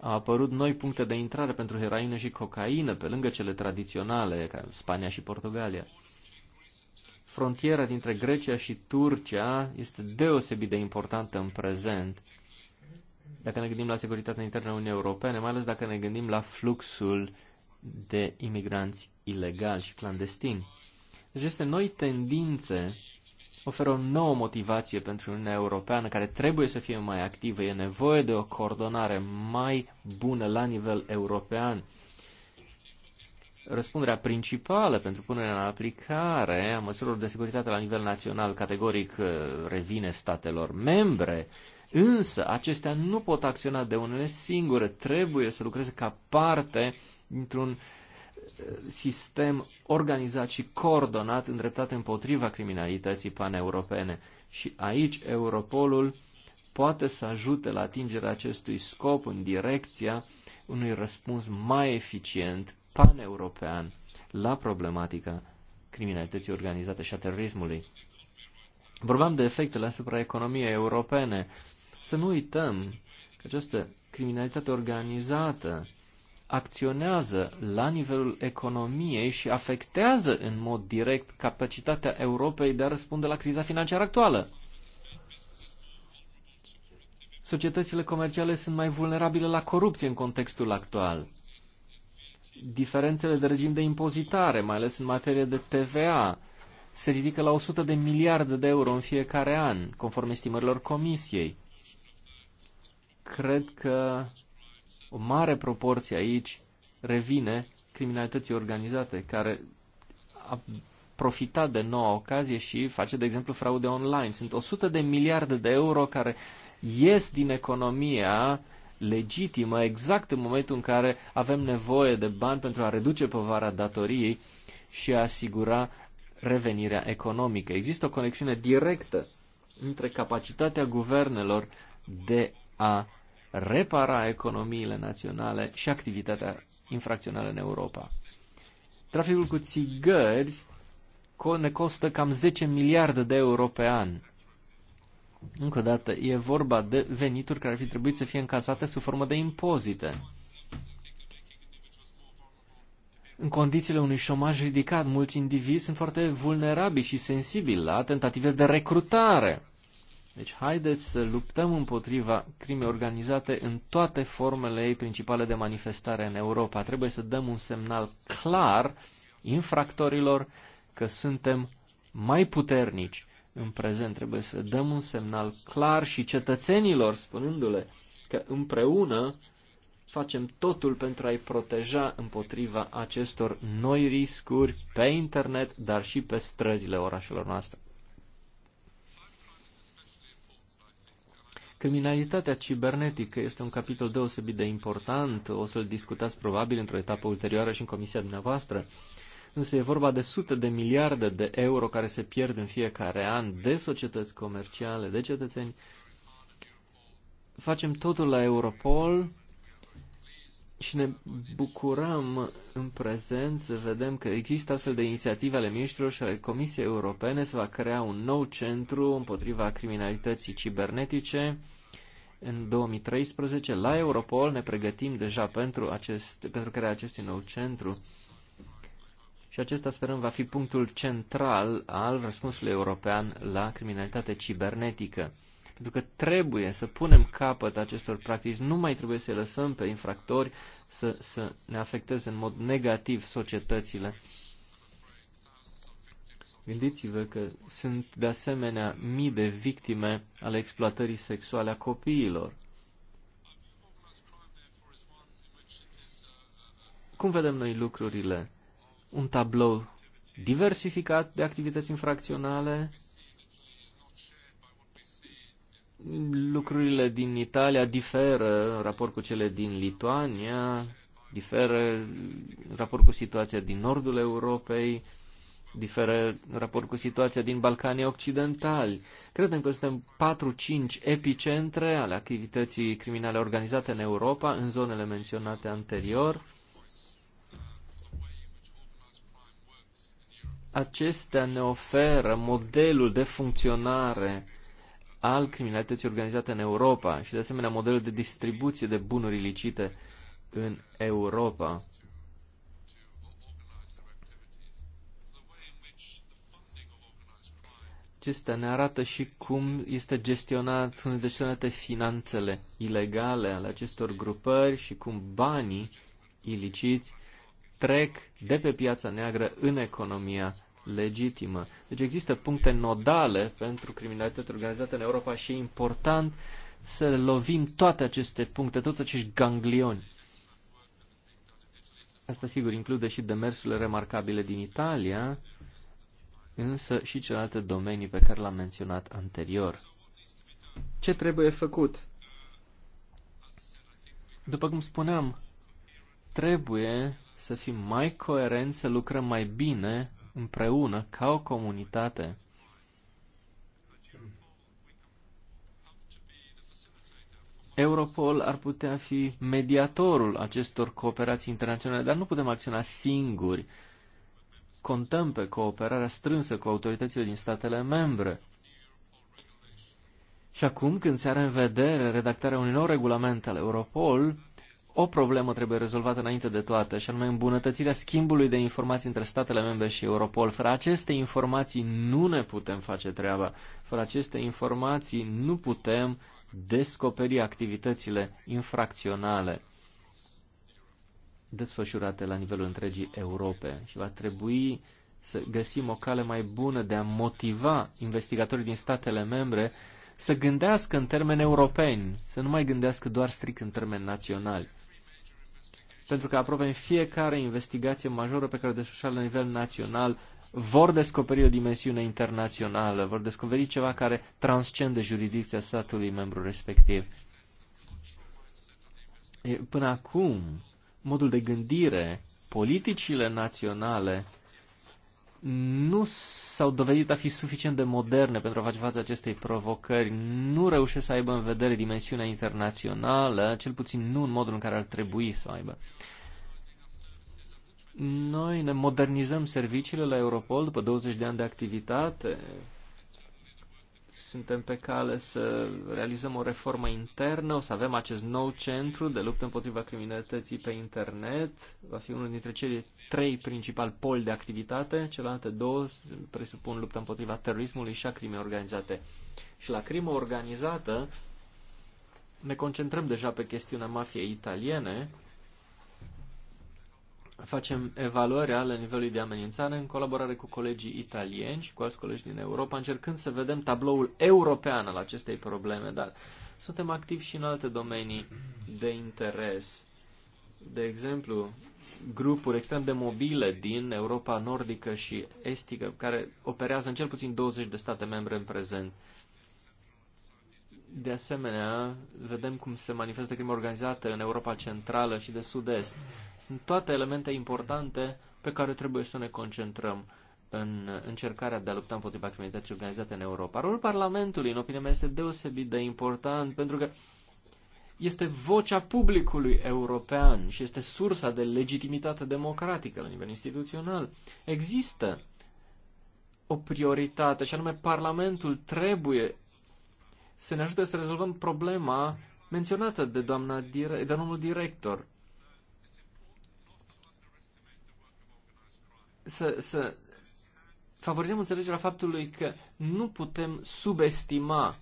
Au apărut noi puncte de intrare pentru heroină și cocaină, pe lângă cele tradiționale, ca Spania și Portugalia. Frontiera dintre Grecia și Turcia este deosebit de importantă în prezent. Dacă ne gândim la securitatea internă a Uniunii Europene, mai ales dacă ne gândim la fluxul de imigranți ilegali și clandestini. Deci este noi tendințe oferă o nouă motivație pentru Uniunea Europeană care trebuie să fie mai activă. E nevoie de o coordonare mai bună la nivel european. Răspunderea principală pentru punerea în aplicare a măsurilor de securitate la nivel național categoric uh, revine statelor membre, însă acestea nu pot acționa de unele singure, trebuie să lucreze ca parte dintr-un uh, sistem organizat și coordonat îndreptat împotriva criminalității paneuropene. Și aici Europolul poate să ajute la atingerea acestui scop în direcția unui răspuns mai eficient paneuropean la problematica criminalității organizate și a terorismului. Vorbeam de efectele asupra economiei europene. Să nu uităm că această criminalitate organizată acționează la nivelul economiei și afectează în mod direct capacitatea Europei de a răspunde la criza financiară actuală. Societățile comerciale sunt mai vulnerabile la corupție în contextul actual. Diferențele de regim de impozitare, mai ales în materie de TVA, se ridică la 100 de miliarde de euro în fiecare an, conform estimărilor comisiei. Cred că o mare proporție aici revine criminalității organizate, care a profitat de noua ocazie și face, de exemplu, fraude online. Sunt 100 de miliarde de euro care ies din economia legitimă exact în momentul în care avem nevoie de bani pentru a reduce povara datoriei și a asigura revenirea economică. Există o conexiune directă între capacitatea guvernelor de a repara economiile naționale și activitatea infracțională în Europa. Traficul cu țigări ne costă cam 10 miliarde de euro pe an. Încă o dată, e vorba de venituri care ar fi trebuit să fie încasate sub formă de impozite. În condițiile unui șomaj ridicat, mulți indivizi sunt foarte vulnerabili și sensibili la tentative de recrutare. Deci haideți să luptăm împotriva crimei organizate în toate formele ei principale de manifestare în Europa. Trebuie să dăm un semnal clar infractorilor că suntem mai puternici în prezent. Trebuie să dăm un semnal clar și cetățenilor spunându-le că împreună facem totul pentru a-i proteja împotriva acestor noi riscuri pe internet, dar și pe străzile orașelor noastre. Criminalitatea cibernetică este un capitol deosebit de important, o să-l discutați probabil într-o etapă ulterioară și în comisia dumneavoastră, însă e vorba de sute de miliarde de euro care se pierd în fiecare an de societăți comerciale, de cetățeni. Facem totul la Europol, și ne bucurăm în prezent să vedem că există astfel de inițiative ale ministrilor și ale Comisiei Europene. să va crea un nou centru împotriva criminalității cibernetice în 2013. La Europol ne pregătim deja pentru, acest, pentru crearea acestui nou centru. Și acesta sperăm va fi punctul central al răspunsului european la criminalitate cibernetică. Pentru că trebuie să punem capăt acestor practici, nu mai trebuie să lăsăm pe infractori să, să ne afecteze în mod negativ societățile. Gândiți-vă că sunt de asemenea mii de victime ale exploatării sexuale a copiilor. Cum vedem noi lucrurile? Un tablou diversificat de activități infracționale, lucrurile din Italia diferă în raport cu cele din Lituania, diferă în raport cu situația din nordul Europei, diferă în raport cu situația din Balcanii Occidentali. Credem că suntem 4-5 epicentre ale activității criminale organizate în Europa, în zonele menționate anterior. Acestea ne oferă modelul de funcționare al criminalității organizate în Europa și, de asemenea, modelul de distribuție de bunuri ilicite în Europa. Acestea ne arată și cum este gestionat, sunt gestionate finanțele ilegale ale acestor grupări și cum banii iliciți trec de pe piața neagră în economia legitimă. Deci există puncte nodale pentru criminalitatea organizată în Europa și e important să lovim toate aceste puncte, toți acești ganglioni. Asta sigur include și demersurile remarcabile din Italia, însă și celelalte domenii pe care l-am menționat anterior. Ce trebuie făcut? După cum spuneam, trebuie să fim mai coerenți, să lucrăm mai bine împreună, ca o comunitate, Europol ar putea fi mediatorul acestor cooperații internaționale, dar nu putem acționa singuri. Contăm pe cooperarea strânsă cu autoritățile din statele membre. Și acum, când se are în vedere redactarea unui nou regulament al Europol, o problemă trebuie rezolvată înainte de toate, și anume îmbunătățirea schimbului de informații între statele membre și Europol. Fără aceste informații nu ne putem face treaba. Fără aceste informații nu putem descoperi activitățile infracționale desfășurate la nivelul întregii Europe și va trebui să găsim o cale mai bună de a motiva investigatorii din statele membre să gândească în termeni europeni, să nu mai gândească doar strict în termeni naționali pentru că aproape în fiecare investigație majoră pe care o desfășoară la nivel național vor descoperi o dimensiune internațională, vor descoperi ceva care transcende jurisdicția statului membru respectiv. Până acum, modul de gândire, politicile naționale nu s-au dovedit a fi suficient de moderne pentru a face față acestei provocări, nu reușesc să aibă în vedere dimensiunea internațională, cel puțin nu în modul în care ar trebui să o aibă. Noi ne modernizăm serviciile la Europol după 20 de ani de activitate. Suntem pe cale să realizăm o reformă internă, o să avem acest nou centru de luptă împotriva criminalității pe internet. Va fi unul dintre cele trei principali poli de activitate, celelalte două presupun lupta împotriva terorismului și a crimei organizate. Și la crimă organizată ne concentrăm deja pe chestiunea mafiei italiene, facem evaluări ale nivelului de amenințare în colaborare cu colegii italieni și cu alți colegi din Europa, încercând să vedem tabloul european al acestei probleme, dar suntem activi și în alte domenii de interes. De exemplu, grupuri extrem de mobile din Europa nordică și estică, care operează în cel puțin 20 de state membre în prezent. De asemenea, vedem cum se manifestă crimă organizată în Europa Centrală și de Sud-Est. Sunt toate elemente importante pe care trebuie să ne concentrăm în încercarea de a lupta împotriva criminalității organizate în Europa. Rolul Parlamentului, în opinia mea, este deosebit de important pentru că este vocea publicului european și este sursa de legitimitate democratică la nivel instituțional. Există o prioritate și anume Parlamentul trebuie să ne ajute să rezolvăm problema menționată de, doamna, de domnul director. Să, să favorizăm înțelegerea faptului că nu putem subestima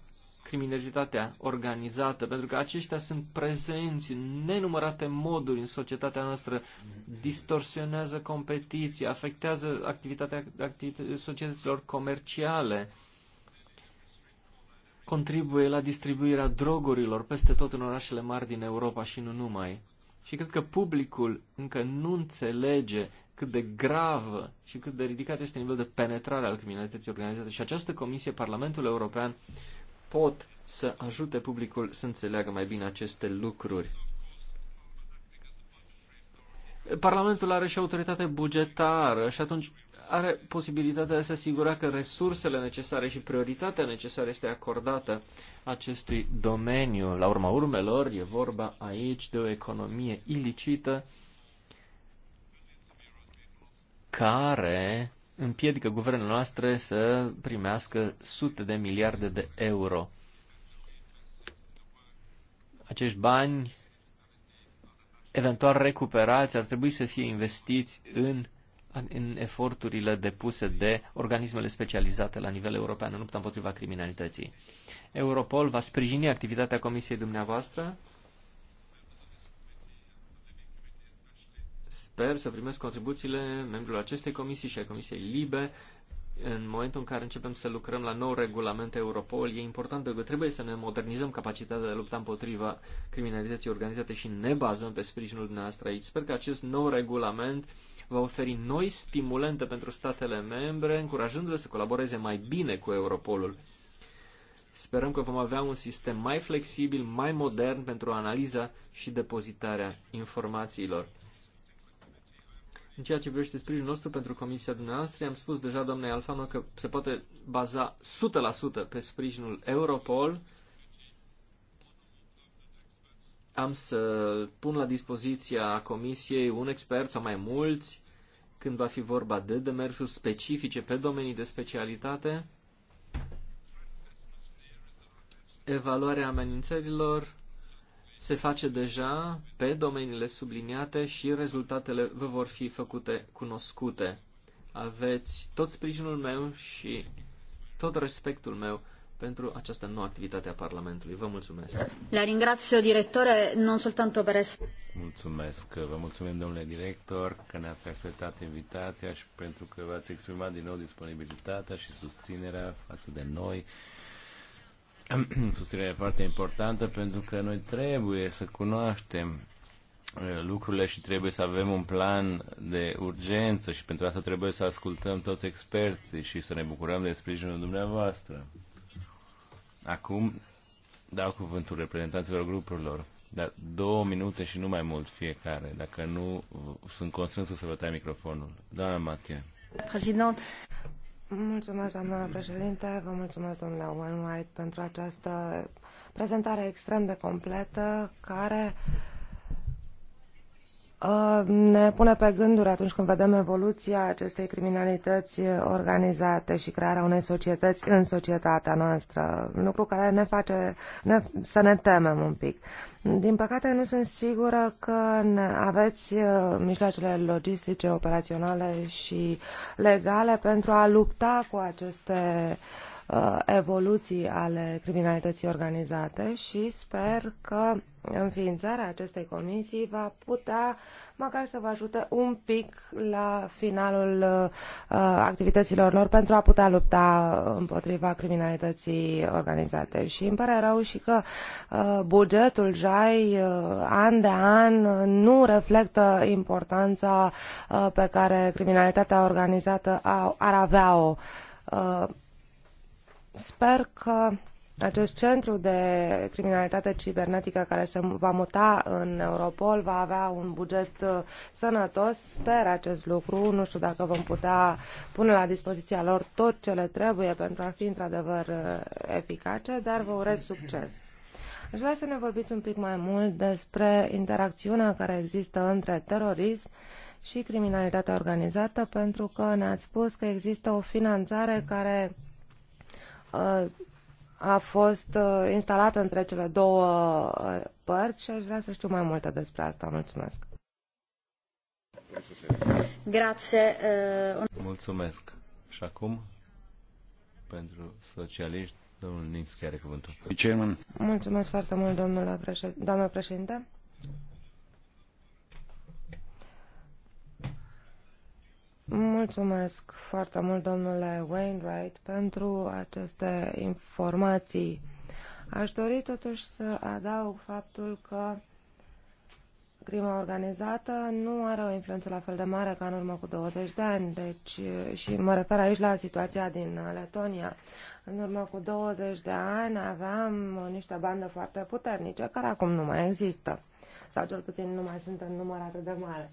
criminalitatea organizată, pentru că aceștia sunt prezenți în nenumărate moduri în societatea noastră, distorsionează competiția, afectează activitatea activit- societăților comerciale, contribuie la distribuirea drogurilor peste tot în orașele mari din Europa și nu numai. Și cred că publicul încă nu înțelege cât de gravă și cât de ridicat este nivelul de penetrare al criminalității organizate. Și această comisie, Parlamentul European, pot să ajute publicul să înțeleagă mai bine aceste lucruri. Parlamentul are și autoritate bugetară și atunci are posibilitatea de a se asigura că resursele necesare și prioritatea necesară este acordată acestui domeniu. La urma urmelor, e vorba aici de o economie ilicită care împiedică guvernele noastre să primească sute de miliarde de euro. Acești bani, eventual recuperați, ar trebui să fie investiți în, în eforturile depuse de organismele specializate la nivel european în lupta împotriva criminalității. Europol va sprijini activitatea Comisiei dumneavoastră Sper să primesc contribuțiile membrilor acestei comisii și a Comisiei Libe în momentul în care începem să lucrăm la nou regulament Europol, e important pentru că trebuie să ne modernizăm capacitatea de lupta împotriva criminalității organizate și ne bazăm pe sprijinul dumneavoastră aici. Sper că acest nou regulament va oferi noi stimulente pentru statele membre, încurajându-le să colaboreze mai bine cu Europolul. Sperăm că vom avea un sistem mai flexibil, mai modern pentru analiza și depozitarea informațiilor. În ceea ce privește sprijinul nostru pentru comisia dumneavoastră, am spus deja doamnei Alfano că se poate baza 100% pe sprijinul Europol. Am să pun la dispoziția comisiei un expert sau mai mulți când va fi vorba de demersuri specifice pe domenii de specialitate, evaluarea amenințărilor se face deja pe domeniile subliniate și rezultatele vă vor fi făcute cunoscute. Aveți tot sprijinul meu și tot respectul meu pentru această nouă activitate a Parlamentului. Vă mulțumesc. La ringrazio, directore, non soltanto per est... Mulțumesc. Vă mulțumim, domnule director, că ne-ați acceptat invitația și pentru că v-ați exprimat din nou disponibilitatea și susținerea față de noi. susținere foarte importantă pentru că noi trebuie să cunoaștem uh, lucrurile și trebuie să avem un plan de urgență și pentru asta trebuie să ascultăm toți experții și să ne bucurăm de sprijinul dumneavoastră. Acum dau cuvântul reprezentanților grupurilor, dar două minute și nu mai mult fiecare, dacă nu sunt constrâns să vă tai microfonul. Doamna Matia. Mulțumesc, doamna președinte, vă mulțumesc, domnule Owen White, pentru această prezentare extrem de completă, care uh, Uh, ne pune pe gânduri atunci când vedem evoluția acestei criminalități organizate și crearea unei societăți în societatea noastră, lucru care ne face ne, să ne temem un pic. Din păcate nu sunt sigură că aveți uh, mijloacele logistice, operaționale și legale pentru a lupta cu aceste uh, evoluții ale criminalității organizate și sper că Înființarea acestei comisii va putea măcar să vă ajute un pic la finalul uh, activităților lor pentru a putea lupta împotriva criminalității organizate. Și îmi pare rău și că uh, bugetul JAI uh, an de an nu reflectă importanța uh, pe care criminalitatea organizată a, ar avea-o. Uh, sper că acest centru de criminalitate cibernetică care se va muta în Europol va avea un buget uh, sănătos. Sper acest lucru. Nu știu dacă vom putea pune la dispoziția lor tot ce le trebuie pentru a fi într-adevăr uh, eficace, dar vă urez succes. Aș vrea să ne vorbiți un pic mai mult despre interacțiunea care există între terorism și criminalitatea organizată, pentru că ne-ați spus că există o finanțare care uh, a fost uh, instalată între cele două uh, părți și aș vrea să știu mai multe despre asta. Mulțumesc. Grazie. Uh, Mulțumesc. Și acum, pentru socialiști, domnul Nins, care cuvântul. Mulțumesc foarte mult, domnule președinte. Mulțumesc foarte mult, domnule Wainwright, pentru aceste informații. Aș dori totuși să adaug faptul că crima organizată nu are o influență la fel de mare ca în urmă cu 20 de ani, deci, și mă refer aici la situația din Letonia. În urmă cu 20 de ani aveam niște bande foarte puternice, care acum nu mai există, sau cel puțin nu mai sunt în număr atât de mare.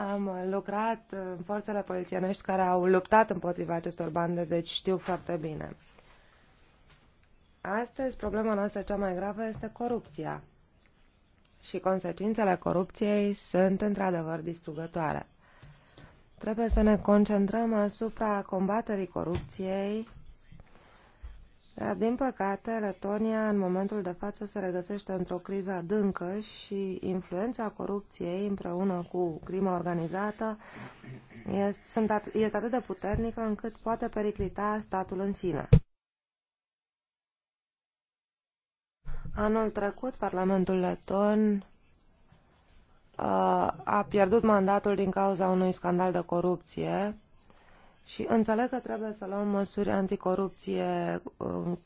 Am lucrat în forțele polițienești care au luptat împotriva acestor bande, deci știu foarte bine. Astăzi, problema noastră cea mai gravă este corupția. Și consecințele corupției sunt într-adevăr distrugătoare. Trebuie să ne concentrăm asupra combaterii corupției dar, din păcate, Letonia în momentul de față se regăsește într-o criză adâncă și influența corupției împreună cu crima organizată este, at- este atât de puternică încât poate periclita statul în sine. Anul trecut, Parlamentul Leton uh, a pierdut mandatul din cauza unui scandal de corupție și înțeleg că trebuie să luăm măsuri anticorupție um,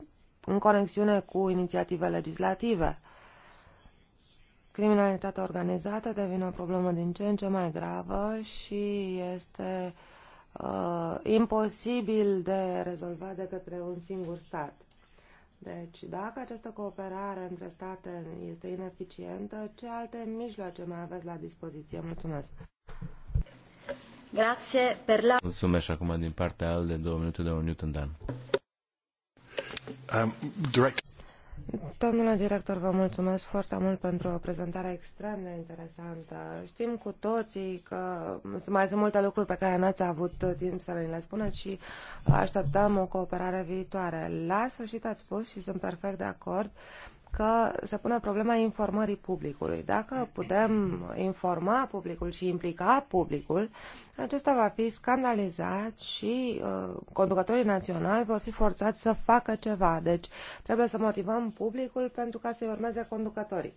în conexiune cu inițiative legislative. Criminalitatea organizată devine o problemă din ce în ce mai gravă și este uh, imposibil de rezolvat de către un singur stat. Deci, dacă această cooperare între state este ineficientă, ce alte mijloace mai aveți la dispoziție? Mulțumesc! Grazie per la... Mulțumesc acum din partea al de două minute de un Newton Dan. Um, direct... Domnule director, vă mulțumesc foarte mult pentru o prezentare extrem de interesantă. Știm cu toții că mai sunt multe lucruri pe care n-ați avut timp să le spuneți și așteptăm o cooperare viitoare. La sfârșit ați spus și sunt perfect de acord că se pune problema informării publicului. Dacă putem informa publicul și implica publicul, acesta va fi scandalizat și uh, conducătorii naționali vor fi forțați să facă ceva. Deci trebuie să motivăm publicul pentru ca să-i urmeze conducătorii.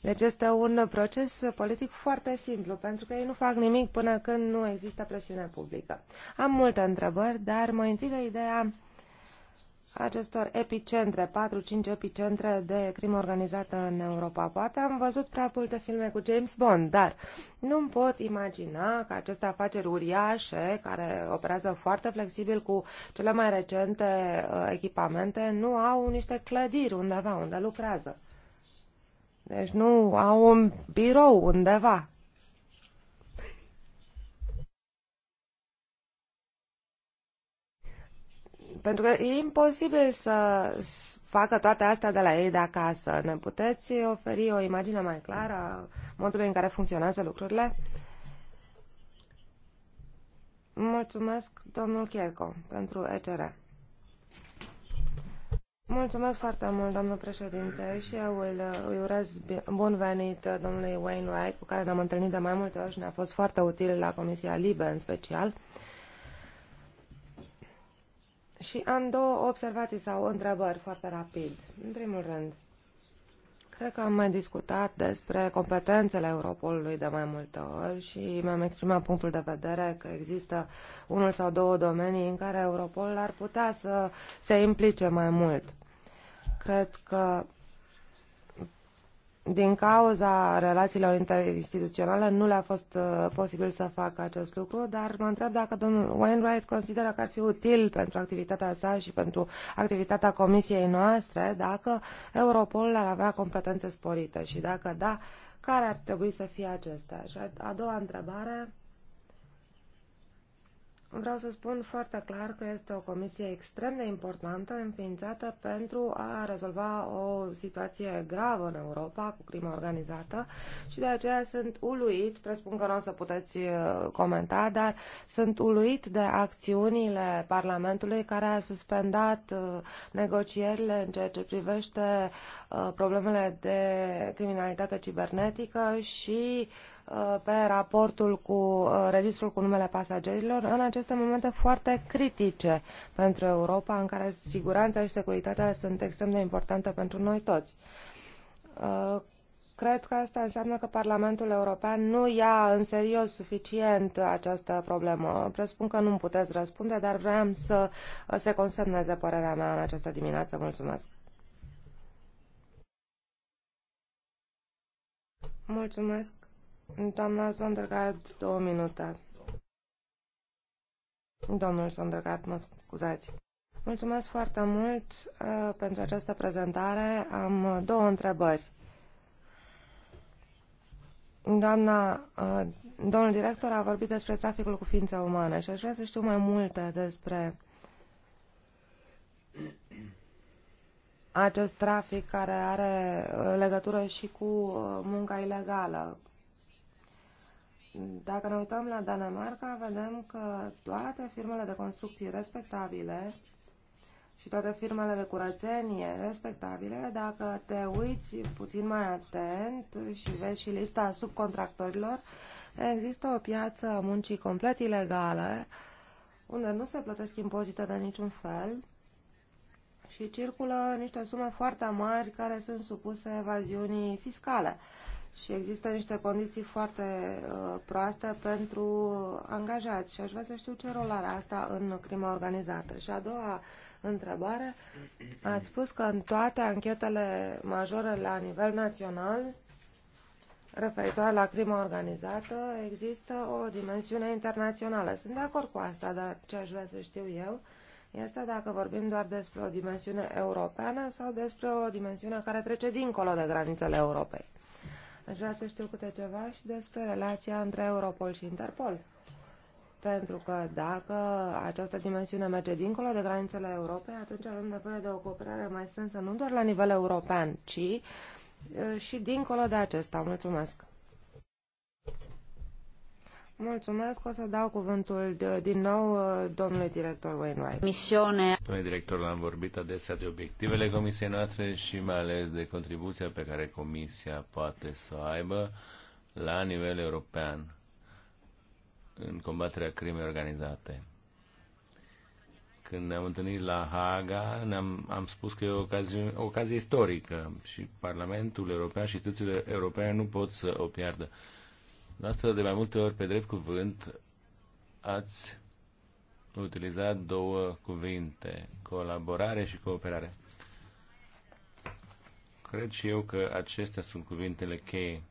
Deci este un proces politic foarte simplu, pentru că ei nu fac nimic până când nu există presiune publică. Am multe întrebări, dar mă intrigă ideea acestor epicentre, 4-5 epicentre de crimă organizată în Europa. Poate am văzut prea multe filme cu James Bond, dar nu pot imagina că aceste afaceri uriașe, care operează foarte flexibil cu cele mai recente uh, echipamente, nu au niște clădiri undeva unde lucrează. Deci nu au un birou undeva Pentru că e imposibil să facă toate astea de la ei de acasă. Ne puteți oferi o imagine mai clară a modului în care funcționează lucrurile? Mulțumesc, domnul Chierco, pentru ECR. Mulțumesc foarte mult, domnul președinte, și eu îl, îi urez bun venit domnului Wainwright, cu care ne-am întâlnit de mai multe ori și ne-a fost foarte util la Comisia Libe în special. Și am două observații sau întrebări foarte rapid. În primul rând, cred că am mai discutat despre competențele Europolului de mai multe ori și mi-am exprimat punctul de vedere că există unul sau două domenii în care Europol ar putea să se implice mai mult. Cred că din cauza relațiilor interinstituționale nu le-a fost uh, posibil să facă acest lucru, dar mă întreb dacă domnul Wainwright consideră că ar fi util pentru activitatea sa și pentru activitatea comisiei noastre dacă Europol ar avea competențe sporite și dacă da, care ar trebui să fie acestea? Și a, a doua întrebare Vreau să spun foarte clar că este o comisie extrem de importantă înființată pentru a rezolva o situație gravă în Europa cu crimă organizată și de aceea sunt uluit, presupun că nu o să puteți uh, comenta, dar sunt uluit de acțiunile Parlamentului care a suspendat uh, negocierile în ceea ce privește uh, problemele de criminalitate cibernetică și uh, Uh, pe raportul cu uh, registrul cu numele pasagerilor în aceste momente foarte critice pentru Europa, în care siguranța și securitatea sunt extrem de importante pentru noi toți. Uh, cred că asta înseamnă că Parlamentul European nu ia în serios suficient această problemă. Presupun că nu puteți răspunde, dar vreau să se consemneze părerea mea în această dimineață. Mulțumesc! Mulțumesc! Doamna Sondergaard, două minute. Domnul Sondergaard, mă scuzați. Mulțumesc foarte mult uh, pentru această prezentare. Am uh, două întrebări. Doamna, uh, domnul director a vorbit despre traficul cu ființe umane și aș vrea să știu mai multe despre acest trafic care are uh, legătură și cu uh, munca ilegală, dacă ne uităm la Danemarca, vedem că toate firmele de construcții respectabile și toate firmele de curățenie respectabile, dacă te uiți puțin mai atent și vezi și lista subcontractorilor, există o piață a muncii complet ilegală, unde nu se plătesc impozite de niciun fel și circulă niște sume foarte mari care sunt supuse evaziunii fiscale și există niște condiții foarte uh, proaste pentru angajați și aș vrea să știu ce rol are asta în crima organizată. Și a doua întrebare, ați spus că în toate anchetele majore la nivel național referitoare la crima organizată există o dimensiune internațională. Sunt de acord cu asta, dar ce aș vrea să știu eu este dacă vorbim doar despre o dimensiune europeană sau despre o dimensiune care trece dincolo de granițele Europei. Aș vrea să știu câte ceva și despre relația între Europol și Interpol. Pentru că dacă această dimensiune merge dincolo de granițele Europei, atunci avem nevoie de o cooperare mai strânsă, nu doar la nivel european, ci și dincolo de acesta. Mulțumesc! Mulțumesc, o să dau cuvântul de, din nou uh, domnului director Wainwright. Misiune. Domnule director, l-am vorbit adesea de obiectivele comisiei noastre și mai ales de contribuția pe care comisia poate să o aibă la nivel european în combaterea crimei organizate. Când ne-am întâlnit la Haga, ne-am am spus că e o ocazie, o ocazie istorică și Parlamentul European și instituțiile europene nu pot să o piardă. Noastră de mai multe ori pe drept cuvânt ați utilizat două cuvinte, colaborare și cooperare. Cred și eu că acestea sunt cuvintele cheie.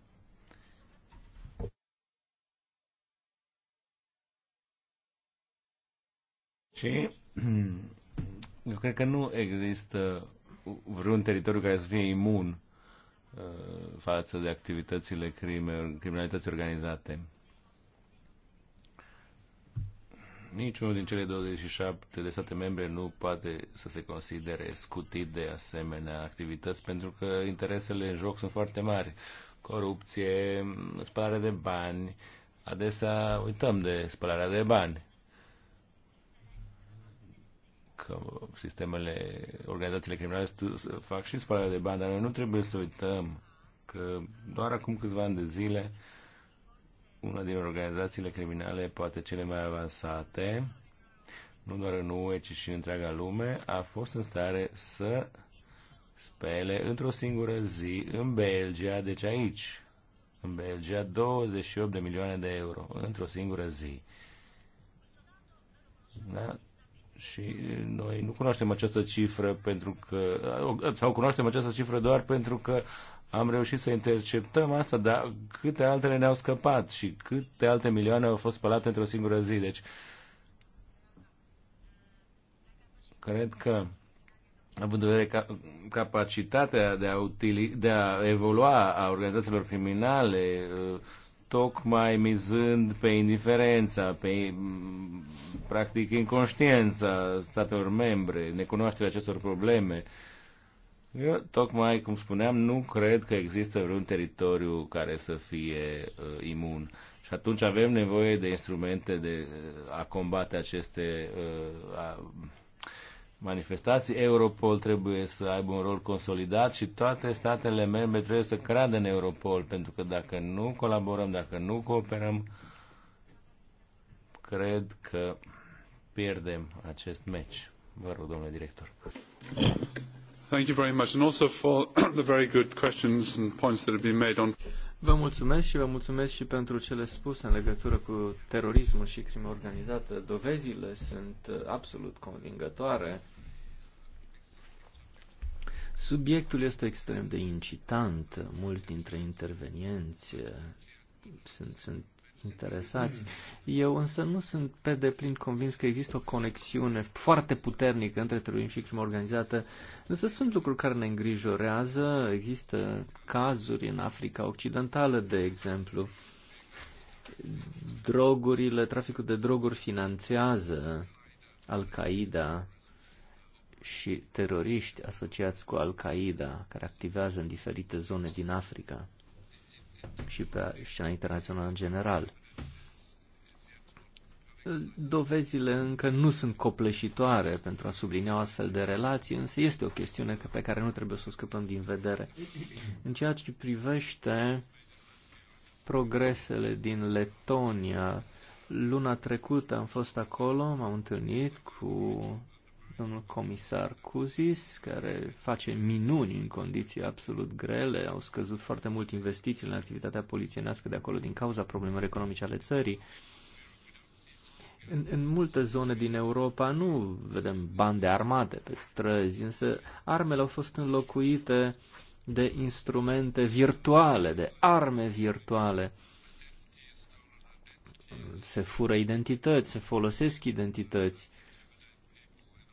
Și eu cred că nu există vreun teritoriu care să fie imun Uh, față de activitățile crime, criminalității organizate. Niciunul din cele 27 de state membre nu poate să se considere scutit de asemenea activități pentru că interesele în joc sunt foarte mari. Corupție, spălare de bani, adesea uităm de spălarea de bani că sistemele, organizațiile criminale fac și spălare de bani, dar noi nu trebuie să uităm că doar acum câțiva ani de zile una din organizațiile criminale, poate cele mai avansate, nu doar în UE, ci și în întreaga lume, a fost în stare să spele într-o singură zi în Belgia, deci aici, în Belgia, 28 de milioane de euro într-o singură zi. Da? și noi nu cunoaștem această cifră pentru că, sau cunoaștem această cifră doar pentru că am reușit să interceptăm asta, dar câte altele ne-au scăpat și câte alte milioane au fost spălate într-o singură zi. Deci, cred că având în vedere capacitatea de a, utili, de a evolua a organizațiilor criminale, uh, tocmai mizând pe indiferența, pe practic inconștiența statelor membre, necunoașterea acestor probleme. Eu, tocmai, cum spuneam, nu cred că există vreun teritoriu care să fie uh, imun. Și atunci avem nevoie de instrumente de uh, a combate aceste uh, a, manifestații. Europol trebuie să aibă un rol consolidat și toate statele membre trebuie să creadă în Europol, pentru că dacă nu colaborăm, dacă nu cooperăm, cred că pierdem acest meci. Vă rog, domnule director. Thank you very much and also for the very good questions and points that have been made on Vă mulțumesc și vă mulțumesc și pentru cele spuse în legătură cu terorismul și crimă organizată. Dovezile sunt uh, absolut convingătoare. Subiectul este extrem de incitant. Mulți dintre intervenienți eh, sunt, sunt interesați. Eu însă nu sunt pe deplin convins că există o conexiune foarte puternică între terorism și crimă organizată, însă sunt lucruri care ne îngrijorează. Există cazuri în Africa Occidentală, de exemplu. Drogurile, traficul de droguri finanțează Al-Qaeda și teroriști asociați cu Al-Qaeda, care activează în diferite zone din Africa și pe scena internațională în general. Dovezile încă nu sunt copleșitoare pentru a sublinia o astfel de relații, însă este o chestiune pe care nu trebuie să o scăpăm din vedere. În ceea ce privește progresele din Letonia, luna trecută am fost acolo, m-am întâlnit cu domnul comisar Cuzis, care face minuni în condiții absolut grele. Au scăzut foarte mult investițiile în activitatea polițienească de acolo din cauza problemelor economice ale țării. În, în multe zone din Europa nu vedem bande armate pe străzi, însă armele au fost înlocuite de instrumente virtuale, de arme virtuale. Se fură identități, se folosesc identități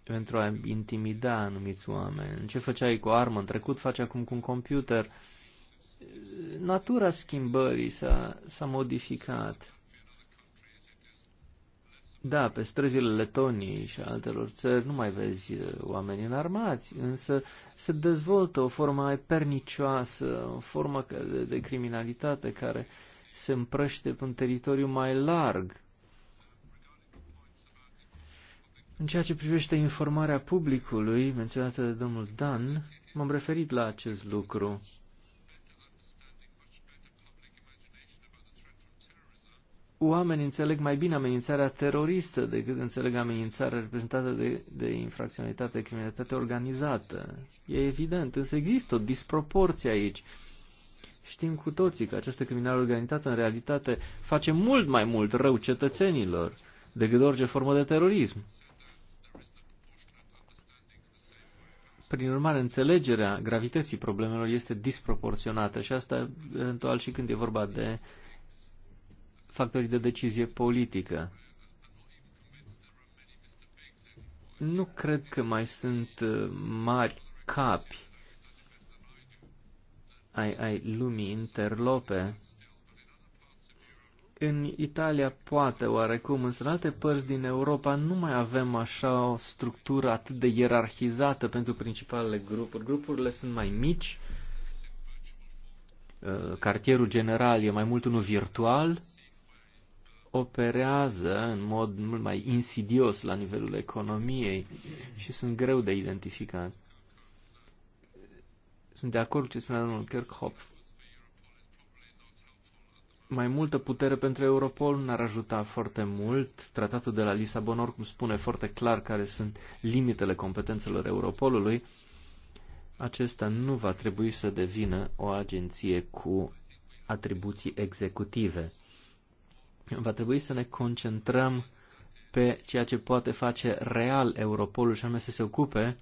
pentru a intimida anumiți oameni. Ce făceai cu o armă în trecut, faci acum cu un computer. Natura schimbării s-a, s-a modificat. Da, pe străzile Letoniei și altelor țări nu mai vezi uh, oameni înarmați, însă se dezvoltă o formă mai pernicioasă, o formă de, de criminalitate care se împrăște pe un teritoriu mai larg. În ceea ce privește informarea publicului menționată de domnul Dan, m-am referit la acest lucru. Oamenii înțeleg mai bine amenințarea teroristă decât înțeleg amenințarea reprezentată de, de infracționalitate, de criminalitate organizată. E evident, însă există o disproporție aici. Știm cu toții că această criminală organizată în realitate face mult mai mult rău cetățenilor decât orice formă de terorism. Prin urmare, înțelegerea gravității problemelor este disproporționată și asta eventual și când e vorba de factorii de decizie politică. Nu cred că mai sunt uh, mari capi ai, ai lumii interlope în Italia poate oarecum, însă în alte părți din Europa nu mai avem așa o structură atât de ierarhizată pentru principalele grupuri. Grupurile sunt mai mici, uh, cartierul general e mai mult unul virtual, operează în mod mult mai insidios la nivelul economiei și sunt greu de identificat. Sunt de acord cu ce spunea domnul Kirchhoff mai multă putere pentru Europol n-ar ajuta foarte mult. Tratatul de la Lisabon, oricum spune foarte clar care sunt limitele competențelor Europolului. Acesta nu va trebui să devină o agenție cu atribuții executive. Va trebui să ne concentrăm pe ceea ce poate face real Europolul și anume să se ocupe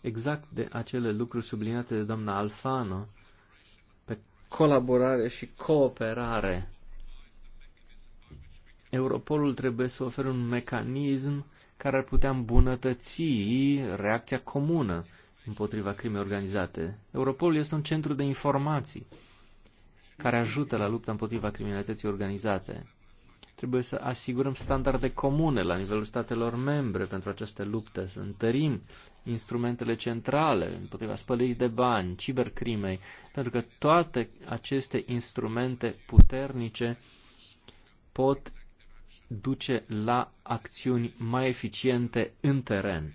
exact de acele lucruri subliniate de doamna Alfano, colaborare și cooperare. Europolul trebuie să ofere un mecanism care ar putea îmbunătăți reacția comună împotriva crimei organizate. Europol este un centru de informații care ajută la lupta împotriva criminalității organizate. Trebuie să asigurăm standarde comune la nivelul statelor membre pentru această luptă, să întărim instrumentele centrale împotriva spălării de bani, cibercrimei, pentru că toate aceste instrumente puternice pot duce la acțiuni mai eficiente în teren.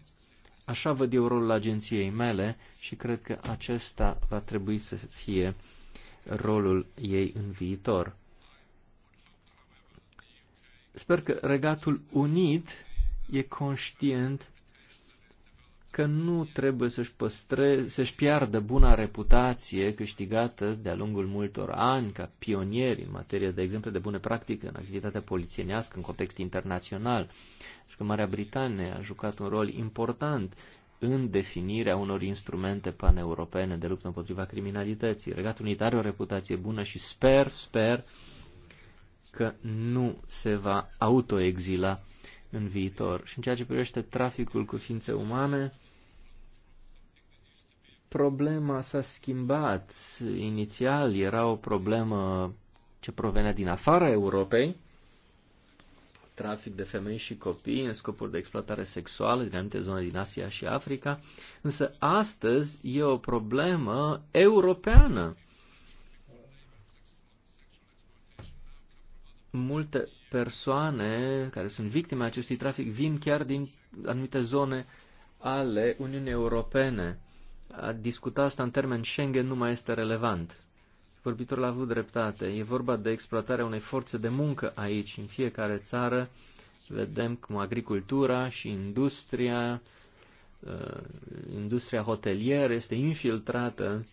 Așa văd eu rolul agenției mele și cred că acesta va trebui să fie rolul ei în viitor. Sper că Regatul Unit e conștient că nu trebuie să-și, păstre, să-și piardă buna reputație câștigată de-a lungul multor ani ca pionieri în materie, de exemplu, de bune practică în activitatea polițienească în context internațional. Și că Marea Britanie a jucat un rol important în definirea unor instrumente paneuropene de luptă împotriva criminalității. Regatul Unit are o reputație bună și sper, sper că nu se va autoexila în viitor. Și în ceea ce privește traficul cu ființe umane, problema s-a schimbat. Inițial era o problemă ce provenea din afara Europei, trafic de femei și copii în scopuri de exploatare sexuală din anumite zone din Asia și Africa, însă astăzi e o problemă europeană multe persoane care sunt victime acestui trafic vin chiar din anumite zone ale Uniunii Europene. A discuta asta în termen Schengen nu mai este relevant. Vorbitorul a avut dreptate. E vorba de exploatarea unei forțe de muncă aici, în fiecare țară. Vedem cum agricultura și industria, uh, industria hotelieră este infiltrată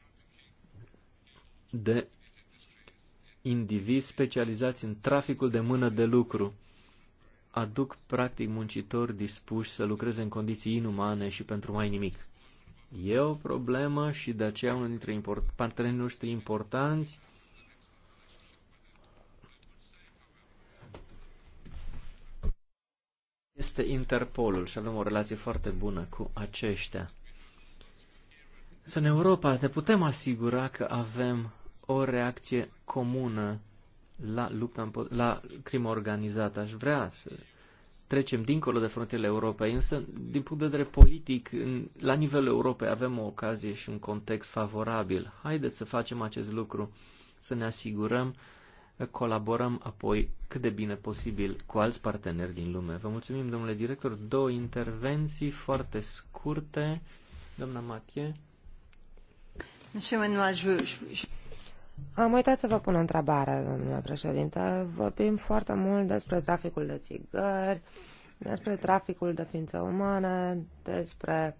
de indivizi specializați în traficul de mână de lucru. Aduc practic muncitori dispuși să lucreze în condiții inumane și pentru mai nimic. E o problemă și de aceea unul dintre import, partenerii noștri importanți este Interpolul și avem o relație foarte bună cu aceștia. Să în Europa ne putem asigura că avem o reacție comună la lupta la crimă organizată. Aș vrea să trecem dincolo de frontierele Europei, însă, din punct de vedere politic, în, la nivelul Europei avem o ocazie și un context favorabil. Haideți să facem acest lucru, să ne asigurăm colaborăm apoi cât de bine posibil cu alți parteneri din lume. Vă mulțumim, domnule director. Două intervenții foarte scurte. Doamna Matie. Monsieur Manoa, je, je, je... Am uitat să vă pun o întrebare, domnule președinte. Vorbim foarte mult despre traficul de țigări, despre traficul de ființe umane, despre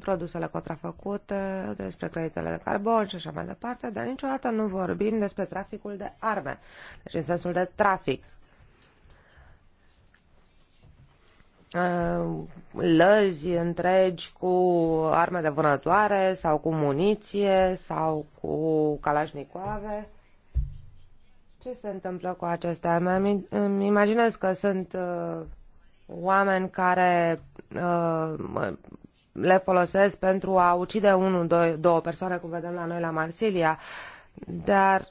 produsele contrafăcute, despre creditele de carbon și așa mai departe, dar niciodată nu vorbim despre traficul de arme, deci în sensul de trafic. Uh, lăzi întregi cu arme de vânătoare sau cu muniție sau cu calașnicoave. Ce se întâmplă cu acestea? Îmi imaginez că sunt uh, oameni care uh, le folosesc pentru a ucide unul, doi, două persoane, cum vedem la noi la Marsilia, dar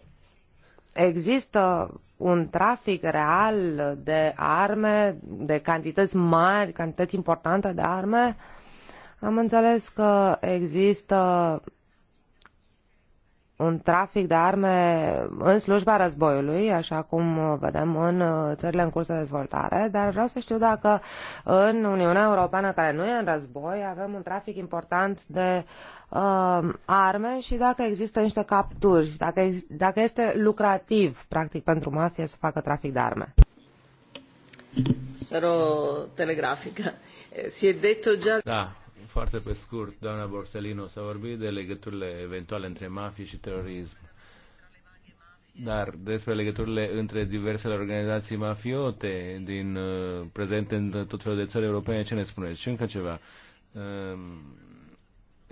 există un trafic real de arme, de cantități mari, cantități importante de arme. Am înțeles că există un trafic de arme în slujba războiului, așa cum vedem în uh, țările în curs de dezvoltare, dar vreau să știu dacă în Uniunea Europeană, care nu e în război, avem un trafic important de uh, arme și dacă există niște capturi, dacă, dacă este lucrativ, practic, pentru mafie să facă trafic de arme. Sarò telegrafică. Eh, si è detto già... Da, foarte pe scurt, doamna Borsellino, s-a vorbit de legăturile eventuale între mafie și terorism. Dar despre legăturile între diversele organizații mafiote din uh, prezente în tot felul de țări europene, ce ne spuneți? Și încă ceva. Um,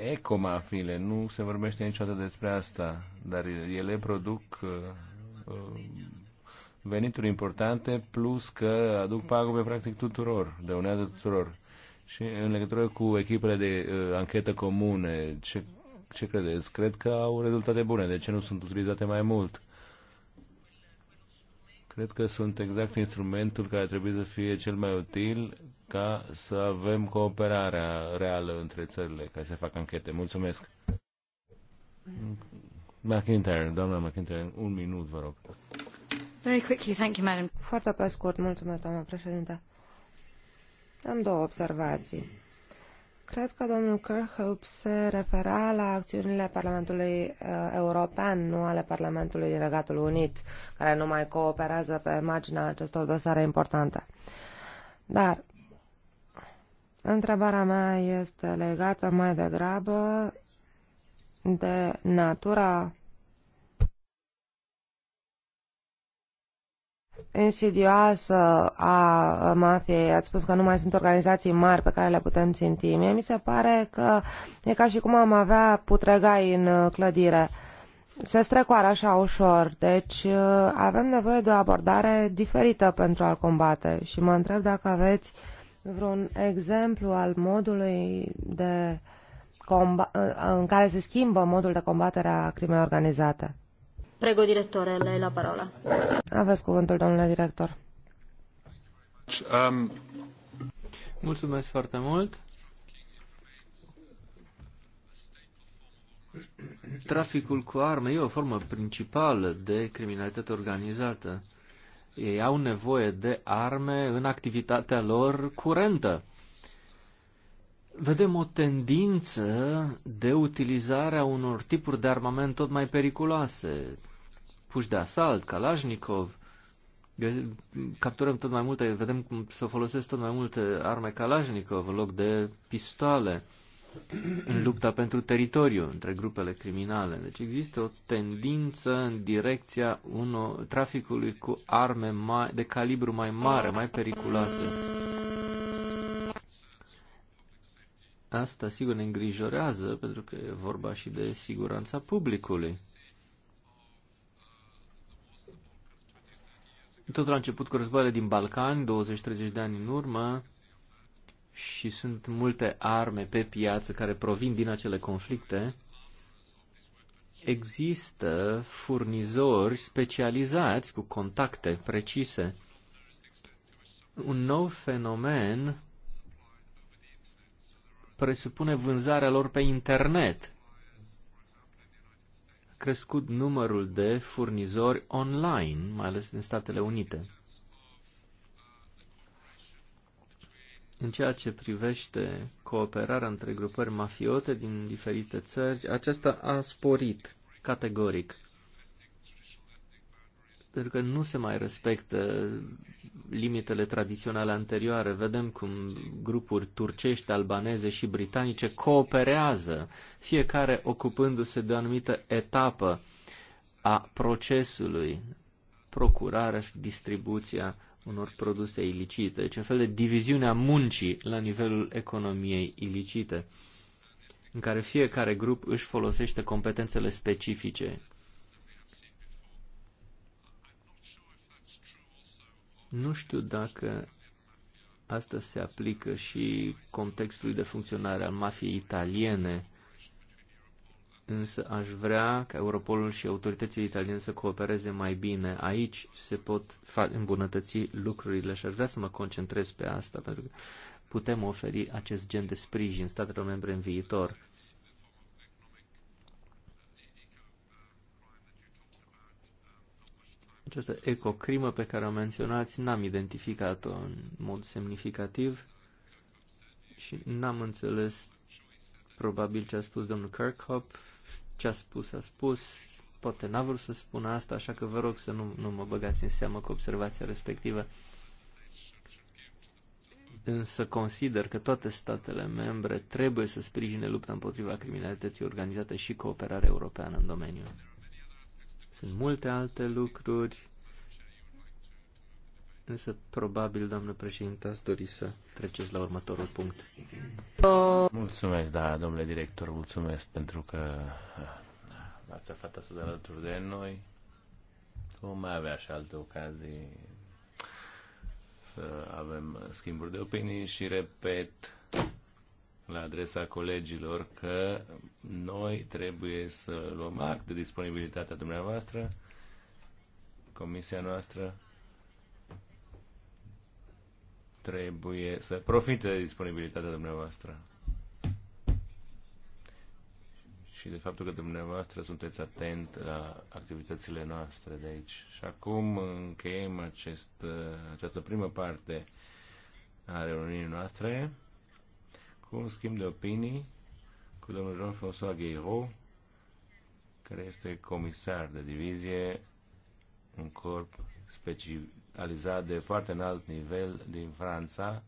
ecomafiile, nu se vorbește niciodată despre asta, dar ele produc uh, uh, venituri importante, plus că aduc pagube practic tuturor, dăunează tuturor. Și în legătură cu echipele de uh, anchetă comune, ce, ce credeți? Cred că au rezultate bune. De ce nu sunt utilizate mai mult? cred că sunt exact instrumentul care trebuie să fie cel mai util ca să avem cooperarea reală între țările care se fac anchete. Mulțumesc! McIntyre, doamna McIntyre, un minut, vă rog. Very quickly, thank you, madam. Foarte pe scurt, mulțumesc, doamna președinte. Am două observații. Cred că domnul Kirchhope se refera la acțiunile Parlamentului uh, European, nu ale Parlamentului Regatul Unit, care nu mai cooperează pe marginea acestor dosare importante. Dar întrebarea mea este legată mai degrabă de natura insidioasă a mafiei, ați spus că nu mai sunt organizații mari pe care le putem ținti. Mie mi se pare că e ca și cum am avea putregai în uh, clădire. Se strecoară așa ușor, deci uh, avem nevoie de o abordare diferită pentru a-l combate și mă întreb dacă aveți vreun exemplu al modului de uh, în care se schimbă modul de combatere a crimei organizate. Prego, directore, lei la parola. Aveți cuvântul, domnule director. Um, Mulțumesc foarte mult. Traficul cu arme e o formă principală de criminalitate organizată. Ei au nevoie de arme în activitatea lor curentă. Vedem o tendință de utilizare a unor tipuri de armament tot mai periculoase, puși de asalt, Kalashnikov, capturăm tot mai multe, vedem cum se folosesc tot mai multe arme Kalashnikov în loc de pistoale în lupta pentru teritoriu între grupele criminale. Deci există o tendință în direcția uno, traficului cu arme mai, de calibru mai mare, mai periculoase. Asta sigur ne îngrijorează pentru că e vorba și de siguranța publicului. Totul a început cu războaiele din Balcani, 20-30 de ani în urmă, și sunt multe arme pe piață care provin din acele conflicte. Există furnizori specializați cu contacte precise. Un nou fenomen presupune vânzarea lor pe internet crescut numărul de furnizori online, mai ales din Statele Unite. În ceea ce privește cooperarea între grupări mafiote din diferite țări, aceasta a sporit categoric. Pentru că nu se mai respectă limitele tradiționale anterioare. Vedem cum grupuri turcești, albaneze și britanice cooperează, fiecare ocupându-se de o anumită etapă a procesului, procurarea și distribuția unor produse ilicite, deci un fel de diviziune a muncii la nivelul economiei ilicite, în care fiecare grup își folosește competențele specifice Nu știu dacă asta se aplică și contextului de funcționare al mafiei italiene, însă aș vrea ca Europolul și autoritățile italiene să coopereze mai bine. Aici se pot îmbunătăți lucrurile și aș vrea să mă concentrez pe asta, pentru că putem oferi acest gen de sprijin statelor membre în viitor. Această ecocrimă pe care o menționați n-am identificat-o în mod semnificativ și n-am înțeles probabil ce a spus domnul Kirkhope, ce a spus a spus, poate n-a vrut să spună asta, așa că vă rog să nu, nu mă băgați în seamă cu observația respectivă. Însă consider că toate statele membre trebuie să sprijine lupta împotriva criminalității organizate și cooperarea europeană în domeniu. Sunt multe alte lucruri, însă probabil, doamnă președinte, ați dori să treceți la următorul punct. Mulțumesc, da, domnule director, mulțumesc pentru că ah, ați aflat asta de alături de noi. Vom mai avea și alte ocazii să avem schimburi de opinii și repet la adresa colegilor că noi trebuie să luăm act de disponibilitatea dumneavoastră, comisia noastră trebuie să profite de disponibilitatea dumneavoastră și de faptul că dumneavoastră sunteți atent la activitățile noastre de aici. Și acum încheiem acest, această primă parte a reuniunii noastre cu un schimb de opinii cu domnul Jean-François Gueiro, care este comisar de divizie, un corp specializat de foarte înalt nivel din Franța,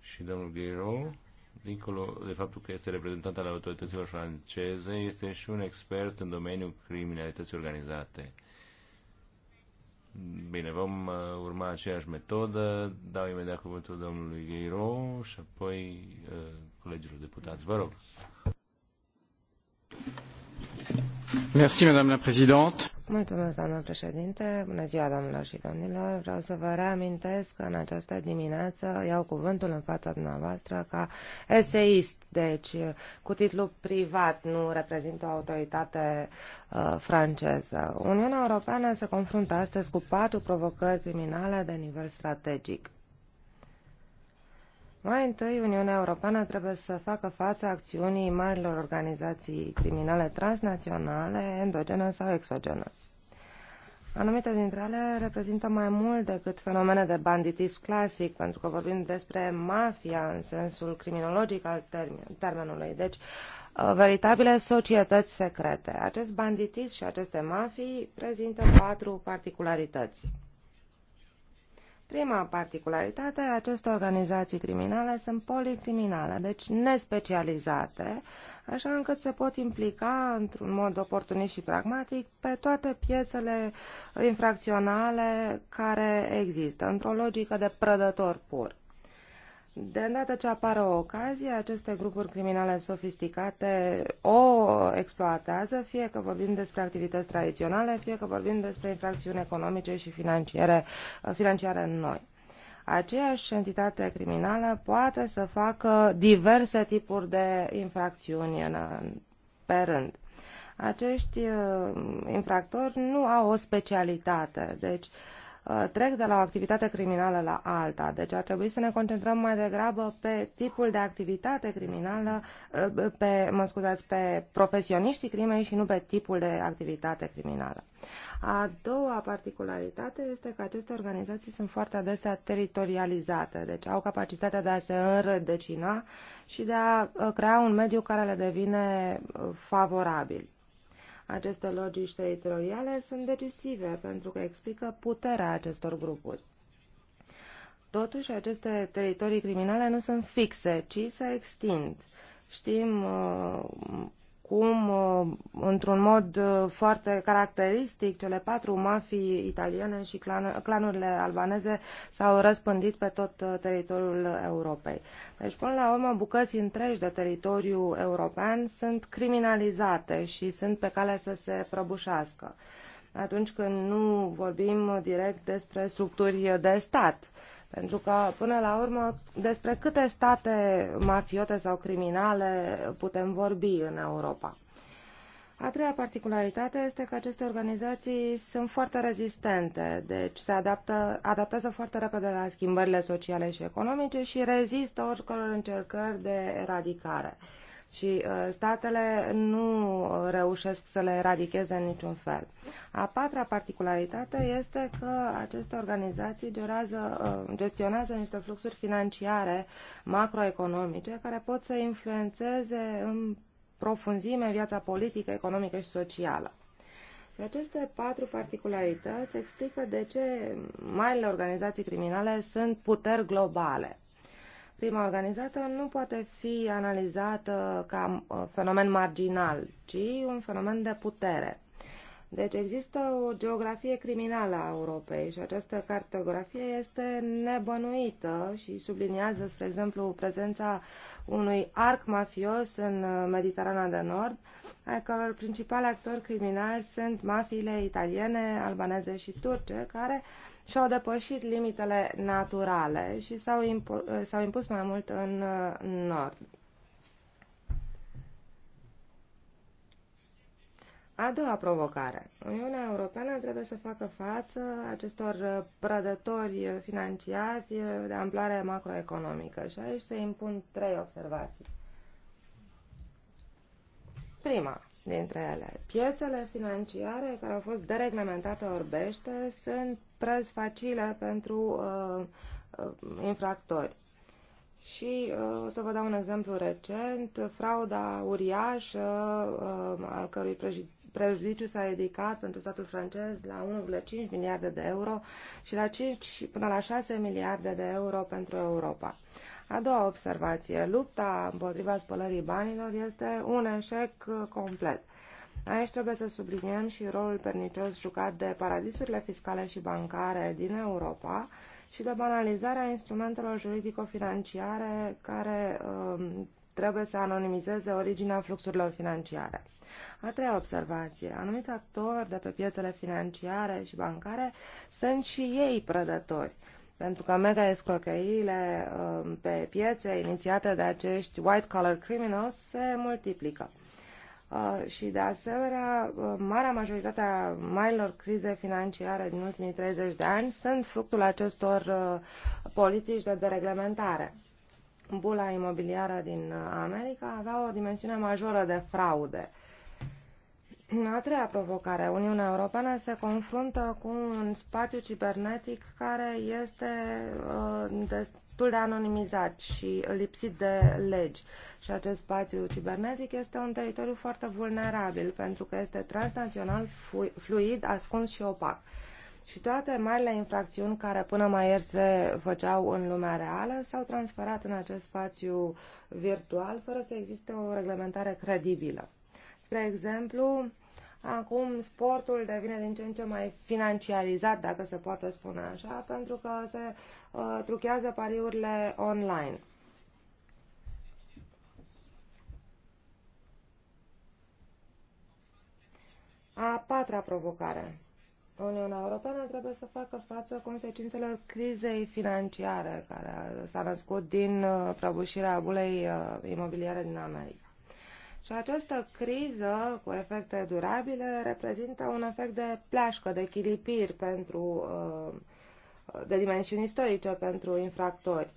și domnul Gueiro, dincolo de faptul că este reprezentant al autorităților franceze, este și un expert în domeniul criminalității organizate. Bine, vom uh, urma aceeași metodă. Dau imediat cuvântul domnului Gheiro și apoi uh, colegilor deputați. Vă rog. Mersi, madame la présidente. Mulțumesc, doamnă președinte. Bună ziua, doamnelor și domnilor. Vreau să vă reamintesc că în această dimineață iau cuvântul în fața dumneavoastră ca eseist, deci cu titlu privat, nu reprezint o autoritate uh, franceză. Uniunea Europeană se confruntă astăzi cu patru provocări criminale de nivel strategic. Mai întâi, Uniunea Europeană trebuie să facă față acțiunii marilor organizații criminale transnaționale, endogene sau exogene. Anumite dintre ele reprezintă mai mult decât fenomene de banditism clasic, pentru că vorbim despre mafia în sensul criminologic al termenului, deci uh, veritabile societăți secrete. Acest banditism și aceste mafii prezintă patru particularități. Prima particularitate, a acestor organizații criminale sunt policriminale, deci nespecializate, așa încât se pot implica într-un mod oportunist și pragmatic pe toate piețele infracționale care există, într-o logică de prădător pur. De îndată ce apare o ocazie, aceste grupuri criminale sofisticate o exploatează, fie că vorbim despre activități tradiționale, fie că vorbim despre infracțiuni economice și financiare, financiare noi. Aceeași entitate criminală poate să facă diverse tipuri de infracțiuni pe rând. Acești uh, infractori nu au o specialitate, deci uh, Uh, trec de la o activitate criminală la alta. Deci ar trebui să ne concentrăm mai degrabă pe tipul de activitate criminală, uh, pe, mă scuzați, pe profesioniștii crimei și nu pe tipul de activitate criminală. A doua particularitate este că aceste organizații sunt foarte adesea teritorializate, deci au capacitatea de a se înrădăcina și de a uh, crea un mediu care le devine favorabil. Aceste logici teritoriale sunt decisive pentru că explică puterea acestor grupuri. Totuși, aceste teritorii criminale nu sunt fixe, ci se extind. Știm uh, acum, uh, într-un mod uh, foarte caracteristic, cele patru mafii italiene și clanurile albaneze s-au răspândit pe tot uh, teritoriul Europei. Deci, până la urmă, bucăți întregi de teritoriu european sunt criminalizate și sunt pe cale să se prăbușească atunci când nu vorbim direct despre structuri de stat. Uh, pentru că, până la urmă, despre câte state mafiote sau criminale putem vorbi în Europa. A treia particularitate este că aceste organizații sunt foarte rezistente, deci se adaptă, adaptează foarte repede la schimbările sociale și economice și rezistă oricăror încercări de eradicare. Uh, și uh, statele nu reușesc să le eradicheze în niciun fel. A patra particularitate este că aceste organizații gerează, uh, gestionează niște fluxuri financiare macroeconomice care pot să influențeze în profunzime viața politică, economică și socială. Și aceste patru particularități explică de ce marile organizații criminale sunt puteri globale crima organizată nu poate fi analizată ca uh, fenomen marginal, ci un fenomen de putere. Deci există o geografie criminală a Europei și această cartografie este nebănuită și subliniază, spre exemplu, prezența unui arc mafios în uh, Mediterana de Nord, ai căror principali actori criminali sunt mafiile italiene, albaneze și turce, care uh, și-au depășit limitele naturale și s-au, impu- s-au impus mai mult în uh, nord. A doua provocare. Uniunea Europeană trebuie să facă față acestor uh, prădători financiari uh, de amploare macroeconomică și aici se impun trei observații. Prima dintre ele, piețele financiare care au fost dereglementate orbește sunt prăzi facile pentru uh, uh, infractori. Și uh, o să vă dau un exemplu recent, frauda uriașă, uh, al cărui prejudiciu s-a ridicat pentru statul francez la 1,5 miliarde de euro și la 5 până la 6 miliarde de euro pentru Europa. A doua observație, lupta împotriva spălării banilor este un eșec complet. Aici trebuie să subliniem și rolul pernicios jucat de paradisurile fiscale și bancare din Europa și de banalizarea instrumentelor juridico-financiare care um, trebuie să anonimizeze originea fluxurilor financiare. A treia observație. Anumiți actori de pe piețele financiare și bancare sunt și ei prădători pentru că mega escrocheile um, pe piețe inițiate de acești white collar criminals se multiplică. Uh, și de asemenea, uh, marea majoritate a marilor crize financiare din ultimii 30 de ani sunt fructul acestor uh, politici de dereglementare. Bula imobiliară din America avea o dimensiune majoră de fraude. Uh, a treia provocare. Uniunea Europeană se confruntă cu un spațiu cibernetic care este uh, destul de anonimizat și lipsit de legi. Și acest spațiu cibernetic este un teritoriu foarte vulnerabil pentru că este transnațional, fluid, ascuns și opac. Și toate marile infracțiuni care până mai ieri se făceau în lumea reală s-au transferat în acest spațiu virtual fără să existe o reglementare credibilă. Spre exemplu, acum sportul devine din ce în ce mai financiarizat, dacă se poate spune așa, pentru că se uh, truchează pariurile online. A patra provocare. Uniunea Europeană trebuie să facă față consecințelor crizei financiare care s-a născut din uh, prăbușirea bulei uh, imobiliare din America. Și această criză cu efecte durabile reprezintă un efect de plașcă, de chilipiri pentru, uh, de dimensiuni istorice pentru infractori.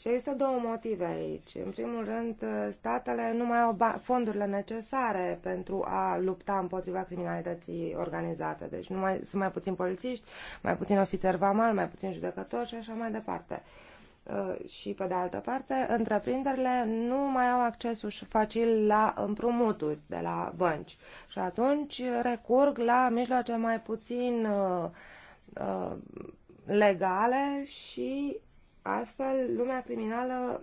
Și există două motive aici. În primul rând, statele nu mai au fondurile necesare pentru a lupta împotriva criminalității organizate. Deci nu mai, sunt mai puțin polițiști, mai puțin ofițeri vamal, mai puțin judecători și așa mai departe. Uh, Uh, și pe de altă parte, întreprinderile nu mai au acces facil la împrumuturi de la bănci și atunci recurg la mijloace mai puțin uh, uh, legale și astfel lumea criminală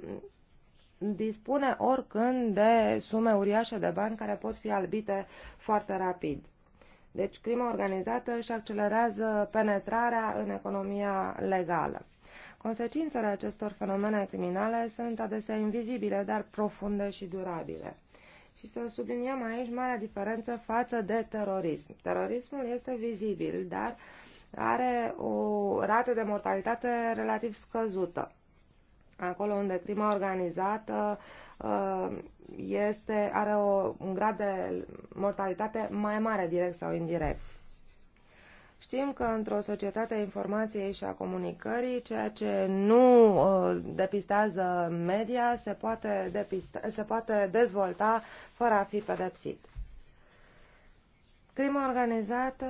dispune oricând de sume uriașe de bani care pot fi albite foarte rapid. Deci crima organizată își accelerează penetrarea în economia legală. Consecințele acestor fenomene criminale sunt adesea invizibile, dar profunde și durabile. Și să subliniem aici marea diferență față de terorism. Terorismul este vizibil, dar are o rată de mortalitate relativ scăzută. Acolo unde crima organizată uh, este, are o, un grad de mortalitate mai mare, direct sau indirect. Știm că într-o societate a informației și a comunicării, ceea ce nu uh, depistează media se poate, depista, se poate dezvolta fără a fi pedepsit. Crima organizată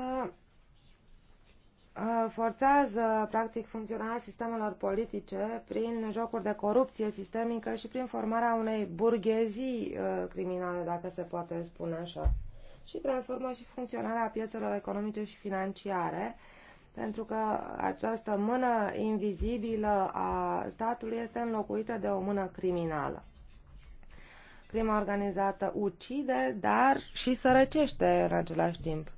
uh, forțează, practic, funcționarea sistemelor politice prin jocuri de corupție sistemică și prin formarea unei burghezii uh, criminale, dacă se poate spune așa și transformă și funcționarea piețelor economice și financiare, pentru că această mână invizibilă a statului este înlocuită de o mână criminală. Crima organizată ucide, dar și sărăcește în același timp.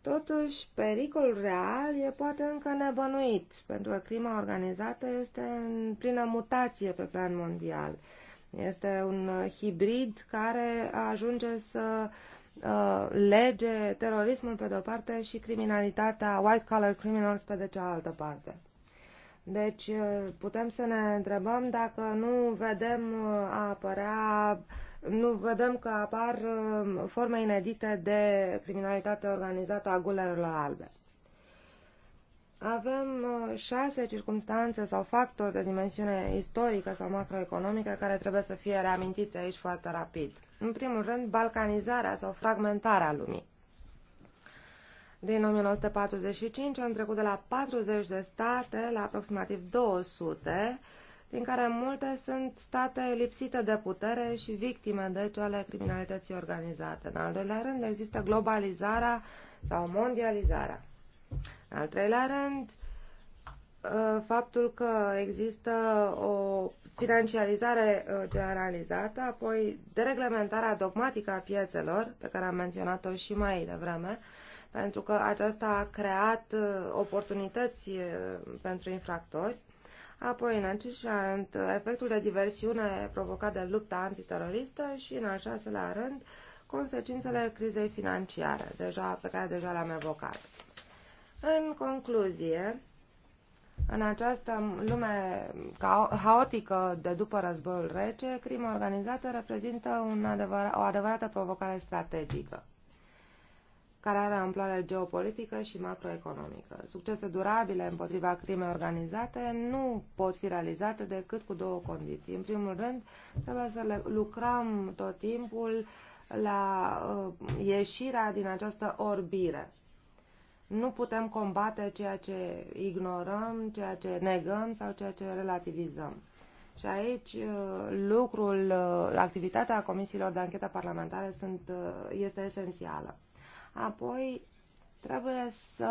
Totuși, pericolul real e poate încă nebănuit, pentru că crima organizată este în plină mutație pe plan mondial este un uh, hibrid care ajunge să uh, lege terorismul pe de-o parte și criminalitatea, white-collar criminals pe de cealaltă parte. Deci uh, putem să ne întrebăm dacă nu vedem a apărea, nu vedem că apar forme inedite de criminalitate organizată a gulerilor albe. Avem uh, șase circunstanțe sau factori de dimensiune istorică sau macroeconomică care trebuie să fie reamintiți aici foarte rapid. În primul rând, balcanizarea sau fragmentarea lumii. Din 1945 am trecut de la 40 de state la aproximativ 200, din care multe sunt state lipsite de putere și victime, de cele criminalității organizate. În al doilea rând, există globalizarea sau mondializarea. În al treilea rând, uh, faptul că există o financiarizare uh, generalizată, apoi dereglementarea dogmatică a piețelor, pe care am menționat-o și mai devreme, pentru că aceasta a creat uh, oportunități pentru infractori, apoi în acest rând efectul de diversiune provocat de lupta antiteroristă și în al șaselea rând consecințele crizei financiare, deja, pe care deja le-am evocat. În concluzie, în această lume haotică de după războiul rece, crima organizată reprezintă un adevăr o adevărată provocare strategică care are amploare geopolitică și macroeconomică. Succese durabile împotriva crimei organizate nu pot fi realizate decât cu două condiții. În primul rând, trebuie să le lucrăm tot timpul la uh, ieșirea din această orbire nu putem combate ceea ce ignorăm, ceea ce negăm sau ceea ce relativizăm. Și aici uh, lucrul, uh, activitatea comisiilor de anchetă parlamentare sunt, uh, este esențială. Apoi, trebuie să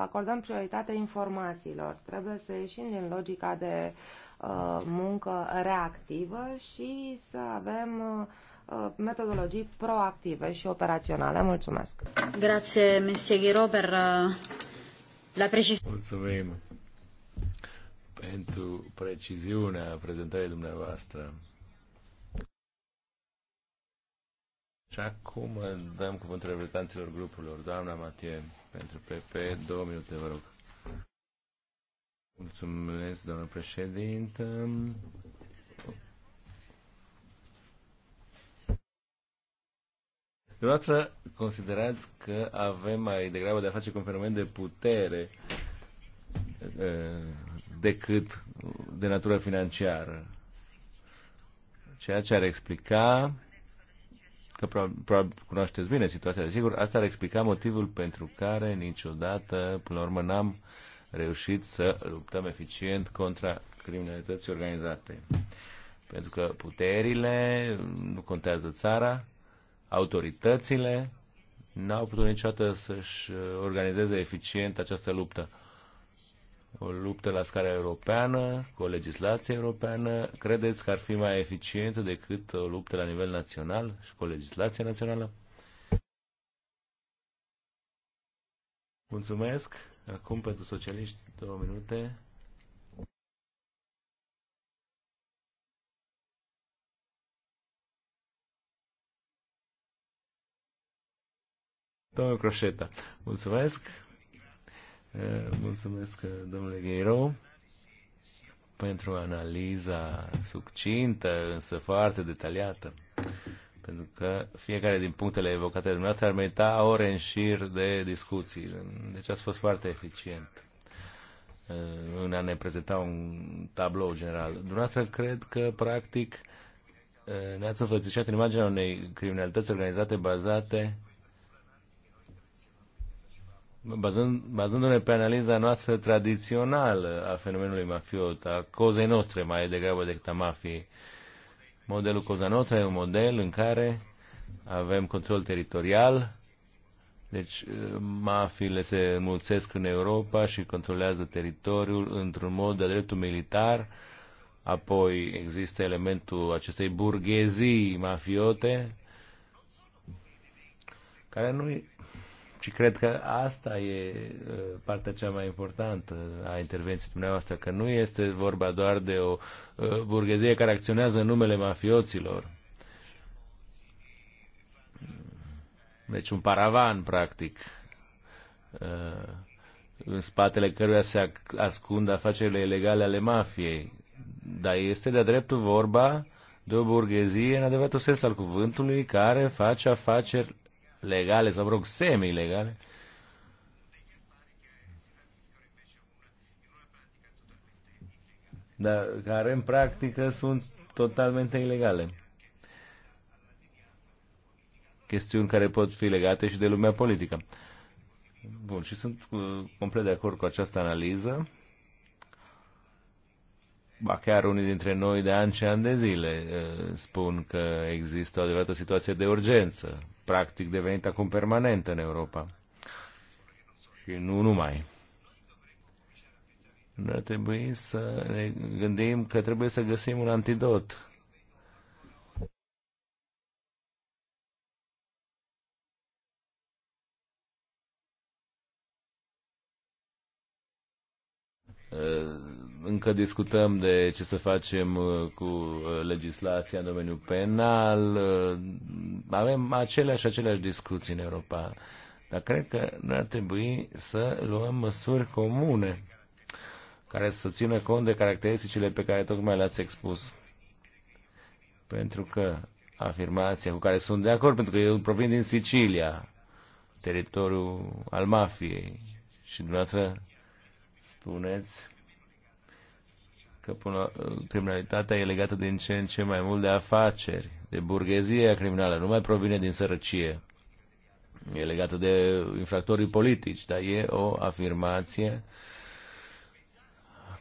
acordăm prioritate informațiilor, trebuie să ieșim din logica de uh, muncă reactivă și să avem uh, Uh, metodologii proactive și operaționale. Mulțumesc! Grazie, Messighiro, per uh, la precisiune. Mulțumim pentru preciziunea prezentării dumneavoastră. Și acum dăm cuvântul reprezentanților grupurilor. Doamna Matie, pentru PP, două minute, vă rog. Mulțumesc, doamnă președintă. Dumneavoastră considerați că avem mai degrabă de a face cu un fenomen de putere decât de natură financiară. Ceea ce ar explica că probabil cunoașteți bine situația, desigur, asta ar explica motivul pentru care niciodată, până la urmă, n-am reușit să luptăm eficient contra criminalității organizate. Pentru că puterile, nu contează țara, autoritățile n-au putut niciodată să-și uh, organizeze eficient această luptă. O luptă la scară europeană, cu o legislație europeană, credeți că ar fi mai eficientă decât o luptă la nivel național și cu o legislație națională? Mulțumesc. Acum pentru socialiști două minute. Domnul Croșeta, mulțumesc. Eh, mulțumesc, eh, domnule Gheiro, pentru analiza succintă, însă foarte detaliată. Pentru că fiecare din punctele evocate de dumneavoastră ar merita ore în șir de discuții. Deci ați fost foarte eficient eh, în a ne prezenta un tablou general. Dumneavoastră cred că, practic, ne-ați înfățișat în imaginea unei criminalități organizate bazate bazând, bazându-ne pe analiza noastră tradițională a fenomenului mafiot, a cozei noastre mai degrabă decât a mafiei. Modelul Coza Nostra e un model în care avem control teritorial, deci uh, mafiile se înmulțesc în Europa și controlează teritoriul într-un mod de dreptul militar, apoi există elementul acestei burghezii mafiote, care nu și cred că asta e uh, partea cea mai importantă a intervenției dumneavoastră, că nu este vorba doar de o uh, burghezie care acționează în numele mafioților. Deci un paravan, practic, uh, în spatele căruia se ascund afacerile ilegale ale mafiei. Dar este de-a dreptul vorba de o burghezie, în adevăratul sens al cuvântului, care face afaceri legale sau, mă rog, semi-legale. Dar care în practică sunt totalmente ilegale. Chestiuni care pot fi legate și de lumea politică. Bun, și sunt uh, complet de acord cu această analiză. Ba chiar unii dintre noi de ani și ani de zile uh, spun că există o adevărată situație de urgență practic devenit acum permanentă în Europa. Și nu numai. Noi trebuie să ne gândim că trebuie să găsim un antidot încă discutăm de ce să facem uh, cu uh, legislația în domeniul penal. Uh, avem aceleași aceleași discuții în Europa. Dar cred că nu ar trebui să luăm măsuri comune care să țină cont de caracteristicile pe care tocmai le-ați expus. Pentru că afirmația cu care sunt de acord, pentru că eu provin din Sicilia, teritoriul al mafiei, și dumneavoastră spuneți că până uh, criminalitatea e legată din ce în ce mai mult de afaceri, de burghezia criminală, nu mai provine din sărăcie. E legată de infractorii politici, dar e o afirmație uh,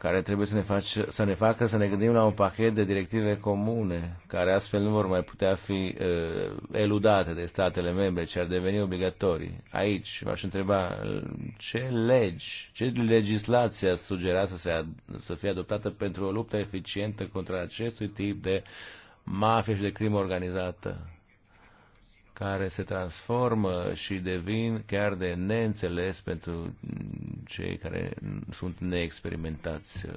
care trebuie să ne, faci, să ne facă să ne gândim la un pachet de directive comune, care astfel nu vor mai putea fi uh, eludate de statele membre, ci ar deveni obligatorii. Aici v-aș întreba uh, ce legi, ce legislație ați sugera să, se ad- să fie adoptată pentru o luptă eficientă contra acestui tip de mafie și de crimă organizată? care se transformă și devin chiar de neînțeles pentru cei care sunt neexperimentați uh,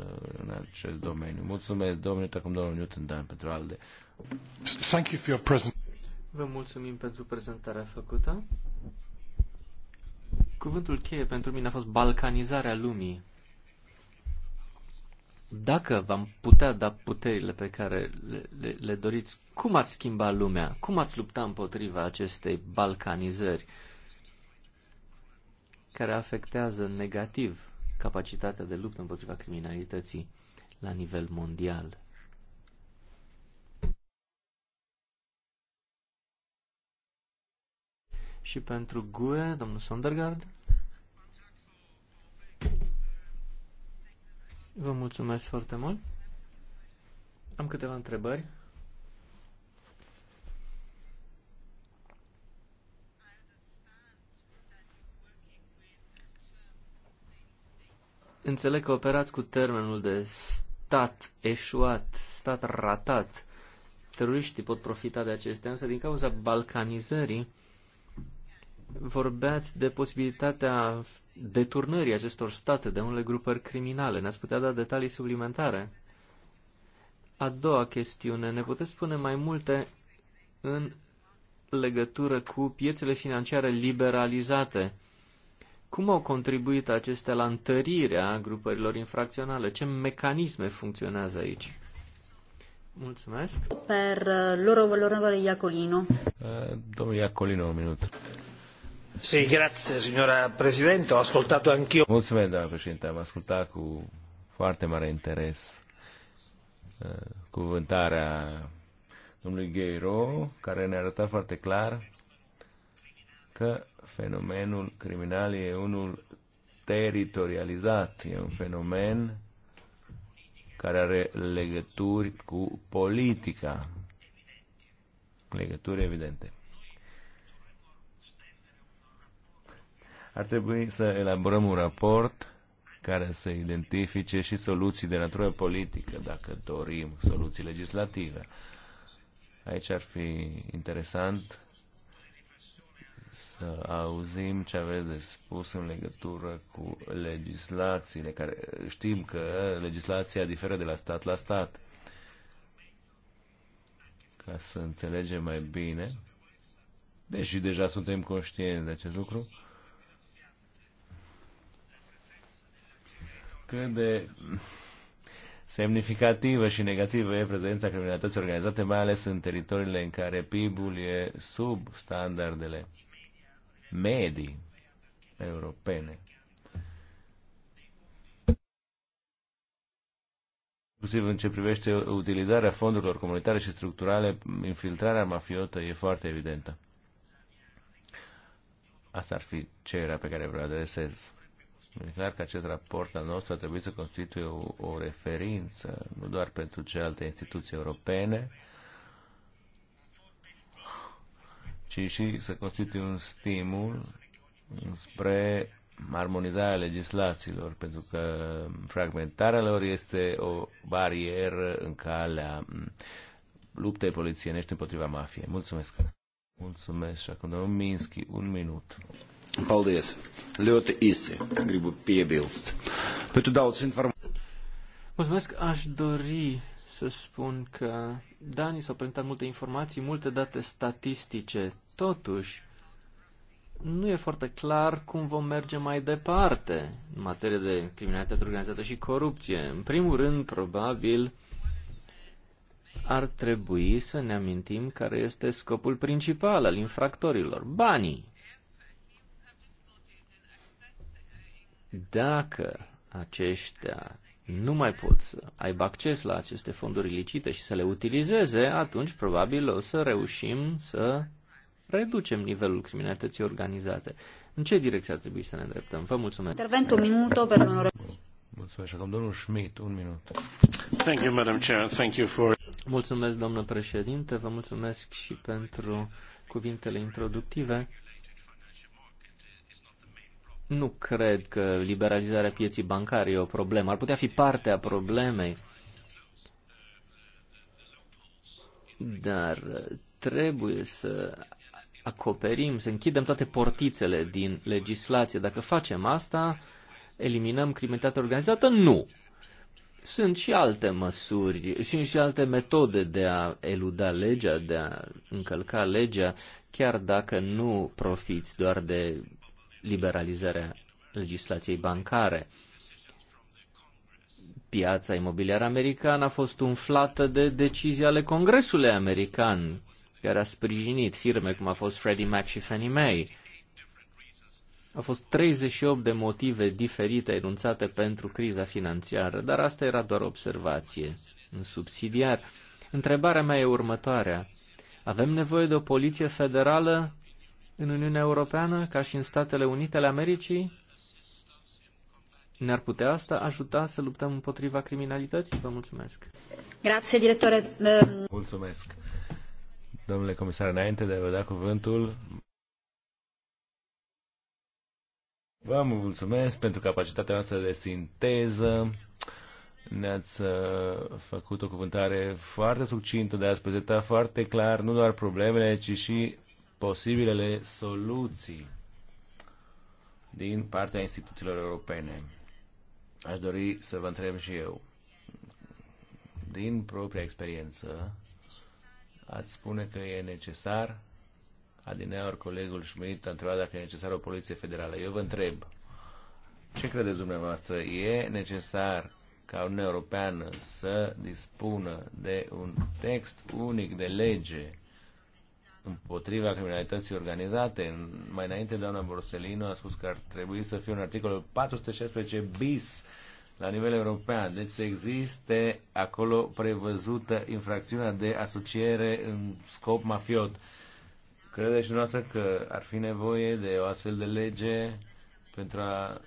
în acest domeniu. Mulțumesc, domnule, acum domnul Newton Dan pentru ALDE. Thank you for your present. Vă mulțumim pentru prezentarea făcută. Cuvântul cheie pentru mine a fost balcanizarea lumii. Dacă v-am putea da puterile pe care le, le, le doriți, cum ați schimba lumea? Cum ați lupta împotriva acestei balcanizări care afectează negativ capacitatea de luptă împotriva criminalității la nivel mondial? Și pentru GUE, domnul Sondergaard? Vă mulțumesc foarte mult. Am câteva întrebări. Înțeleg că operați cu termenul de stat eșuat, stat ratat. Teroriștii pot profita de acestea, însă din cauza balcanizării vorbeați de posibilitatea deturnării acestor state de unele grupări criminale. Ne-ați putea da detalii suplimentare? A doua chestiune, ne puteți spune mai multe în legătură cu piețele financiare liberalizate? Cum au contribuit acestea la întărirea grupărilor infracționale? Ce mecanisme funcționează aici? Mulțumesc. Per uh, loro valorevole Iacolino. Uh, domnul Iacolino, un minut. Mulțumesc, doamnă președinte, am ascultat cu foarte mare interes eh, cuvântarea domnului Gheiro, care ne arătat foarte clar că fenomenul criminal e unul teritorializat, e un fenomen care are legături cu politica. Legături evidente. Ar trebui să elaborăm un raport care să identifice și soluții de natură politică, dacă dorim soluții legislative. Aici ar fi interesant să auzim ce aveți de spus în legătură cu legislațiile, care știm că legislația diferă de la stat la stat. Ca să înțelegem mai bine, deși deja suntem conștienți de acest lucru, cât de semnificativă și negativă e prezența criminalității organizate, mai ales în teritoriile în care PIB-ul e sub standardele medii europene. inclusiv în ce privește utilizarea fondurilor comunitare și structurale, infiltrarea mafiotă e foarte evidentă. Asta ar fi era pe care vreau adresez. E clar că acest raport al nostru a trebuit să constituie o, o referință, nu doar pentru celelalte instituții europene, ci și să constituie un stimul spre armonizarea legislațiilor, pentru că fragmentarea lor este o barieră în calea luptei polițienești împotriva mafiei. Mulțumesc! Mulțumesc și acum domnul Minski, un minut. Paldies! Ļoti īsi gribu piebilst. Ļoti daudz informācijas. Mulțumesc! Aș dori să spun că Dani s-au prezentat multe informații, multe date statistice. Totuși, nu e foarte clar cum vom merge mai departe în materie de criminalitate organizată și corupție. În primul rând, probabil, ar trebui să ne amintim care este scopul principal al infractorilor, banii. Dacă aceștia nu mai pot să aibă acces la aceste fonduri ilicite și să le utilizeze, atunci probabil o să reușim să reducem nivelul criminalității organizate. În ce direcție ar trebui să ne îndreptăm? Vă mulțumesc. Intervent un minut, per Mulțumesc. Acum domnul Schmidt, un minut. Thank you, Madam Chair. Thank you for... Mulțumesc, domnul președinte. Vă mulțumesc și pentru cuvintele introductive. Nu cred că liberalizarea pieții bancare e o problemă. Ar putea fi parte a problemei. Dar trebuie să acoperim, să închidem toate portițele din legislație. Dacă facem asta, eliminăm criminalitatea organizată? Nu. Sunt și alte măsuri, sunt și alte metode de a eluda legea, de a încălca legea, chiar dacă nu profiți doar de liberalizarea legislației bancare. Piața imobiliară americană a fost umflată de decizii ale Congresului american, care a sprijinit firme cum a fost Freddie Mac și Fannie Mae. Au fost 38 de motive diferite enunțate pentru criza financiară, dar asta era doar observație în subsidiar. Întrebarea mea e următoarea. Avem nevoie de o poliție federală în Uniunea Europeană, ca și în Statele Unite ale Americii, ne-ar putea asta ajuta să luptăm împotriva criminalității? Vă mulțumesc. Grație, directore. Ehm. Mulțumesc. Domnule comisar, înainte de a vă da cuvântul, vă mulțumesc pentru capacitatea noastră de sinteză. Ne-ați uh, făcut o cuvântare foarte succintă, dar ați prezentat foarte clar nu doar problemele, ci și posibilele soluții din partea instituțiilor europene. Aș dori să vă întreb și eu, din propria experiență, ați spune că e necesar, adineaori colegul Schmidt a întrebat dacă e necesară o poliție federală. Eu vă întreb, ce credeți dumneavoastră? E necesar ca Uniunea Europeană să dispună de un text unic de lege împotriva criminalității organizate. Mai înainte, doamna Borselino a spus că ar trebui să fie un articol 416 bis la nivel european. Deci să existe acolo prevăzută infracțiunea de asociere în scop mafiot. Credeți noastră că ar fi nevoie de o astfel de lege pentru a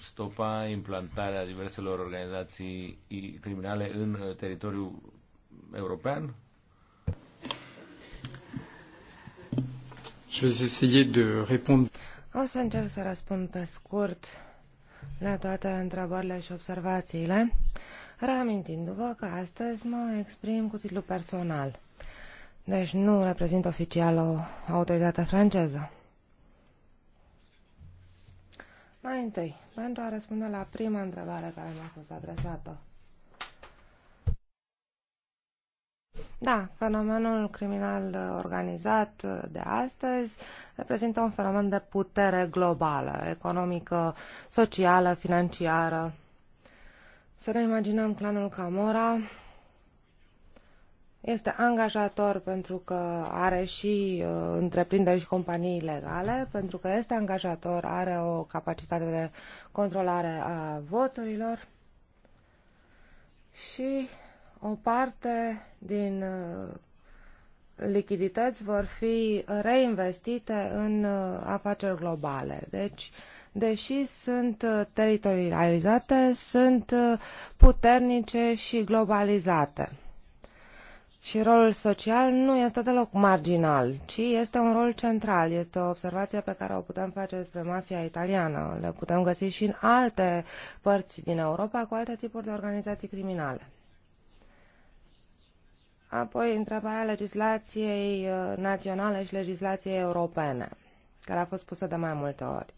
stopa implantarea diverselor organizații criminale în uh, teritoriul european? Je vais essayer de répondre. O să încerc să răspund pe scurt la toate întrebările și observațiile, reamintindu-vă că astăzi mă exprim cu titlu personal. Deci nu reprezint oficial o autoritate franceză. Mai întâi, pentru a răspunde la prima întrebare care mi-a fost adresată. Da, fenomenul criminal organizat de astăzi reprezintă un fenomen de putere globală, economică, socială, financiară. Să ne imaginăm clanul Camora, este angajator pentru că are și uh, întreprinderi și companii legale, pentru că este angajator, are o capacitate de controlare a voturilor și o parte din uh, lichidități vor fi reinvestite în uh, afaceri globale. Deci, deși sunt uh, teritorializate, sunt puternice și globalizate. Și rolul social nu este deloc marginal, ci este un rol central. Este o observație pe care o putem face despre mafia italiană. Le putem găsi și în alte părți din Europa cu alte tipuri de organizații criminale. Apoi, întrebarea legislației uh, naționale și legislației europene, care a fost pusă de mai multe ori.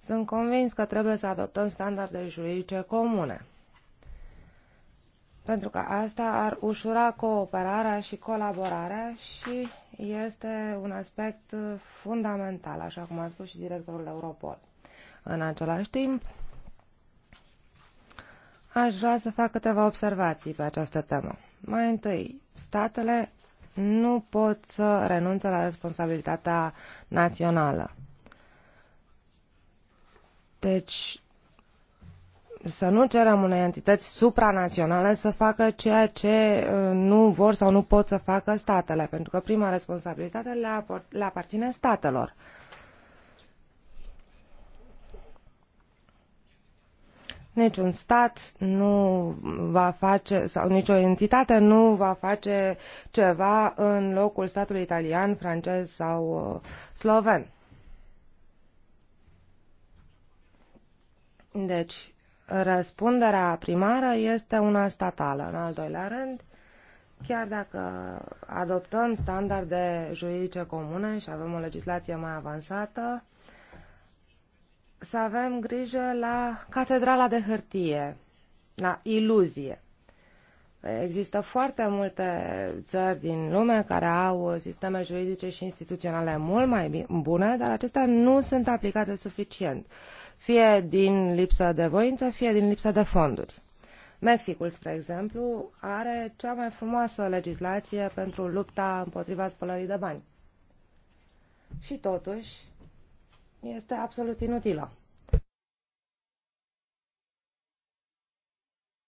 Sunt convins că trebuie să adoptăm standarde juridice comune, pentru că asta ar ușura cooperarea și colaborarea și este un aspect uh, fundamental, așa cum a spus și directorul Europol. În același timp, aș vrea să fac câteva observații pe această temă. Mai întâi, statele nu pot să renunțe la responsabilitatea națională. Deci, să nu cerem unei entități supranaționale să facă ceea ce uh, nu vor sau nu pot să facă statele, pentru că prima responsabilitate le, aparține statelor. niciun stat nu va face sau nicio entitate nu va face ceva în locul statului italian, francez sau uh, sloven. Deci, răspunderea primară este una statală. În al doilea rând, chiar dacă adoptăm standarde juridice comune și avem o legislație mai avansată, să avem grijă la catedrala de hârtie, la iluzie. Există foarte multe țări din lume care au sisteme juridice și instituționale mult mai bune, dar acestea nu sunt aplicate suficient, fie din lipsă de voință, fie din lipsă de fonduri. Mexicul, spre exemplu, are cea mai frumoasă legislație pentru lupta împotriva spălării de bani. Și totuși, este absolut inutilă.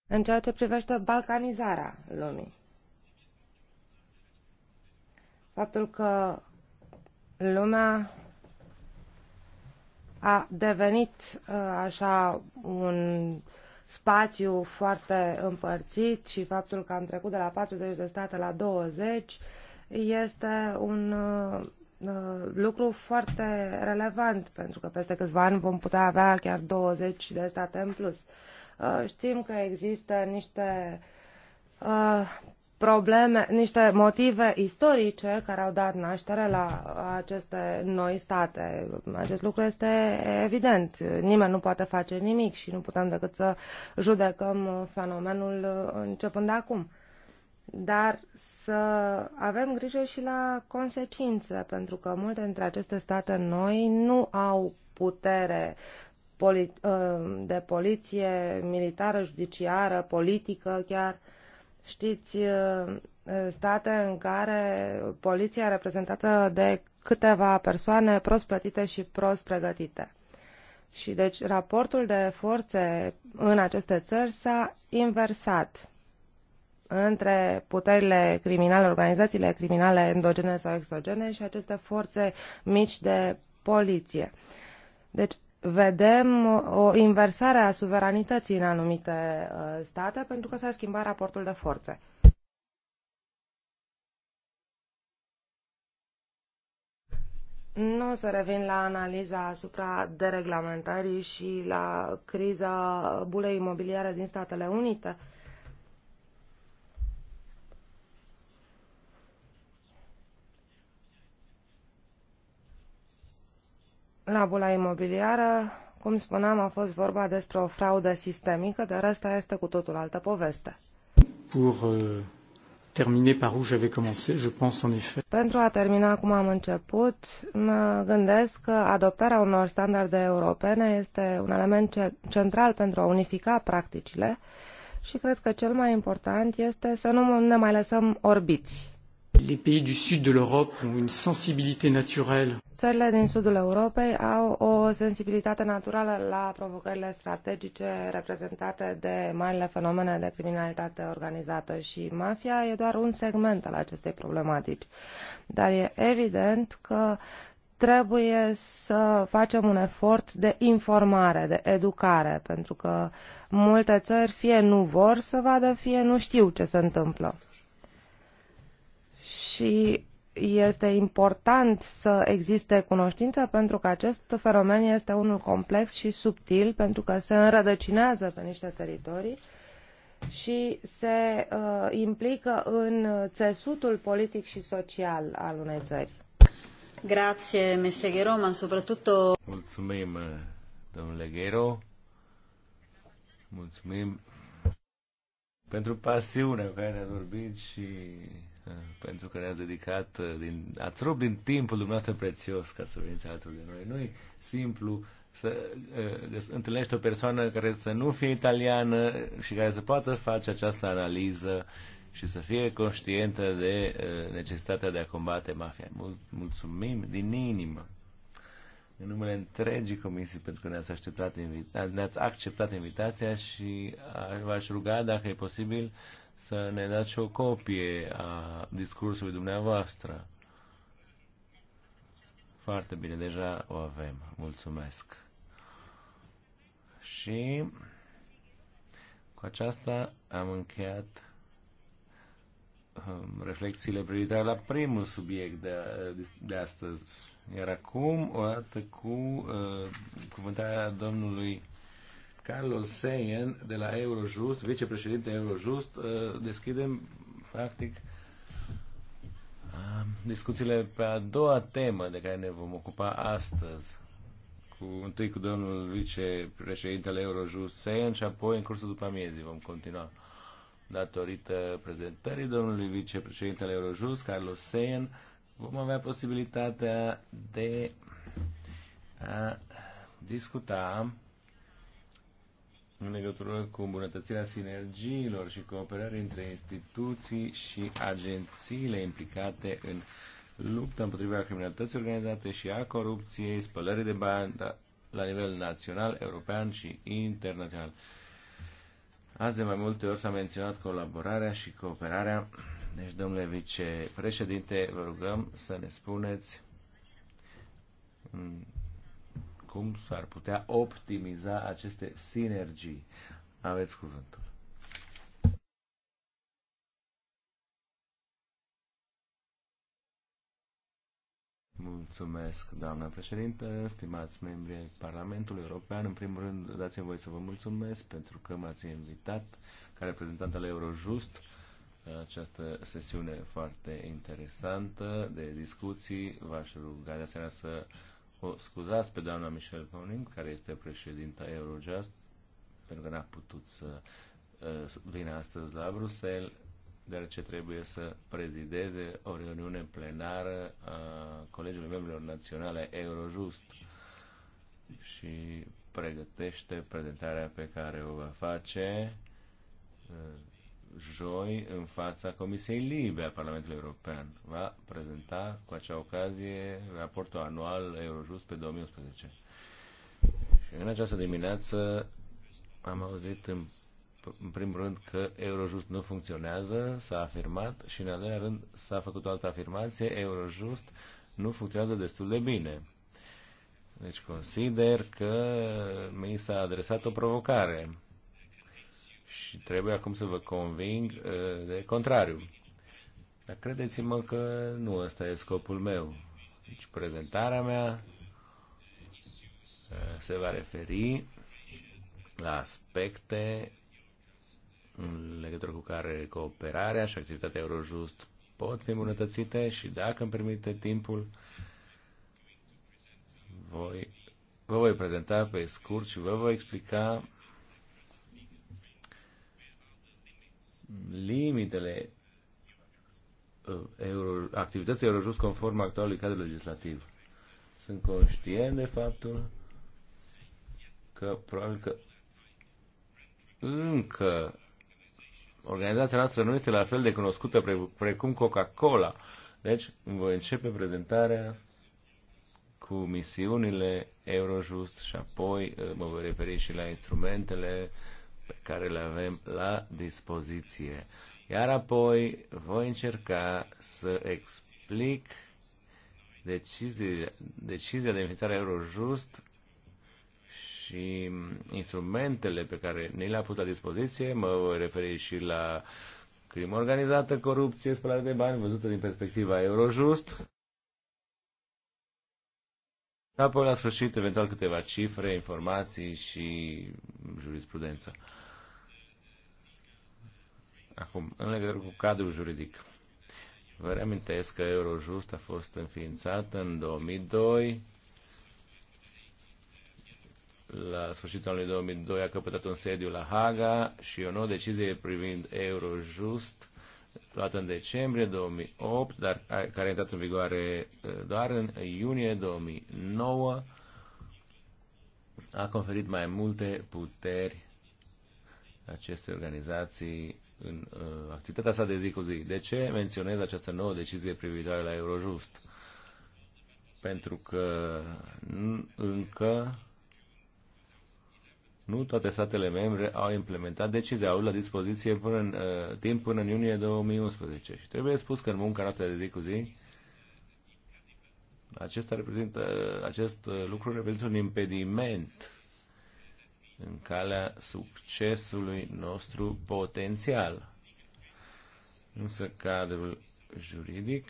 În ceea ce privește balcanizarea lumii. Faptul că lumea a devenit uh, așa un spațiu foarte împărțit și faptul că am trecut de la 40 de state la 20 este un uh, Uh, lucru foarte relevant, pentru că peste câțiva ani vom putea avea chiar 20 de state în plus. Uh, știm că există niște uh, probleme, niște motive istorice care au dat naștere la aceste noi state. Acest lucru este evident. Nimeni nu poate face nimic și nu putem decât să judecăm fenomenul începând de acum dar să avem grijă și la consecințe, pentru că multe dintre aceste state noi nu au putere ă, de poliție militară, judiciară, politică chiar. Știți, ă, state în care poliția reprezentată de câteva persoane prost plătite și prost pregătite. Și deci raportul de forțe în aceste țări s-a inversat între puterile criminale, organizațiile criminale endogene sau exogene și aceste forțe mici de poliție. Deci vedem o inversare a suveranității în anumite uh, state pentru că s-a schimbat raportul de forțe. Nu o să revin la analiza asupra dereglementării și la criza bulei imobiliare din Statele Unite. Uh, La bula imobiliară, cum spuneam, a fost vorba despre o fraudă sistemică, dar asta este cu totul altă poveste. Pour, uh... par où commencé, je pense en effet. Pentru a termina cum am început, mă gândesc că adoptarea unor standarde europene este un element central pentru a unifica practicile și cred că cel mai important este să nu ne mai lăsăm orbiți Les pays du sud de l'Europe ont une sensibilité naturelle. Țările din sudul Europei au o sensibilitate naturală la provocările strategice reprezentate de marile fenomene de criminalitate organizată și mafia e doar un segment al acestei problematici. Dar e evident că trebuie să facem un efort de informare, de educare, pentru că multe țări fie nu vor să vadă, fie nu știu ce se întâmplă și este important să existe cunoștință pentru că acest fenomen este unul complex și subtil pentru că se înrădăcinează pe niște teritorii și se uh, implică în țesutul politic și social al unei țări. Grazie, Mese Roman, soprattutto... Mulțumim, domnule Gero, Mulțumim pentru pasiunea care a vorbit și pentru că ne-ați dedicat, uh, din, ați din timpul dumneavoastră prețios ca să veniți alături de noi. Nu simplu să uh, întâlnești o persoană care să nu fie italiană și care să poată face această analiză și să fie conștientă de uh, necesitatea de a combate mafia. Mul- mulțumim din inimă în numele întregii comisii pentru că ne-ați acceptat invita- ne-ați acceptat invitația și v-aș ruga dacă e posibil să ne dați și o copie a discursului dumneavoastră. Foarte bine, deja o avem. Mulțumesc. Și cu aceasta am încheiat um, reflexiile privitoare la primul subiect de, de astăzi iar acum, o dată cu uh, cuvântarea domnului Carlos Seyen de la Eurojust, vicepreședinte Eurojust, uh, deschidem practic uh, discuțiile pe a doua temă de care ne vom ocupa astăzi. Cu, întâi cu domnul vicepreședintele Eurojust Seyen și apoi în cursul după amiezii vom continua datorită prezentării domnului vicepreședintele Eurojust, Carlos Seyen, vom avea posibilitatea de a discuta în legătură cu îmbunătățirea sinergiilor și cooperării între instituții și agențiile implicate în lupta împotriva criminalității organizate și a corupției, spălării de bani da, la nivel național, european și internațional. Azi de mai multe ori s-a menționat colaborarea și cooperarea deci, domnule vicepreședinte, vă rugăm să ne spuneți mm, cum s-ar putea optimiza aceste sinergii. Aveți cuvântul. Mulțumesc, doamna președintă, stimați membri ai Parlamentului European. În primul rând, dați-mi voie să vă mulțumesc pentru că m-ați invitat ca reprezentant al Eurojust această sesiune foarte interesantă de discuții. V-aș ruga de asemenea să o scuzați pe doamna Michelle Conning, care este președinta Eurojust, pentru că n-a putut să uh, vină astăzi la Bruxelles, deoarece trebuie să prezideze o reuniune plenară a Colegiului Membrilor Naționale Eurojust și pregătește prezentarea pe care o va face uh, joi în fața Comisiei Libe a Parlamentului European. Va prezenta cu acea ocazie raportul anual Eurojust pe 2011. Și în această dimineață am auzit în, în primul rând că Eurojust nu funcționează, s-a afirmat și în al doilea rând s-a făcut o altă afirmație, Eurojust nu funcționează destul de bine. Deci consider că mi s-a adresat o provocare și trebuie acum să vă conving uh, de contrariu. Dar credeți-mă că nu ăsta e scopul meu. Deci prezentarea mea uh, se va referi la aspecte în legătură cu care cooperarea și activitatea Eurojust pot fi îmbunătățite și dacă îmi permite timpul, voi, vă voi prezenta pe scurt și vă voi explica limitele uh, euro, activității Eurojust conform actualului cadru legislativ. Sunt conștient de faptul că probabil că încă organizația noastră nu este la fel de cunoscută pre, precum Coca-Cola. Deci voi începe prezentarea cu misiunile Eurojust și apoi uh, mă voi referi și la instrumentele pe care le avem la dispoziție. Iar apoi voi încerca să explic deciziile, decizia de înființare Eurojust și instrumentele pe care ne le-a pus la dispoziție, mă voi referi și la crimă organizată, corupție, spălare de bani, văzută din perspectiva Eurojust. Apoi, la sfârșit, eventual câteva cifre, informații și jurisprudență. Acum, în legătură cu cadrul juridic. Vă reamintesc că Eurojust a fost înființat în 2002. La sfârșitul anului 2002 a căpătat un sediu la Haga și o nouă decizie privind Eurojust luată în decembrie 2008, dar care a intrat în vigoare doar în iunie 2009, a conferit mai multe puteri acestei organizații în uh, activitatea sa de zi cu zi. De ce menționez această nouă decizie privitoare la Eurojust? Pentru că încă nu toate statele membre au implementat decizia, au la dispoziție până în, uh, timp până în iunie 2011. Și trebuie spus că în munca noastră de zi cu zi, acesta reprezintă, acest uh, lucru reprezintă un impediment în calea succesului nostru potențial. Însă cadrul juridic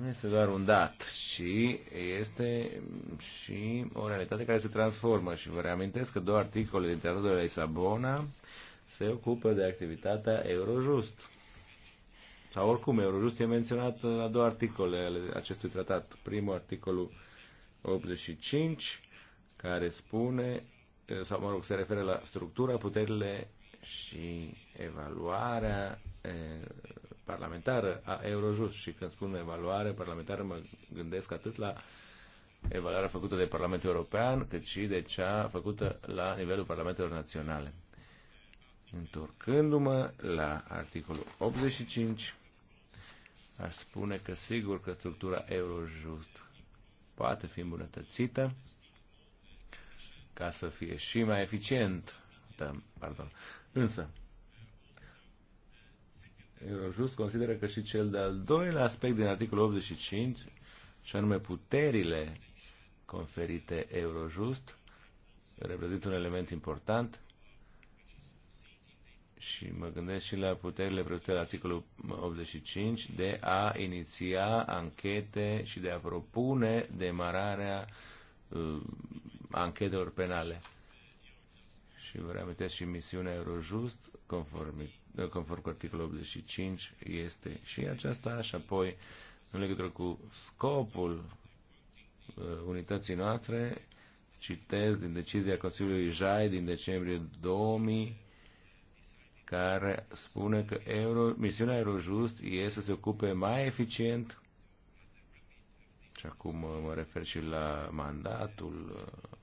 nu este doar un dat, ci este și o realitate care se transformă. Și vă reamintesc că două articole din Tratatul de la Lisabona se ocupă de activitatea Eurojust. Sau oricum, Eurojust e menționat la două articole ale acestui tratat. Primul, articolul 85, care spune, sau mă rog, se referă la structura, puterile și evaluarea parlamentară a Eurojust și când spun evaluare parlamentară mă gândesc atât la evaluarea făcută de Parlamentul European, cât și de cea făcută la nivelul Parlamentelor Naționale. Întorcându-mă la articolul 85, aș spune că sigur că structura Eurojust poate fi îmbunătățită ca să fie și mai eficient. Da, pardon. Însă, Eurojust consideră că și cel de-al doilea aspect din articolul 85, și anume puterile conferite Eurojust, reprezintă un element important și mă gândesc și la puterile prevăzute la articolul 85 de a iniția anchete și de a propune demararea uh, anchetelor penale. Și vă reamintesc și misiunea Eurojust, conformit conform cu articolul 85, este și aceasta și apoi în legătură cu scopul uh, unității noastre, citez din decizia Consiliului JAI din decembrie 2000, care spune că Euro, misiunea Eurojust este să se ocupe mai eficient și acum mă refer și la mandatul uh,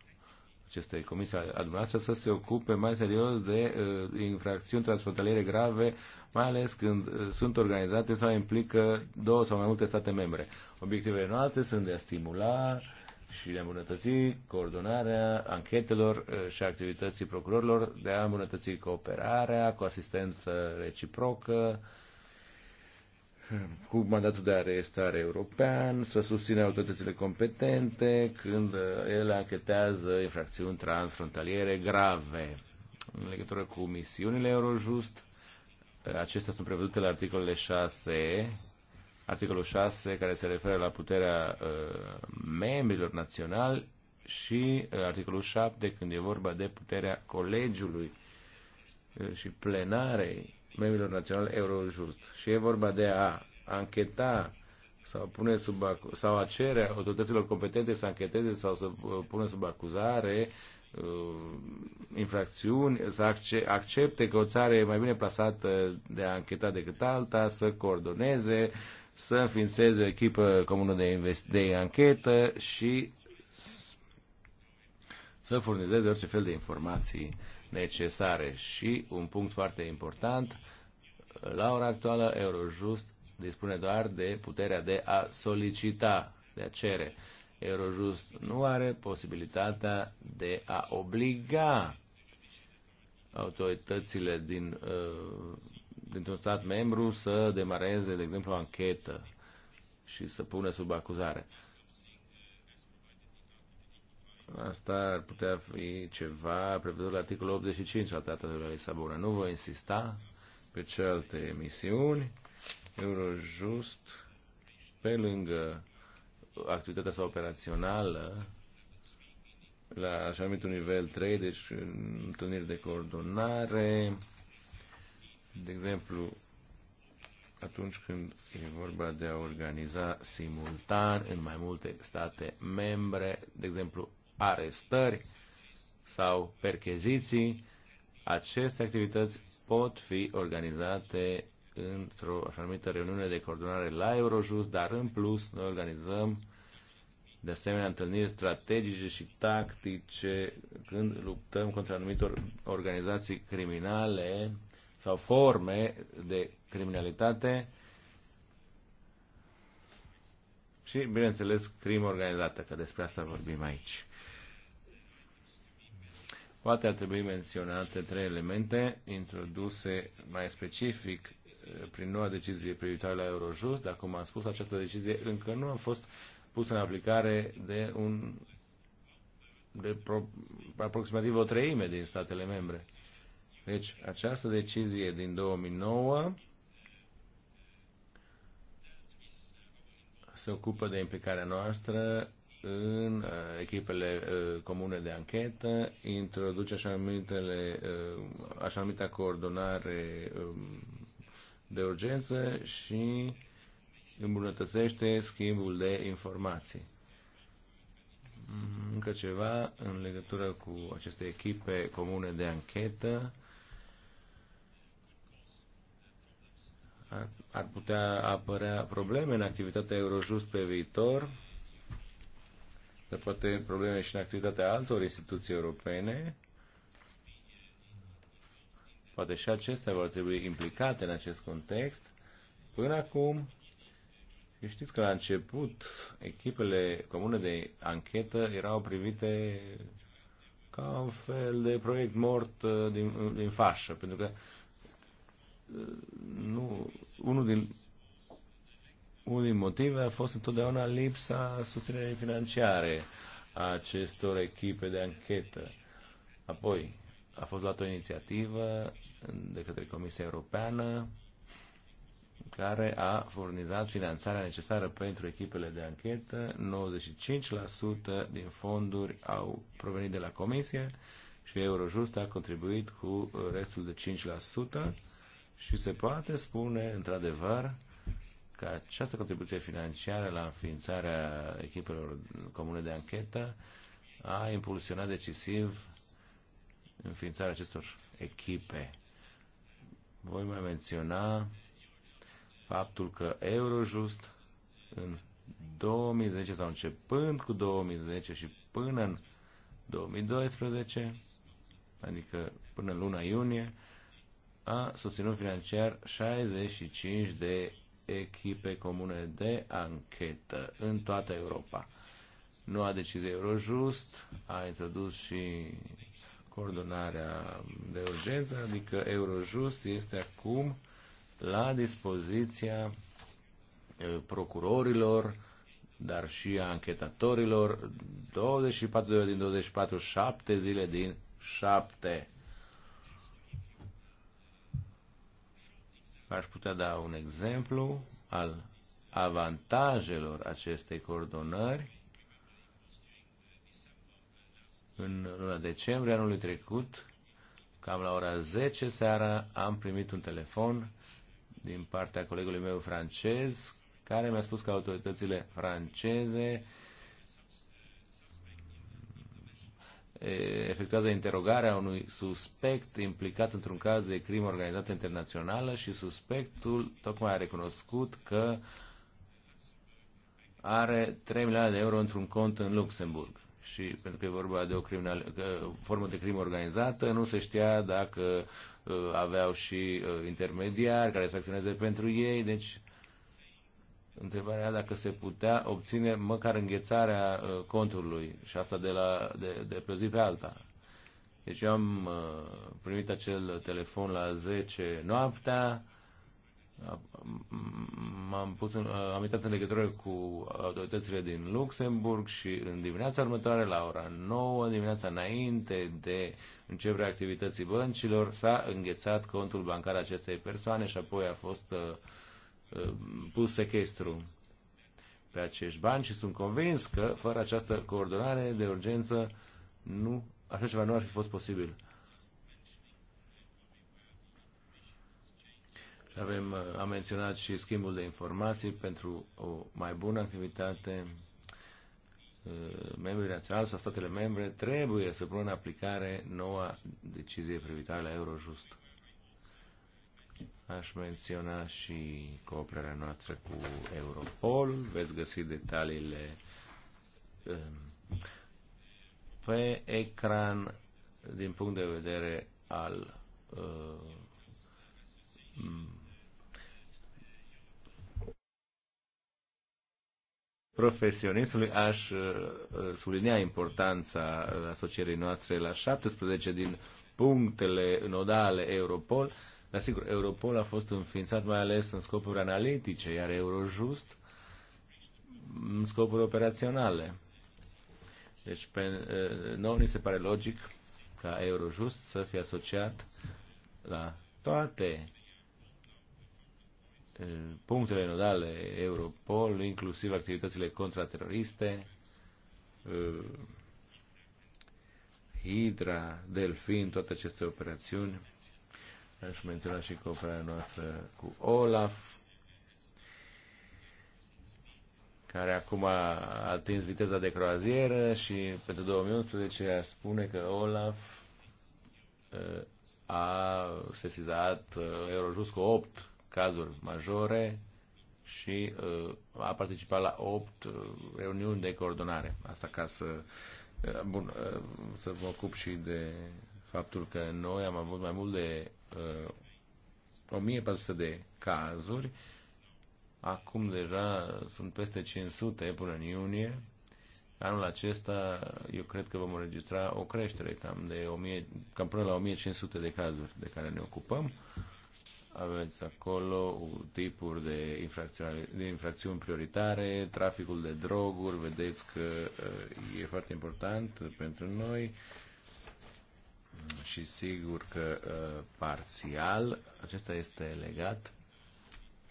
acestei comisii a dumneavoastră să se ocupe mai serios de uh, infracțiuni transfrontaliere grave, mai ales când uh, sunt organizate sau implică două sau mai multe state membre. Obiectivele noastre sunt de a stimula și de a îmbunătăți coordonarea anchetelor uh, și activității procurorilor, de a îmbunătăți cooperarea cu asistență reciprocă, uh, cu mandatul de arestare european, să susțină autoritățile competente când uh, ele anchetează infracțiuni transfrontaliere grave. În legătură cu misiunile Eurojust, uh, acestea sunt prevăzute la articolele 6, articolul 6 care se referă la puterea uh, membrilor naționali și uh, articolul 7 când e vorba de puterea colegiului uh, și plenarei membrilor naționali Eurojust. Și e vorba de a ancheta sau, pune sub, sau a cere autorităților competente să ancheteze sau să uh, pună sub acuzare uh, infracțiuni, să accepte că o țară e mai bine plasată de a ancheta decât alta, să coordoneze, să înființeze o echipă comună de, de anchetă și să furnizeze orice fel de informații necesare. Și un punct foarte important, la ora actuală Eurojust dispune doar de puterea de a solicita, de a cere. Eurojust nu are posibilitatea de a obliga autoritățile din, uh, dintr-un stat membru să demareze, de exemplu, o anchetă și să pună sub acuzare. Asta ar putea fi ceva prevăzut la articolul 85 al Tratatului de la Lisabona. Nu voi insista pe celelalte emisiuni. Eurojust, pe lângă activitatea sa operațională, la așa numitul nivel 3, deci întâlniri de coordonare, de exemplu, atunci când e vorba de a organiza simultan în mai multe state membre, de exemplu, arestări sau percheziții, aceste activități pot fi organizate într-o așa numită reuniune de coordonare la Eurojust, dar în plus noi organizăm de asemenea întâlniri strategice și tactice când luptăm contra anumitor organizații criminale sau forme de criminalitate și, bineînțeles, crimă organizată, că despre asta vorbim aici. Poate ar trebui menționate trei elemente introduse mai specific eh, prin noua decizie privitoare la Eurojust. Dar, cum am spus, această decizie încă nu a fost pusă în aplicare de un de pro, aproximativ o treime din statele membre. Deci, această decizie din 2009 se ocupă de implicarea noastră în uh, echipele uh, comune de anchetă, introduce așa, numitele, uh, așa numita coordonare um, de urgență și îmbunătățește schimbul de informații. Încă ceva în legătură cu aceste echipe comune de anchetă. Ar, ar putea apărea probleme în activitatea Eurojust pe viitor dar poate probleme și în activitatea altor instituții europene. Poate și acestea vor trebui implicate în acest context. Până acum, știți că la început echipele comune de anchetă erau privite ca un fel de proiect mort uh, din, din fașă, pentru că uh, nu, unul din unul din motive a fost întotdeauna lipsa susținerii financiare a acestor echipe de anchetă. Apoi a fost luată o inițiativă de către Comisia Europeană care a furnizat finanțarea necesară pentru echipele de anchetă. 95% din fonduri au provenit de la Comisie și Eurojust a contribuit cu restul de 5% și se poate spune, într-adevăr, că această contribuție financiară la înființarea echipelor comune de anchetă a impulsionat decisiv înființarea acestor echipe. Voi mai menționa faptul că Eurojust în 2010 sau începând cu 2010 și până în 2012, adică până în luna iunie, a susținut financiar 65 de echipe comune de anchetă în toată Europa. Noua decizie Eurojust a introdus și coordonarea de urgență, adică Eurojust este acum la dispoziția procurorilor, dar și a anchetatorilor, 24 de ore din 24, 7 zile din 7. Aș putea da un exemplu al avantajelor acestei coordonări. În luna decembrie anului trecut, cam la ora 10 seara, am primit un telefon din partea colegului meu francez, care mi-a spus că autoritățile franceze uh, efectuat interogarea unui suspect implicat într-un caz de crimă organizată internațională și suspectul tocmai a recunoscut că are 3 milioane de euro într-un cont în Luxemburg. Și pentru că e vorba de o criminal, formă de crimă organizată, nu se știa dacă uh, aveau și uh, intermediari care să acționeze pentru ei, deci Întrebarea era dacă se putea obține măcar înghețarea uh, conturului, și asta de, la, de, de pe o zi pe alta. Deci eu am uh, primit acel telefon la 10 noaptea, m-am pus în, uh, am intrat în legătură cu autoritățile din Luxemburg și în dimineața următoare, la ora 9, dimineața înainte de începerea activității băncilor, s-a înghețat contul bancar acestei persoane și apoi a fost uh, Uh, pus sequestru pe acești bani și sunt convins că fără această coordonare de urgență nu, așa ceva nu ar fi fost posibil. Și avem, uh, am menționat și schimbul de informații pentru o mai bună activitate. Uh, membrii naționali sau statele membre trebuie să pună în aplicare noua decizie privitoare la Eurojust. Aș menționa și cooperarea noastră cu Europol. Veți găsi detaliile um, pe ecran din punct de vedere al uh, profesionistului aș uh, sublinia importanța asocierii noastre la 17 din punctele nodale Europol dar sigur, Europol a fost înființat mai ales în scopuri analitice, iar Eurojust în scopuri operaționale. Deci, pe, eh, nou, ni se pare logic ca Eurojust să fie asociat la toate eh, punctele nodale Europol, inclusiv activitățile contrateroriste, Hidra, eh, Delfin, toate aceste operațiuni Aș menționa și cooperarea noastră cu Olaf, care acum a atins viteza de croazieră și pentru 2011 a spune că Olaf uh, a sesizat uh, Eurojust cu 8 cazuri majore și uh, a participat la 8 reuniuni de coordonare. Asta ca să bun, să mă ocup și de faptul că noi am avut mai mult de 1400 uh, de cazuri, acum deja sunt peste 500 până în iunie. Anul acesta eu cred că vom înregistra o creștere cam, de 1000, cam până la 1500 de cazuri de care ne ocupăm. Aveți acolo tipuri de, de infracțiuni prioritare, traficul de droguri, vedeți că uh, e foarte important pentru noi și sigur că uh, parțial acesta este legat,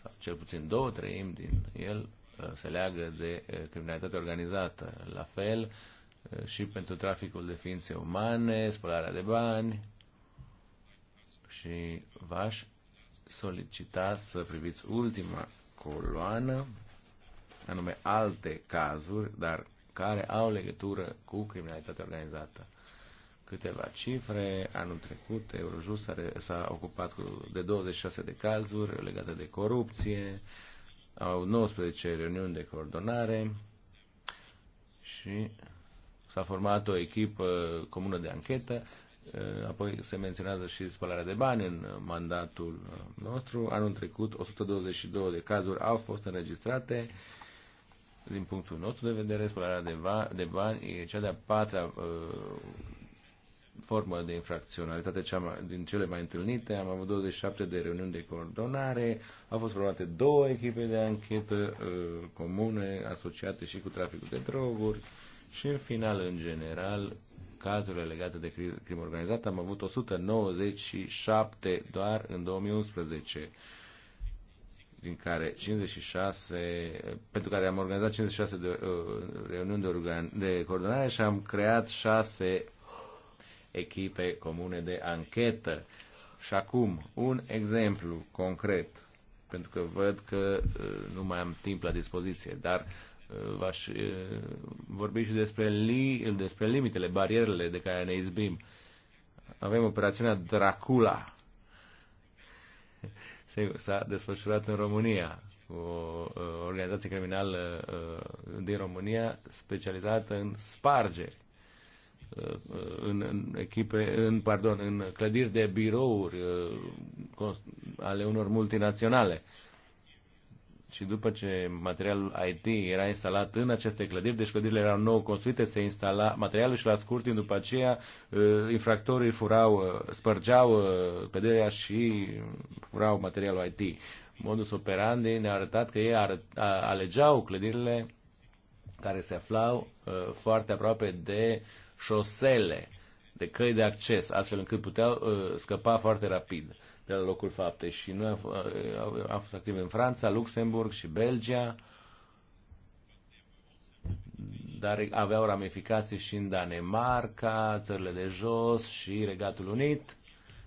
sau cel puțin două treimi din el uh, se leagă de uh, criminalitate organizată. La fel și pentru traficul de ființe umane, spălarea de bani și v-aș solicita să priviți ultima coloană, anume alte cazuri, dar care au legătură cu criminalitatea organizată câteva cifre. Anul trecut, Eurojust s-a ocupat de 26 de cazuri legate de corupție, au 19 reuniuni de coordonare și s-a format o echipă comună de anchetă. Eh, apoi se menționează și spălarea de bani în mandatul eh, nostru. Anul trecut, 122 de cazuri au fost înregistrate din punctul nostru de vedere, spălarea de, de bani e cea de-a patra uh, formă de infracționalitate cea mai, din cele mai întâlnite. Am avut 27 de reuniuni de coordonare, au fost formate două echipe de anchetă uh, comune asociate și cu traficul de droguri și în final, în general, cazurile legate de crimă organizată am avut 197 doar în 2011 din care 56, pentru care am organizat 56 de uh, reuniuni de, organ, de coordonare și am creat 6 echipe comune de anchetă. Și acum, un exemplu concret, pentru că văd că uh, nu mai am timp la dispoziție, dar uh, v-aș uh, vorbi și despre, li, despre limitele, barierele de care ne izbim. Avem operațiunea Dracula. S-a desfășurat în România o organizație criminală din România specializată în spargeri Uh, în, în echipe, în, pardon, în clădiri de birouri uh, ale unor multinaționale. Și după ce materialul IT era instalat în aceste clădiri, deci clădirile erau nou construite, se instala materialul și la scurt timp după aceea uh, infractorii furau, spărgeau clădirea și furau materialul IT. Modus operandi ne-a arătat că ei ar, a, alegeau clădirile care se aflau uh, foarte aproape de uh, șosele, de căi de acces, astfel încât puteau uh, scăpa foarte rapid de la locul faptei. Și noi am, uh, am fost activi în Franța, Luxemburg și Belgia, dar aveau ramificații și în Danemarca, țările de jos și Regatul Unit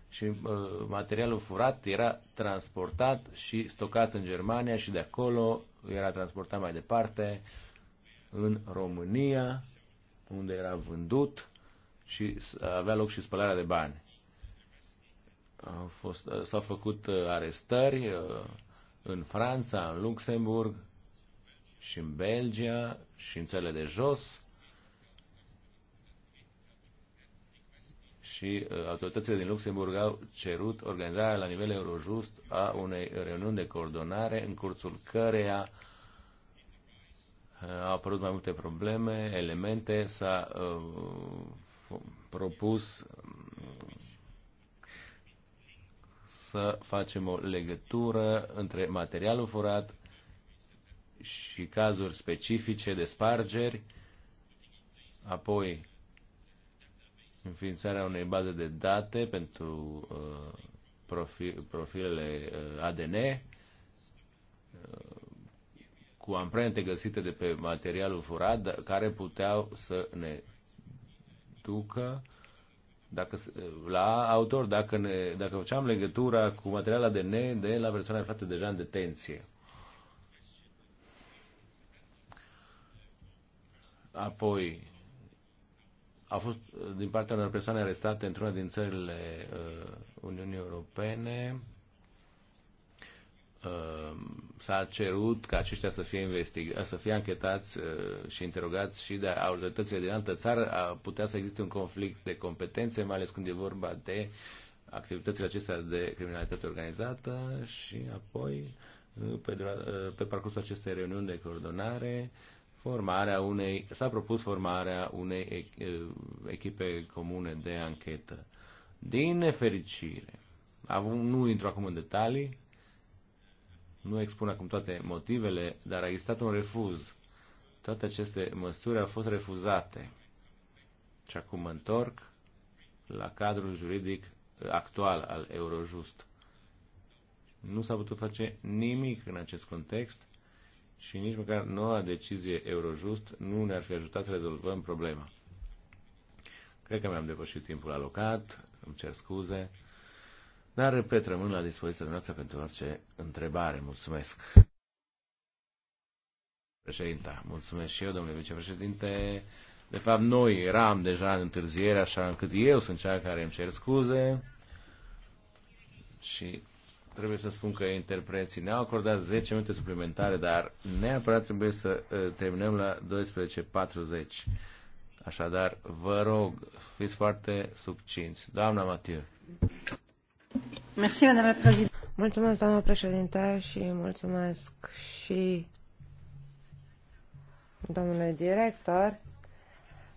și uh, materialul furat era transportat și stocat în Germania și de acolo era transportat mai departe în România unde era vândut și avea loc și spălarea de bani. Au fost, uh, s-au făcut uh, arestări uh, în Franța, în Luxemburg și în Belgia și în țările de jos și autoritățile din Luxemburg au cerut organizarea la nivel eurojust a unei reuniuni de coordonare în cursul căreia au apărut mai multe probleme, elemente, s-a uh, propus mm, să facem o legătură între materialul furat și cazuri specifice de spargeri, apoi înființarea unei baze de date pentru uh, profi, profilele uh, ADN, uh, cu amprente găsite de pe materialul furat, da, care puteau să ne ducă dacă, la autor, dacă, ne, dacă făceam legătura cu materialul de ne de la persoana aflată deja în detenție. Apoi, a fost din partea unor persoane arestate într-una din țările uh, Uniunii Europene, Uh, s-a cerut ca aceștia să fie investigați, să fie anchetați uh, și interogați și de autoritățile din altă țară, a putea să existe un conflict de competențe, mai ales când e vorba de activitățile acestea de criminalitate organizată și apoi uh, pe, pe parcursul acestei reuniuni de coordonare formarea unei, s-a propus formarea unei echipe comune de anchetă. Din nefericire, nu intru acum în detalii, nu expun acum toate motivele, dar a existat un refuz. Toate aceste măsuri au fost refuzate. Și acum mă întorc la cadrul juridic actual al Eurojust. Nu s-a putut face nimic în acest context și nici măcar noua decizie Eurojust nu ne-ar fi ajutat să rezolvăm problema. Cred că mi-am depășit timpul alocat, îmi cer scuze. Dar, repet, rămân la dispoziția noastră pentru orice întrebare. Mulțumesc! Președinta, mulțumesc și eu, domnule vicepreședinte. De fapt, noi eram deja în întârziere, așa încât eu sunt cea care îmi cer scuze. Și trebuie să spun că interpreții ne-au acordat 10 minute suplimentare, dar neapărat trebuie să ă, terminăm la 12.40. Așadar, vă rog, fiți foarte succinți. Doamna Matiu. Mulțumesc, doamnă președinte, și mulțumesc și domnului director,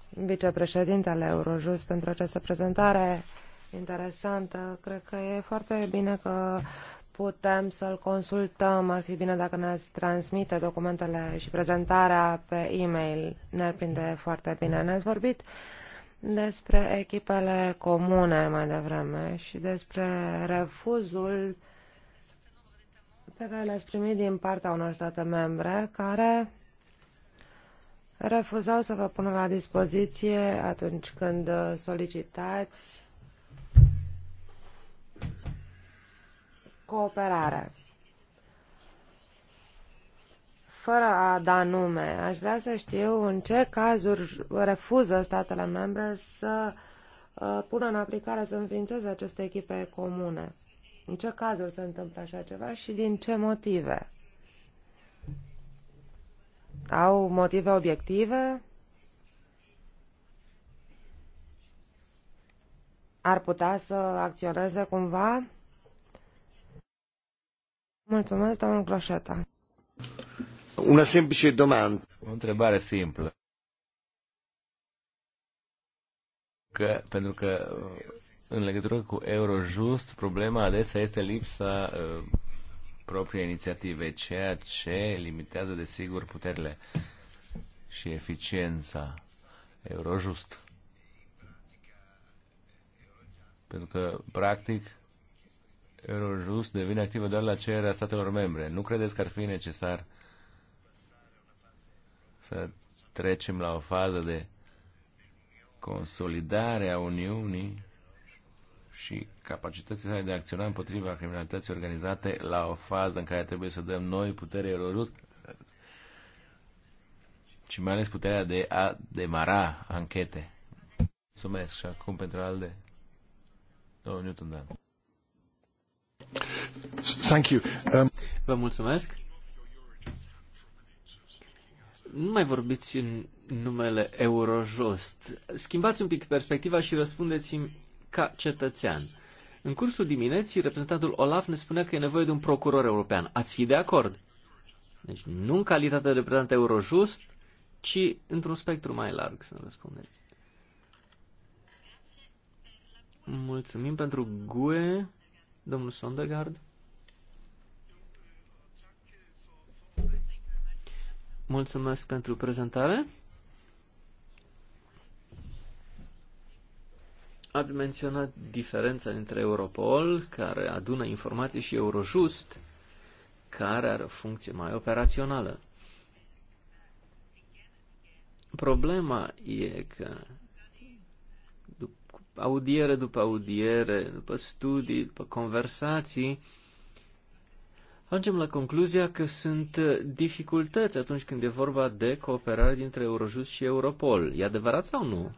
vicepreședintele Eurojust, pentru această prezentare interesantă. Cred că e foarte bine că putem să-l consultăm. Ar fi bine dacă ne-ați transmite documentele și prezentarea pe e-mail. Ne-ar prinde foarte bine. Ne-ați vorbit despre echipele comune mai devreme și despre refuzul pe care l ați primit din partea unor state membre care refuzau să vă pună la dispoziție atunci când solicitați cooperare fără a da nume, aș vrea să știu în ce cazuri refuză statele membre să uh, pună în aplicare, să înființeze aceste echipe comune. În ce cazuri se întâmplă așa ceva și din ce motive? Au motive obiective? Ar putea să acționeze cumva? Mulțumesc, domnul Cloșeta. Una semplice domanda. O întrebare simplă. Că, pentru că în legătură cu Eurojust, problema adesea este lipsa uh, inițiative, ceea ce limitează, desigur, puterile și eficiența Eurojust. Pentru că, practic, Eurojust devine activă doar la cererea statelor membre. Nu credeți că ar fi necesar să trecem la o fază de consolidare a Uniunii și capacității sale de a acționa împotriva criminalității organizate la o fază în care trebuie să dăm noi putere erorut și mai ales puterea de a demara anchete. Mulțumesc și acum pentru al de Newton Dan. Thank you. Um... Vă mulțumesc nu mai vorbiți în numele Eurojust. Schimbați un pic perspectiva și răspundeți-mi ca cetățean. În cursul dimineții, reprezentantul Olaf ne spunea că e nevoie de un procuror european. Ați fi de acord? Deci nu în calitate de reprezentant Eurojust, ci într-un spectru mai larg, să răspundeți. Mulțumim pentru GUE, domnul Sondergaard. Mulțumesc pentru prezentare. Ați menționat diferența între Europol, care adună informații, și Eurojust, care are o funcție mai operațională. Problema e că audiere după audiere, după studii, după conversații, ajungem la concluzia că sunt uh, dificultăți atunci când e vorba de cooperare dintre Eurojust și Europol. E adevărat sau nu?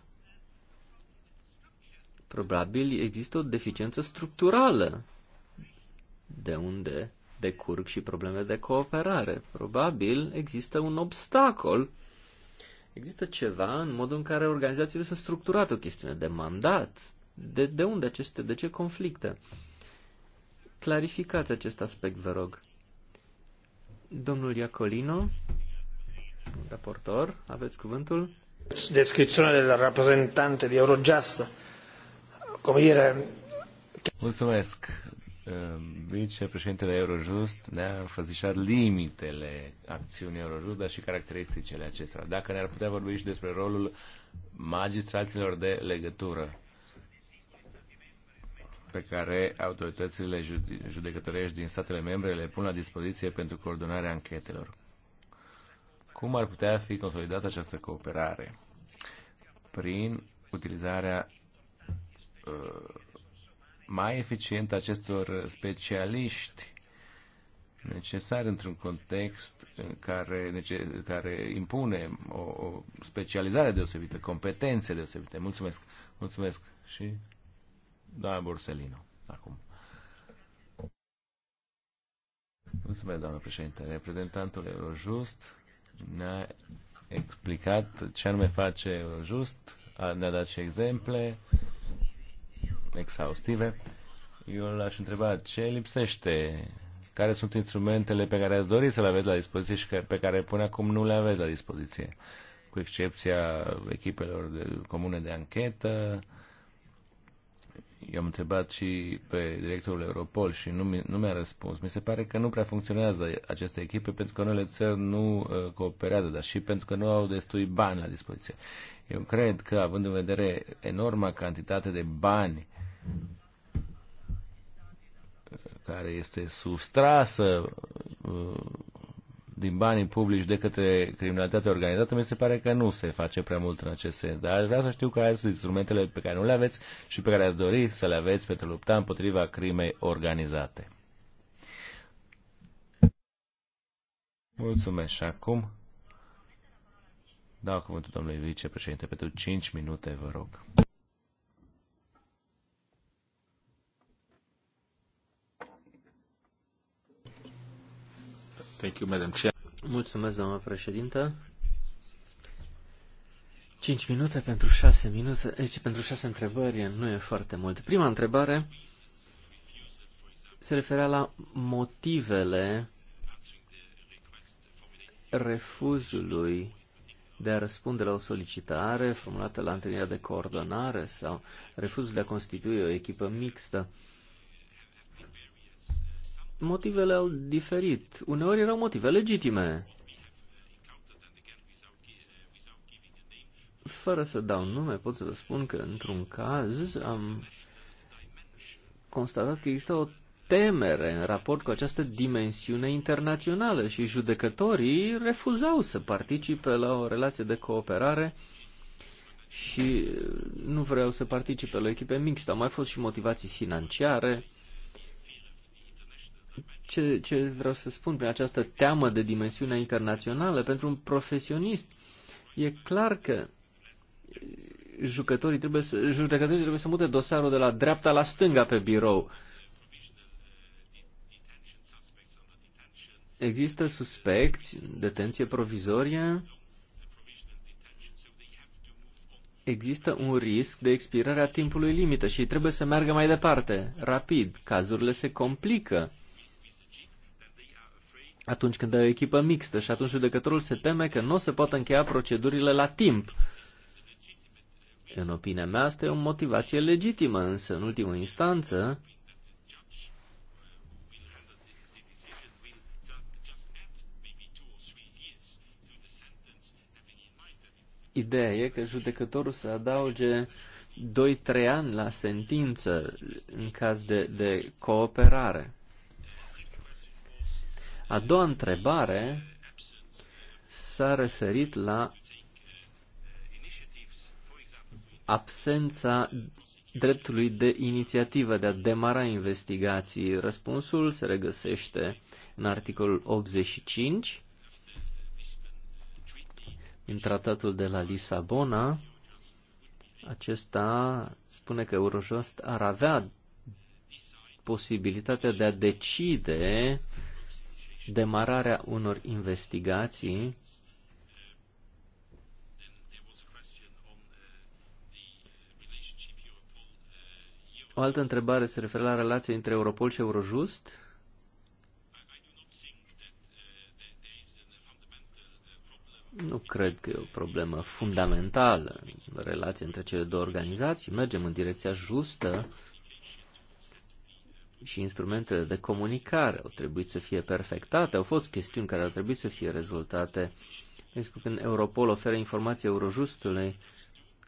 Probabil există o deficiență structurală de unde decurg și probleme de cooperare. Probabil există un obstacol. Există ceva în modul în care organizațiile sunt structurate, o chestiune de mandat. De, de unde aceste, de ce conflicte? clarificați acest aspect, vă rog. Domnul Iacolino, raportor, aveți cuvântul. Descripțiunea de la reprezentante de Eurojust, cum dire... Mulțumesc. Ehm, vicepreședintele Eurojust ne-a înfățișat limitele acțiunii Eurojust, dar și caracteristicile acestora. Dacă ne-ar putea vorbi și despre rolul magistraților de legătură pe care autoritățile judecătorești din statele membre le pun la dispoziție pentru coordonarea anchetelor. Cum ar putea fi consolidată această cooperare? Prin utilizarea uh, mai eficientă acestor specialiști necesar într-un context în care, care impune o, o specializare deosebită, competențe deosebite. Mulțumesc! Mulțumesc! Și Doamna Borsellino, acum. Mulțumesc, doamnă președinte. Reprezentantul Eurojust ne-a explicat ce anume face Eurojust, ne-a dat și exemple exhaustive. Eu l-aș întreba ce lipsește, care sunt instrumentele pe care ați dori să le aveți la dispoziție și pe care până acum nu le aveți la dispoziție, cu excepția echipelor de, comune de anchetă, uh, eu am întrebat și pe directorul Europol și nu, mi, nu mi-a răspuns. Mi se pare că nu prea funcționează aceste echipe pentru că unele țări nu uh, cooperează, dar și pentru că nu au destui bani la dispoziție. Eu cred că, având în vedere enorma cantitate de bani uh, care este sustrasă uh, din banii publici de către criminalitatea organizată, mi se pare că nu se face prea mult în acest sens. Dar aș vrea să știu care sunt instrumentele pe care nu le aveți și pe care ați dori să le aveți pentru lupta împotriva crimei organizate. Mulțumesc și acum dau cuvântul domnului vicepreședinte pentru 5 minute, vă rog. Thank you, Madam Chair. Mulțumesc, doamna președintă. 5 minute pentru 6 minute, deci pentru 6 întrebări nu e foarte mult. Prima întrebare se referea la motivele refuzului de a răspunde la o solicitare formulată la întâlnirea de coordonare sau refuzul de a constitui o echipă mixtă motivele au diferit. Uneori erau motive legitime. Fără să dau nume, pot să vă spun că într-un caz am constatat că există o temere în raport cu această dimensiune internațională și judecătorii refuzau să participe la o relație de cooperare și nu vreau să participe la echipe mixte. Au mai fost și motivații financiare ce, ce vreau să spun prin această teamă de dimensiunea internațională? Pentru un profesionist e clar că jucătorii trebuie să, judecătorii trebuie să mute dosarul de la dreapta la stânga pe birou. Există suspecți, detenție provizorie, există un risc de expirare a timpului limită și trebuie să meargă mai departe, rapid. Cazurile se complică atunci când ai o echipă mixtă și atunci judecătorul se teme că nu se pot încheia procedurile la timp. În opinia mea, asta e o motivație legitimă, însă, în ultimă instanță, ideea e că judecătorul să adauge 2-3 ani la sentință în caz de, de cooperare. A doua întrebare s-a referit la absența dreptului de inițiativă de a demara investigații. Răspunsul se regăsește în articolul 85 din tratatul de la Lisabona. Acesta spune că Eurojust ar avea posibilitatea de a decide uh, demararea unor investigații O altă întrebare se referă la relația între Europol și Eurojust. Nu cred că e o problemă fundamentală în relația între cele două organizații. Mergem în direcția justă și instrumentele de comunicare au trebuit să fie perfectate, au fost chestiuni care au trebuit să fie rezultate. Deci când Europol oferă informații Eurojustului,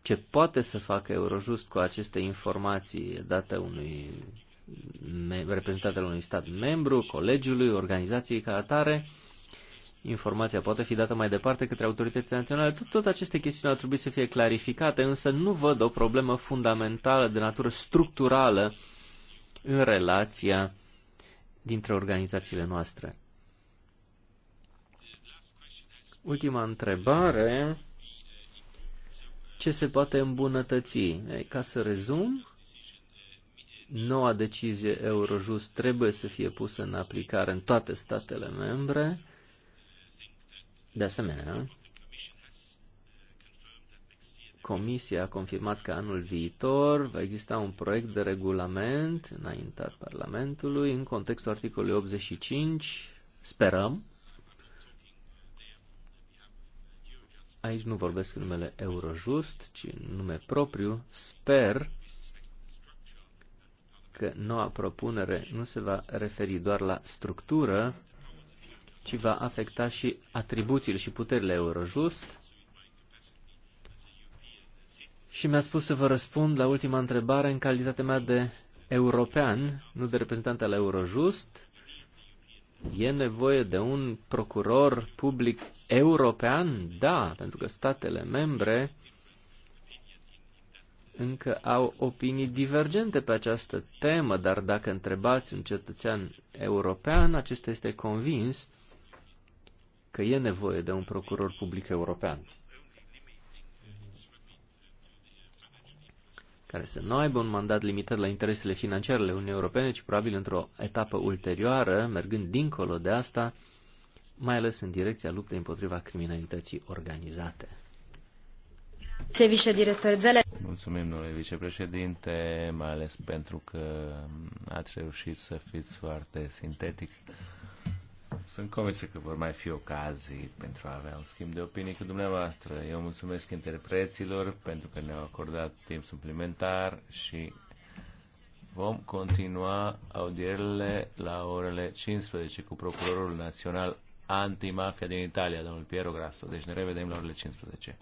ce poate să facă Eurojust cu aceste informații date unui reprezentant unui stat membru, colegiului, organizației ca atare, informația poate fi dată mai departe către autoritățile naționale. Tot, tot aceste chestiuni ar trebui să fie clarificate, însă nu văd o problemă fundamentală de natură structurală în relația dintre organizațiile noastre. Ultima întrebare. Ce se poate îmbunătăți? Ei, ca să rezum, noua decizie Eurojust trebuie să fie pusă în aplicare în toate statele membre. De asemenea, Comisia a confirmat că anul viitor va exista un proiect de regulament înaintat Parlamentului în contextul articolului 85, sperăm. Aici nu vorbesc în numele Eurojust, ci în nume propriu. Sper că noua propunere nu se va referi doar la structură, ci va afecta și atribuțiile și puterile Eurojust și mi-a spus să vă răspund la ultima întrebare în calitatea mea de european, nu de reprezentant al Eurojust. E nevoie de un procuror public european? Da, pentru că statele membre încă au opinii divergente pe această temă, dar dacă întrebați un cetățean european, acesta este convins că e nevoie de un procuror public european. care să nu aibă un mandat limitat la interesele financiare ale Uniunii Europene, ci probabil într-o etapă ulterioară, mergând dincolo de asta, mai ales în direcția luptei împotriva criminalității organizate. Mulțumim, domnule vicepreședinte, mai ales pentru că ați reușit să fiți foarte sintetic. Sunt convins că vor mai fi ocazii pentru a avea un schimb de opinie cu dumneavoastră. Eu mulțumesc interpreților pentru că ne-au acordat timp suplimentar și vom continua audierile la orele 15 cu Procurorul Național Antimafia din Italia, domnul Piero Grasso. Deci ne revedem la orele 15.